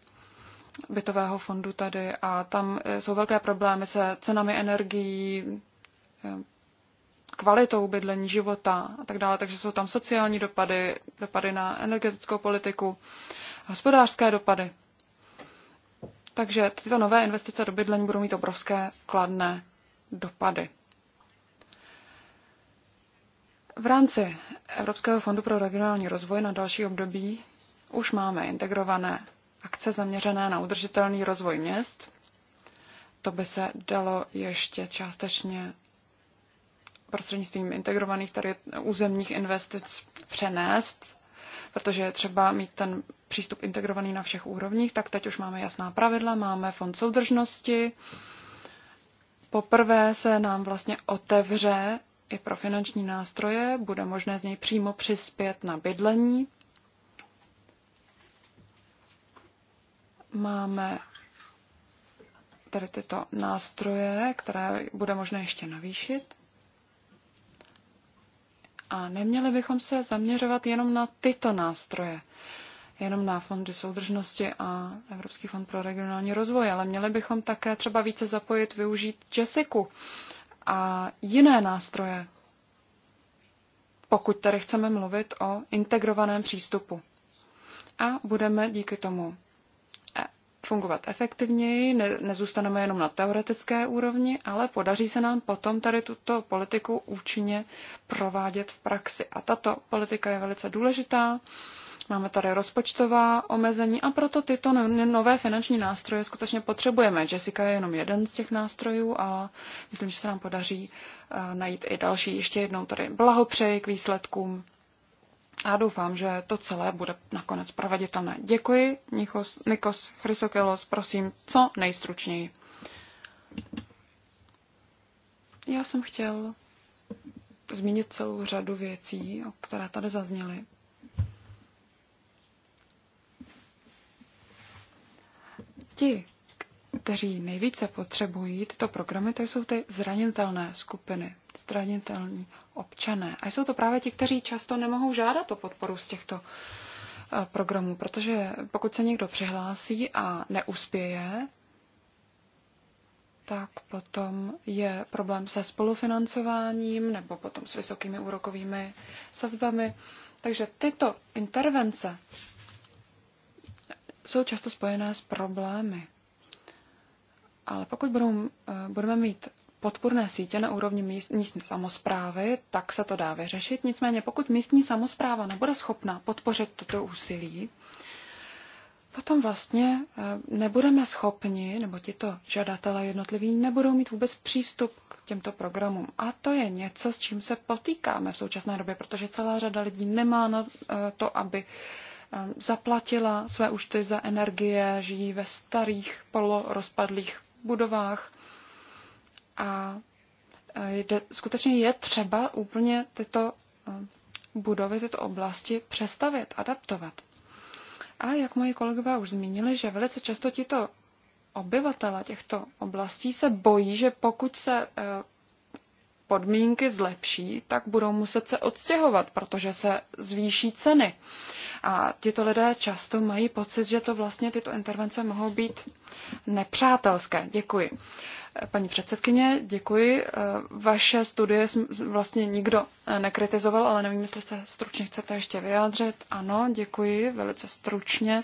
bytového fondu tady a tam eh, jsou velké problémy se cenami energií, eh, kvalitou bydlení, života a tak dále. Takže jsou tam sociální dopady, dopady na energetickou politiku, hospodářské dopady. Takže tyto nové investice do bydlení budou mít obrovské kladné dopady. V rámci Evropského fondu pro regionální rozvoj na další období už máme integrované akce zaměřené na udržitelný rozvoj měst. To by se dalo ještě částečně prostřednictvím integrovaných tady územních investic přenést, protože je třeba mít ten přístup integrovaný na všech úrovních, tak teď už máme jasná pravidla, máme fond soudržnosti. Poprvé se nám vlastně otevře i pro finanční nástroje, bude možné z něj přímo přispět na bydlení, Máme tady tyto nástroje, které bude možné ještě navýšit. A neměli bychom se zaměřovat jenom na tyto nástroje, jenom na fondy soudržnosti a Evropský fond pro regionální rozvoj, ale měli bychom také třeba více zapojit, využít Jessiku a jiné nástroje, pokud tady chceme mluvit o integrovaném přístupu. A budeme díky tomu fungovat efektivněji, ne, nezůstaneme jenom na teoretické úrovni, ale podaří se nám potom tady tuto politiku účinně provádět v praxi. A tato politika je velice důležitá. Máme tady rozpočtová omezení a proto tyto no, nové finanční nástroje skutečně potřebujeme. Jessica je jenom jeden z těch nástrojů a myslím, že se nám podaří eh, najít i další. Ještě jednou tady blahopřeji k výsledkům a doufám, že to celé bude nakonec proveditelné. Děkuji, Nikos, Nikos Chrysokelos, prosím, co nejstručněji. Já jsem chtěl zmínit celou řadu věcí, o které tady zazněly. Ti, kteří nejvíce potřebují tyto programy, to jsou ty zranitelné skupiny, zranitelní občané. A jsou to právě ti, kteří často nemohou žádat o podporu z těchto eh, programů, protože pokud se někdo přihlásí a neuspěje, tak potom je problém se spolufinancováním nebo potom s vysokými úrokovými sazbami. Takže tyto intervence jsou často spojené s problémy. Ale pokud budou, eh, budeme mít podporné sítě na úrovni míst, místní samozprávy, tak se to dá vyřešit. Nicméně pokud místní samozpráva nebude schopna podpořit toto úsilí, potom vlastně eh, nebudeme schopni, nebo tito žadatelé jednotliví nebudou mít vůbec přístup k těmto programům. A to je něco, s čím se potýkáme v současné době, protože celá řada lidí nemá na eh, to, aby zaplatila své účty za energie, žijí ve starých polorozpadlých budovách. A jde, skutečně je třeba úplně tyto eh, budovy, tyto oblasti přestavit, adaptovat. A jak moji kolegové už zmínili, že velice často tito obyvatele těchto oblastí se bojí, že pokud se eh, podmínky zlepší, tak budou muset se odstěhovat, protože se zvýší ceny. A tito lidé často mají pocit, že to vlastně tyto intervence mohou být nepřátelské. Děkuji. Paní předsedkyně, děkuji. Eh, vaše studie vlastně nikdo eh, nekritizoval, ale nevím, jestli se stručně chcete ještě vyjádřit. Ano, děkuji velice stručně.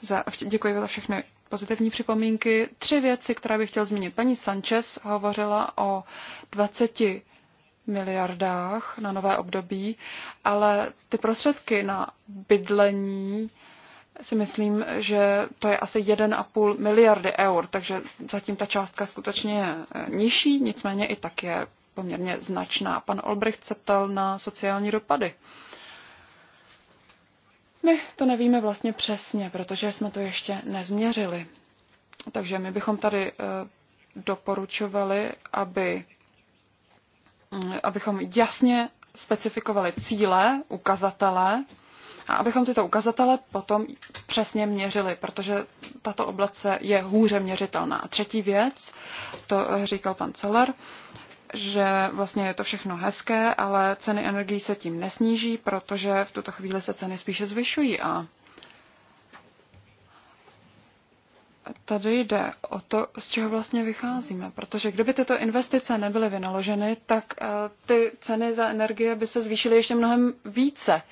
Za, děkuji za všechny pozitivní připomínky. Tři věci, které bych chtěl zmínit. Paní Sanchez hovořila o 20 miliardách na nové období, ale ty prostředky na bydlení si myslím, že to je asi 1,5 miliardy eur, takže zatím ta částka skutečně je nižší, nicméně i tak je poměrně značná. Pan Olbricht se ptal na sociální dopady. My to nevíme vlastně přesně, protože jsme to ještě nezměřili. Takže my bychom tady eh, doporučovali, aby Mm, abychom jasně specifikovali cíle, ukazatele a abychom tyto ukazatele potom přesně měřili, protože tato oblast je hůře měřitelná. A třetí věc, to eh, říkal pan Celer, že vlastně je to všechno hezké, ale ceny energií se tím nesníží, protože v tuto chvíli se ceny spíše zvyšují a tady jde o to, z čeho vlastně vycházíme. Protože kdyby tyto investice nebyly vynaloženy, tak eh, ty ceny za energie by se zvýšily ještě mnohem více.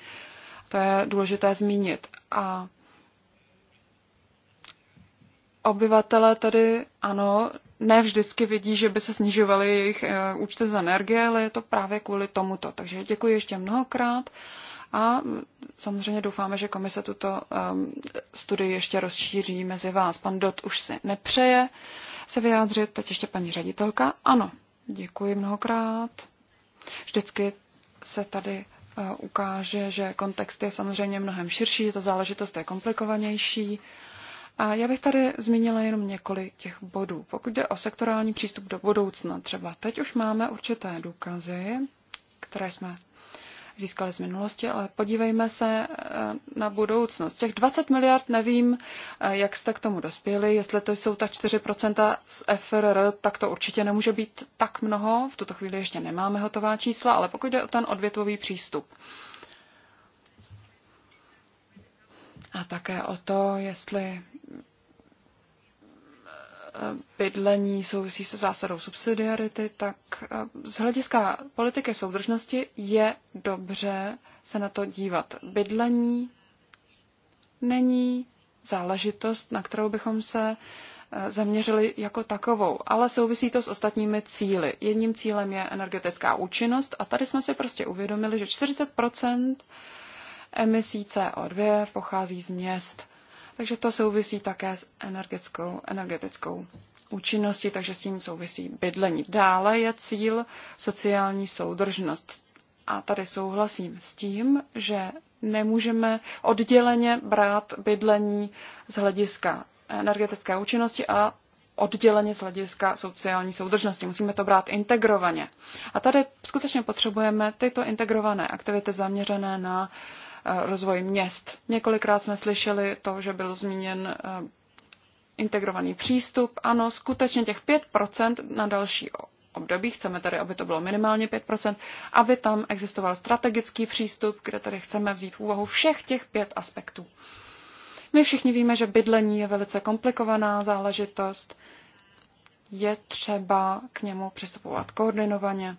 To je důležité zmínit. A obyvatele tady, ano, ne vždycky vidí, že by se snižovaly jejich eh, účty za energie, ale je to právě kvůli tomuto. Takže děkuji ještě mnohokrát a samozřejmě doufáme, že komise tuto um, studii ještě rozšíří mezi vás. Pan Dot už si nepřeje se vyjádřit, teď ještě paní ředitelka. Ano, děkuji mnohokrát. Vždycky se tady uh, ukáže, že kontext je samozřejmě mnohem širší, že ta záležitost je komplikovanější. A já bych tady zmínila jenom několik těch bodů. Pokud jde o sektorální přístup do budoucna, třeba teď už máme určité důkazy, které jsme získali z minulosti, ale podívejme se eh, na budoucnost. Těch 20 miliard nevím, eh, jak jste k tomu dospěli. Jestli to jsou ta 4% z FRR, tak to určitě nemůže být tak mnoho. V tuto chvíli ještě nemáme hotová čísla, ale pokud jde o ten odvětvový přístup. A také o to, jestli bydlení souvisí se zásadou subsidiarity, tak eh, z hlediska politiky soudržnosti je dobře se na to dívat. Bydlení není záležitost, na kterou bychom se eh, zaměřili jako takovou, ale souvisí to s ostatními cíly. Jedním cílem je energetická účinnost a tady jsme si prostě uvědomili, že 40 emisí CO2 pochází z měst. Takže to souvisí také s energetickou, energetickou účinností, takže s tím souvisí bydlení. Dále je cíl sociální soudržnost. A tady souhlasím s tím, že nemůžeme odděleně brát bydlení z hlediska energetické účinnosti a odděleně z hlediska sociální soudržnosti. Musíme to brát integrovaně. A tady skutečně potřebujeme tyto integrované aktivity zaměřené na uh, Eh, rozvoj měst. Několikrát jsme slyšeli to, že byl zmíněn eh, integrovaný přístup. Ano, skutečně těch 5% na další období, chceme tady, aby to bylo minimálně 5%, aby tam existoval strategický přístup, kde tady chceme vzít v úvahu všech těch pět aspektů. My všichni víme, že bydlení je velice komplikovaná záležitost, je třeba k němu přistupovat koordinovaně,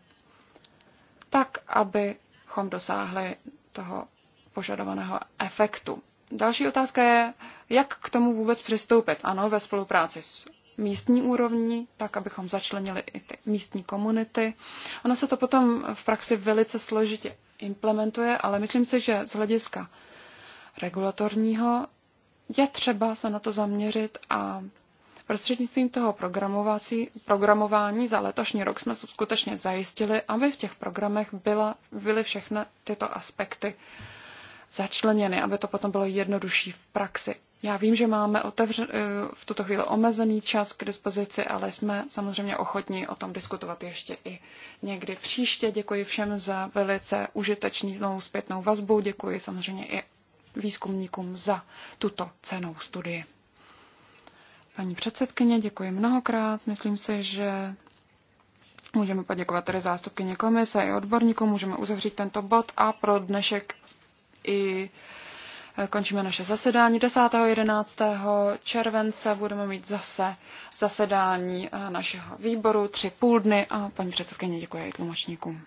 tak, abychom dosáhli toho požadovaného efektu. Další otázka je, jak k tomu vůbec přistoupit. Ano, ve spolupráci s místní úrovní, tak abychom začlenili i ty místní komunity. Ono se to potom v praxi velice složitě implementuje, ale myslím si, že z hlediska regulatorního je třeba se na to zaměřit a prostřednictvím toho programovací, programování za letošní rok jsme skutečně zajistili, aby v těch programech byla, byly všechny tyto aspekty uh, začleněny, aby to potom bylo jednodušší v praxi. Já vím, že máme otevřen, eh, v tuto chvíli omezený čas k dispozici, ale jsme samozřejmě ochotní o tom diskutovat ještě i někdy příště. Děkuji všem za velice užitečnou zpětnou vazbu, děkuji samozřejmě i výzkumníkům za tuto cenou studii. Paní předsedkyně, děkuji mnohokrát. Myslím si, že můžeme poděkovat tedy zástupkyně komise i odborníkům, můžeme uzavřít tento bod a pro dnešek i eh, končíme naše zasedání. 10. 11. července budeme mít zase zasedání eh, našeho výboru, tři půl dny a paní předsedkyně děkuje i tlumočníkům.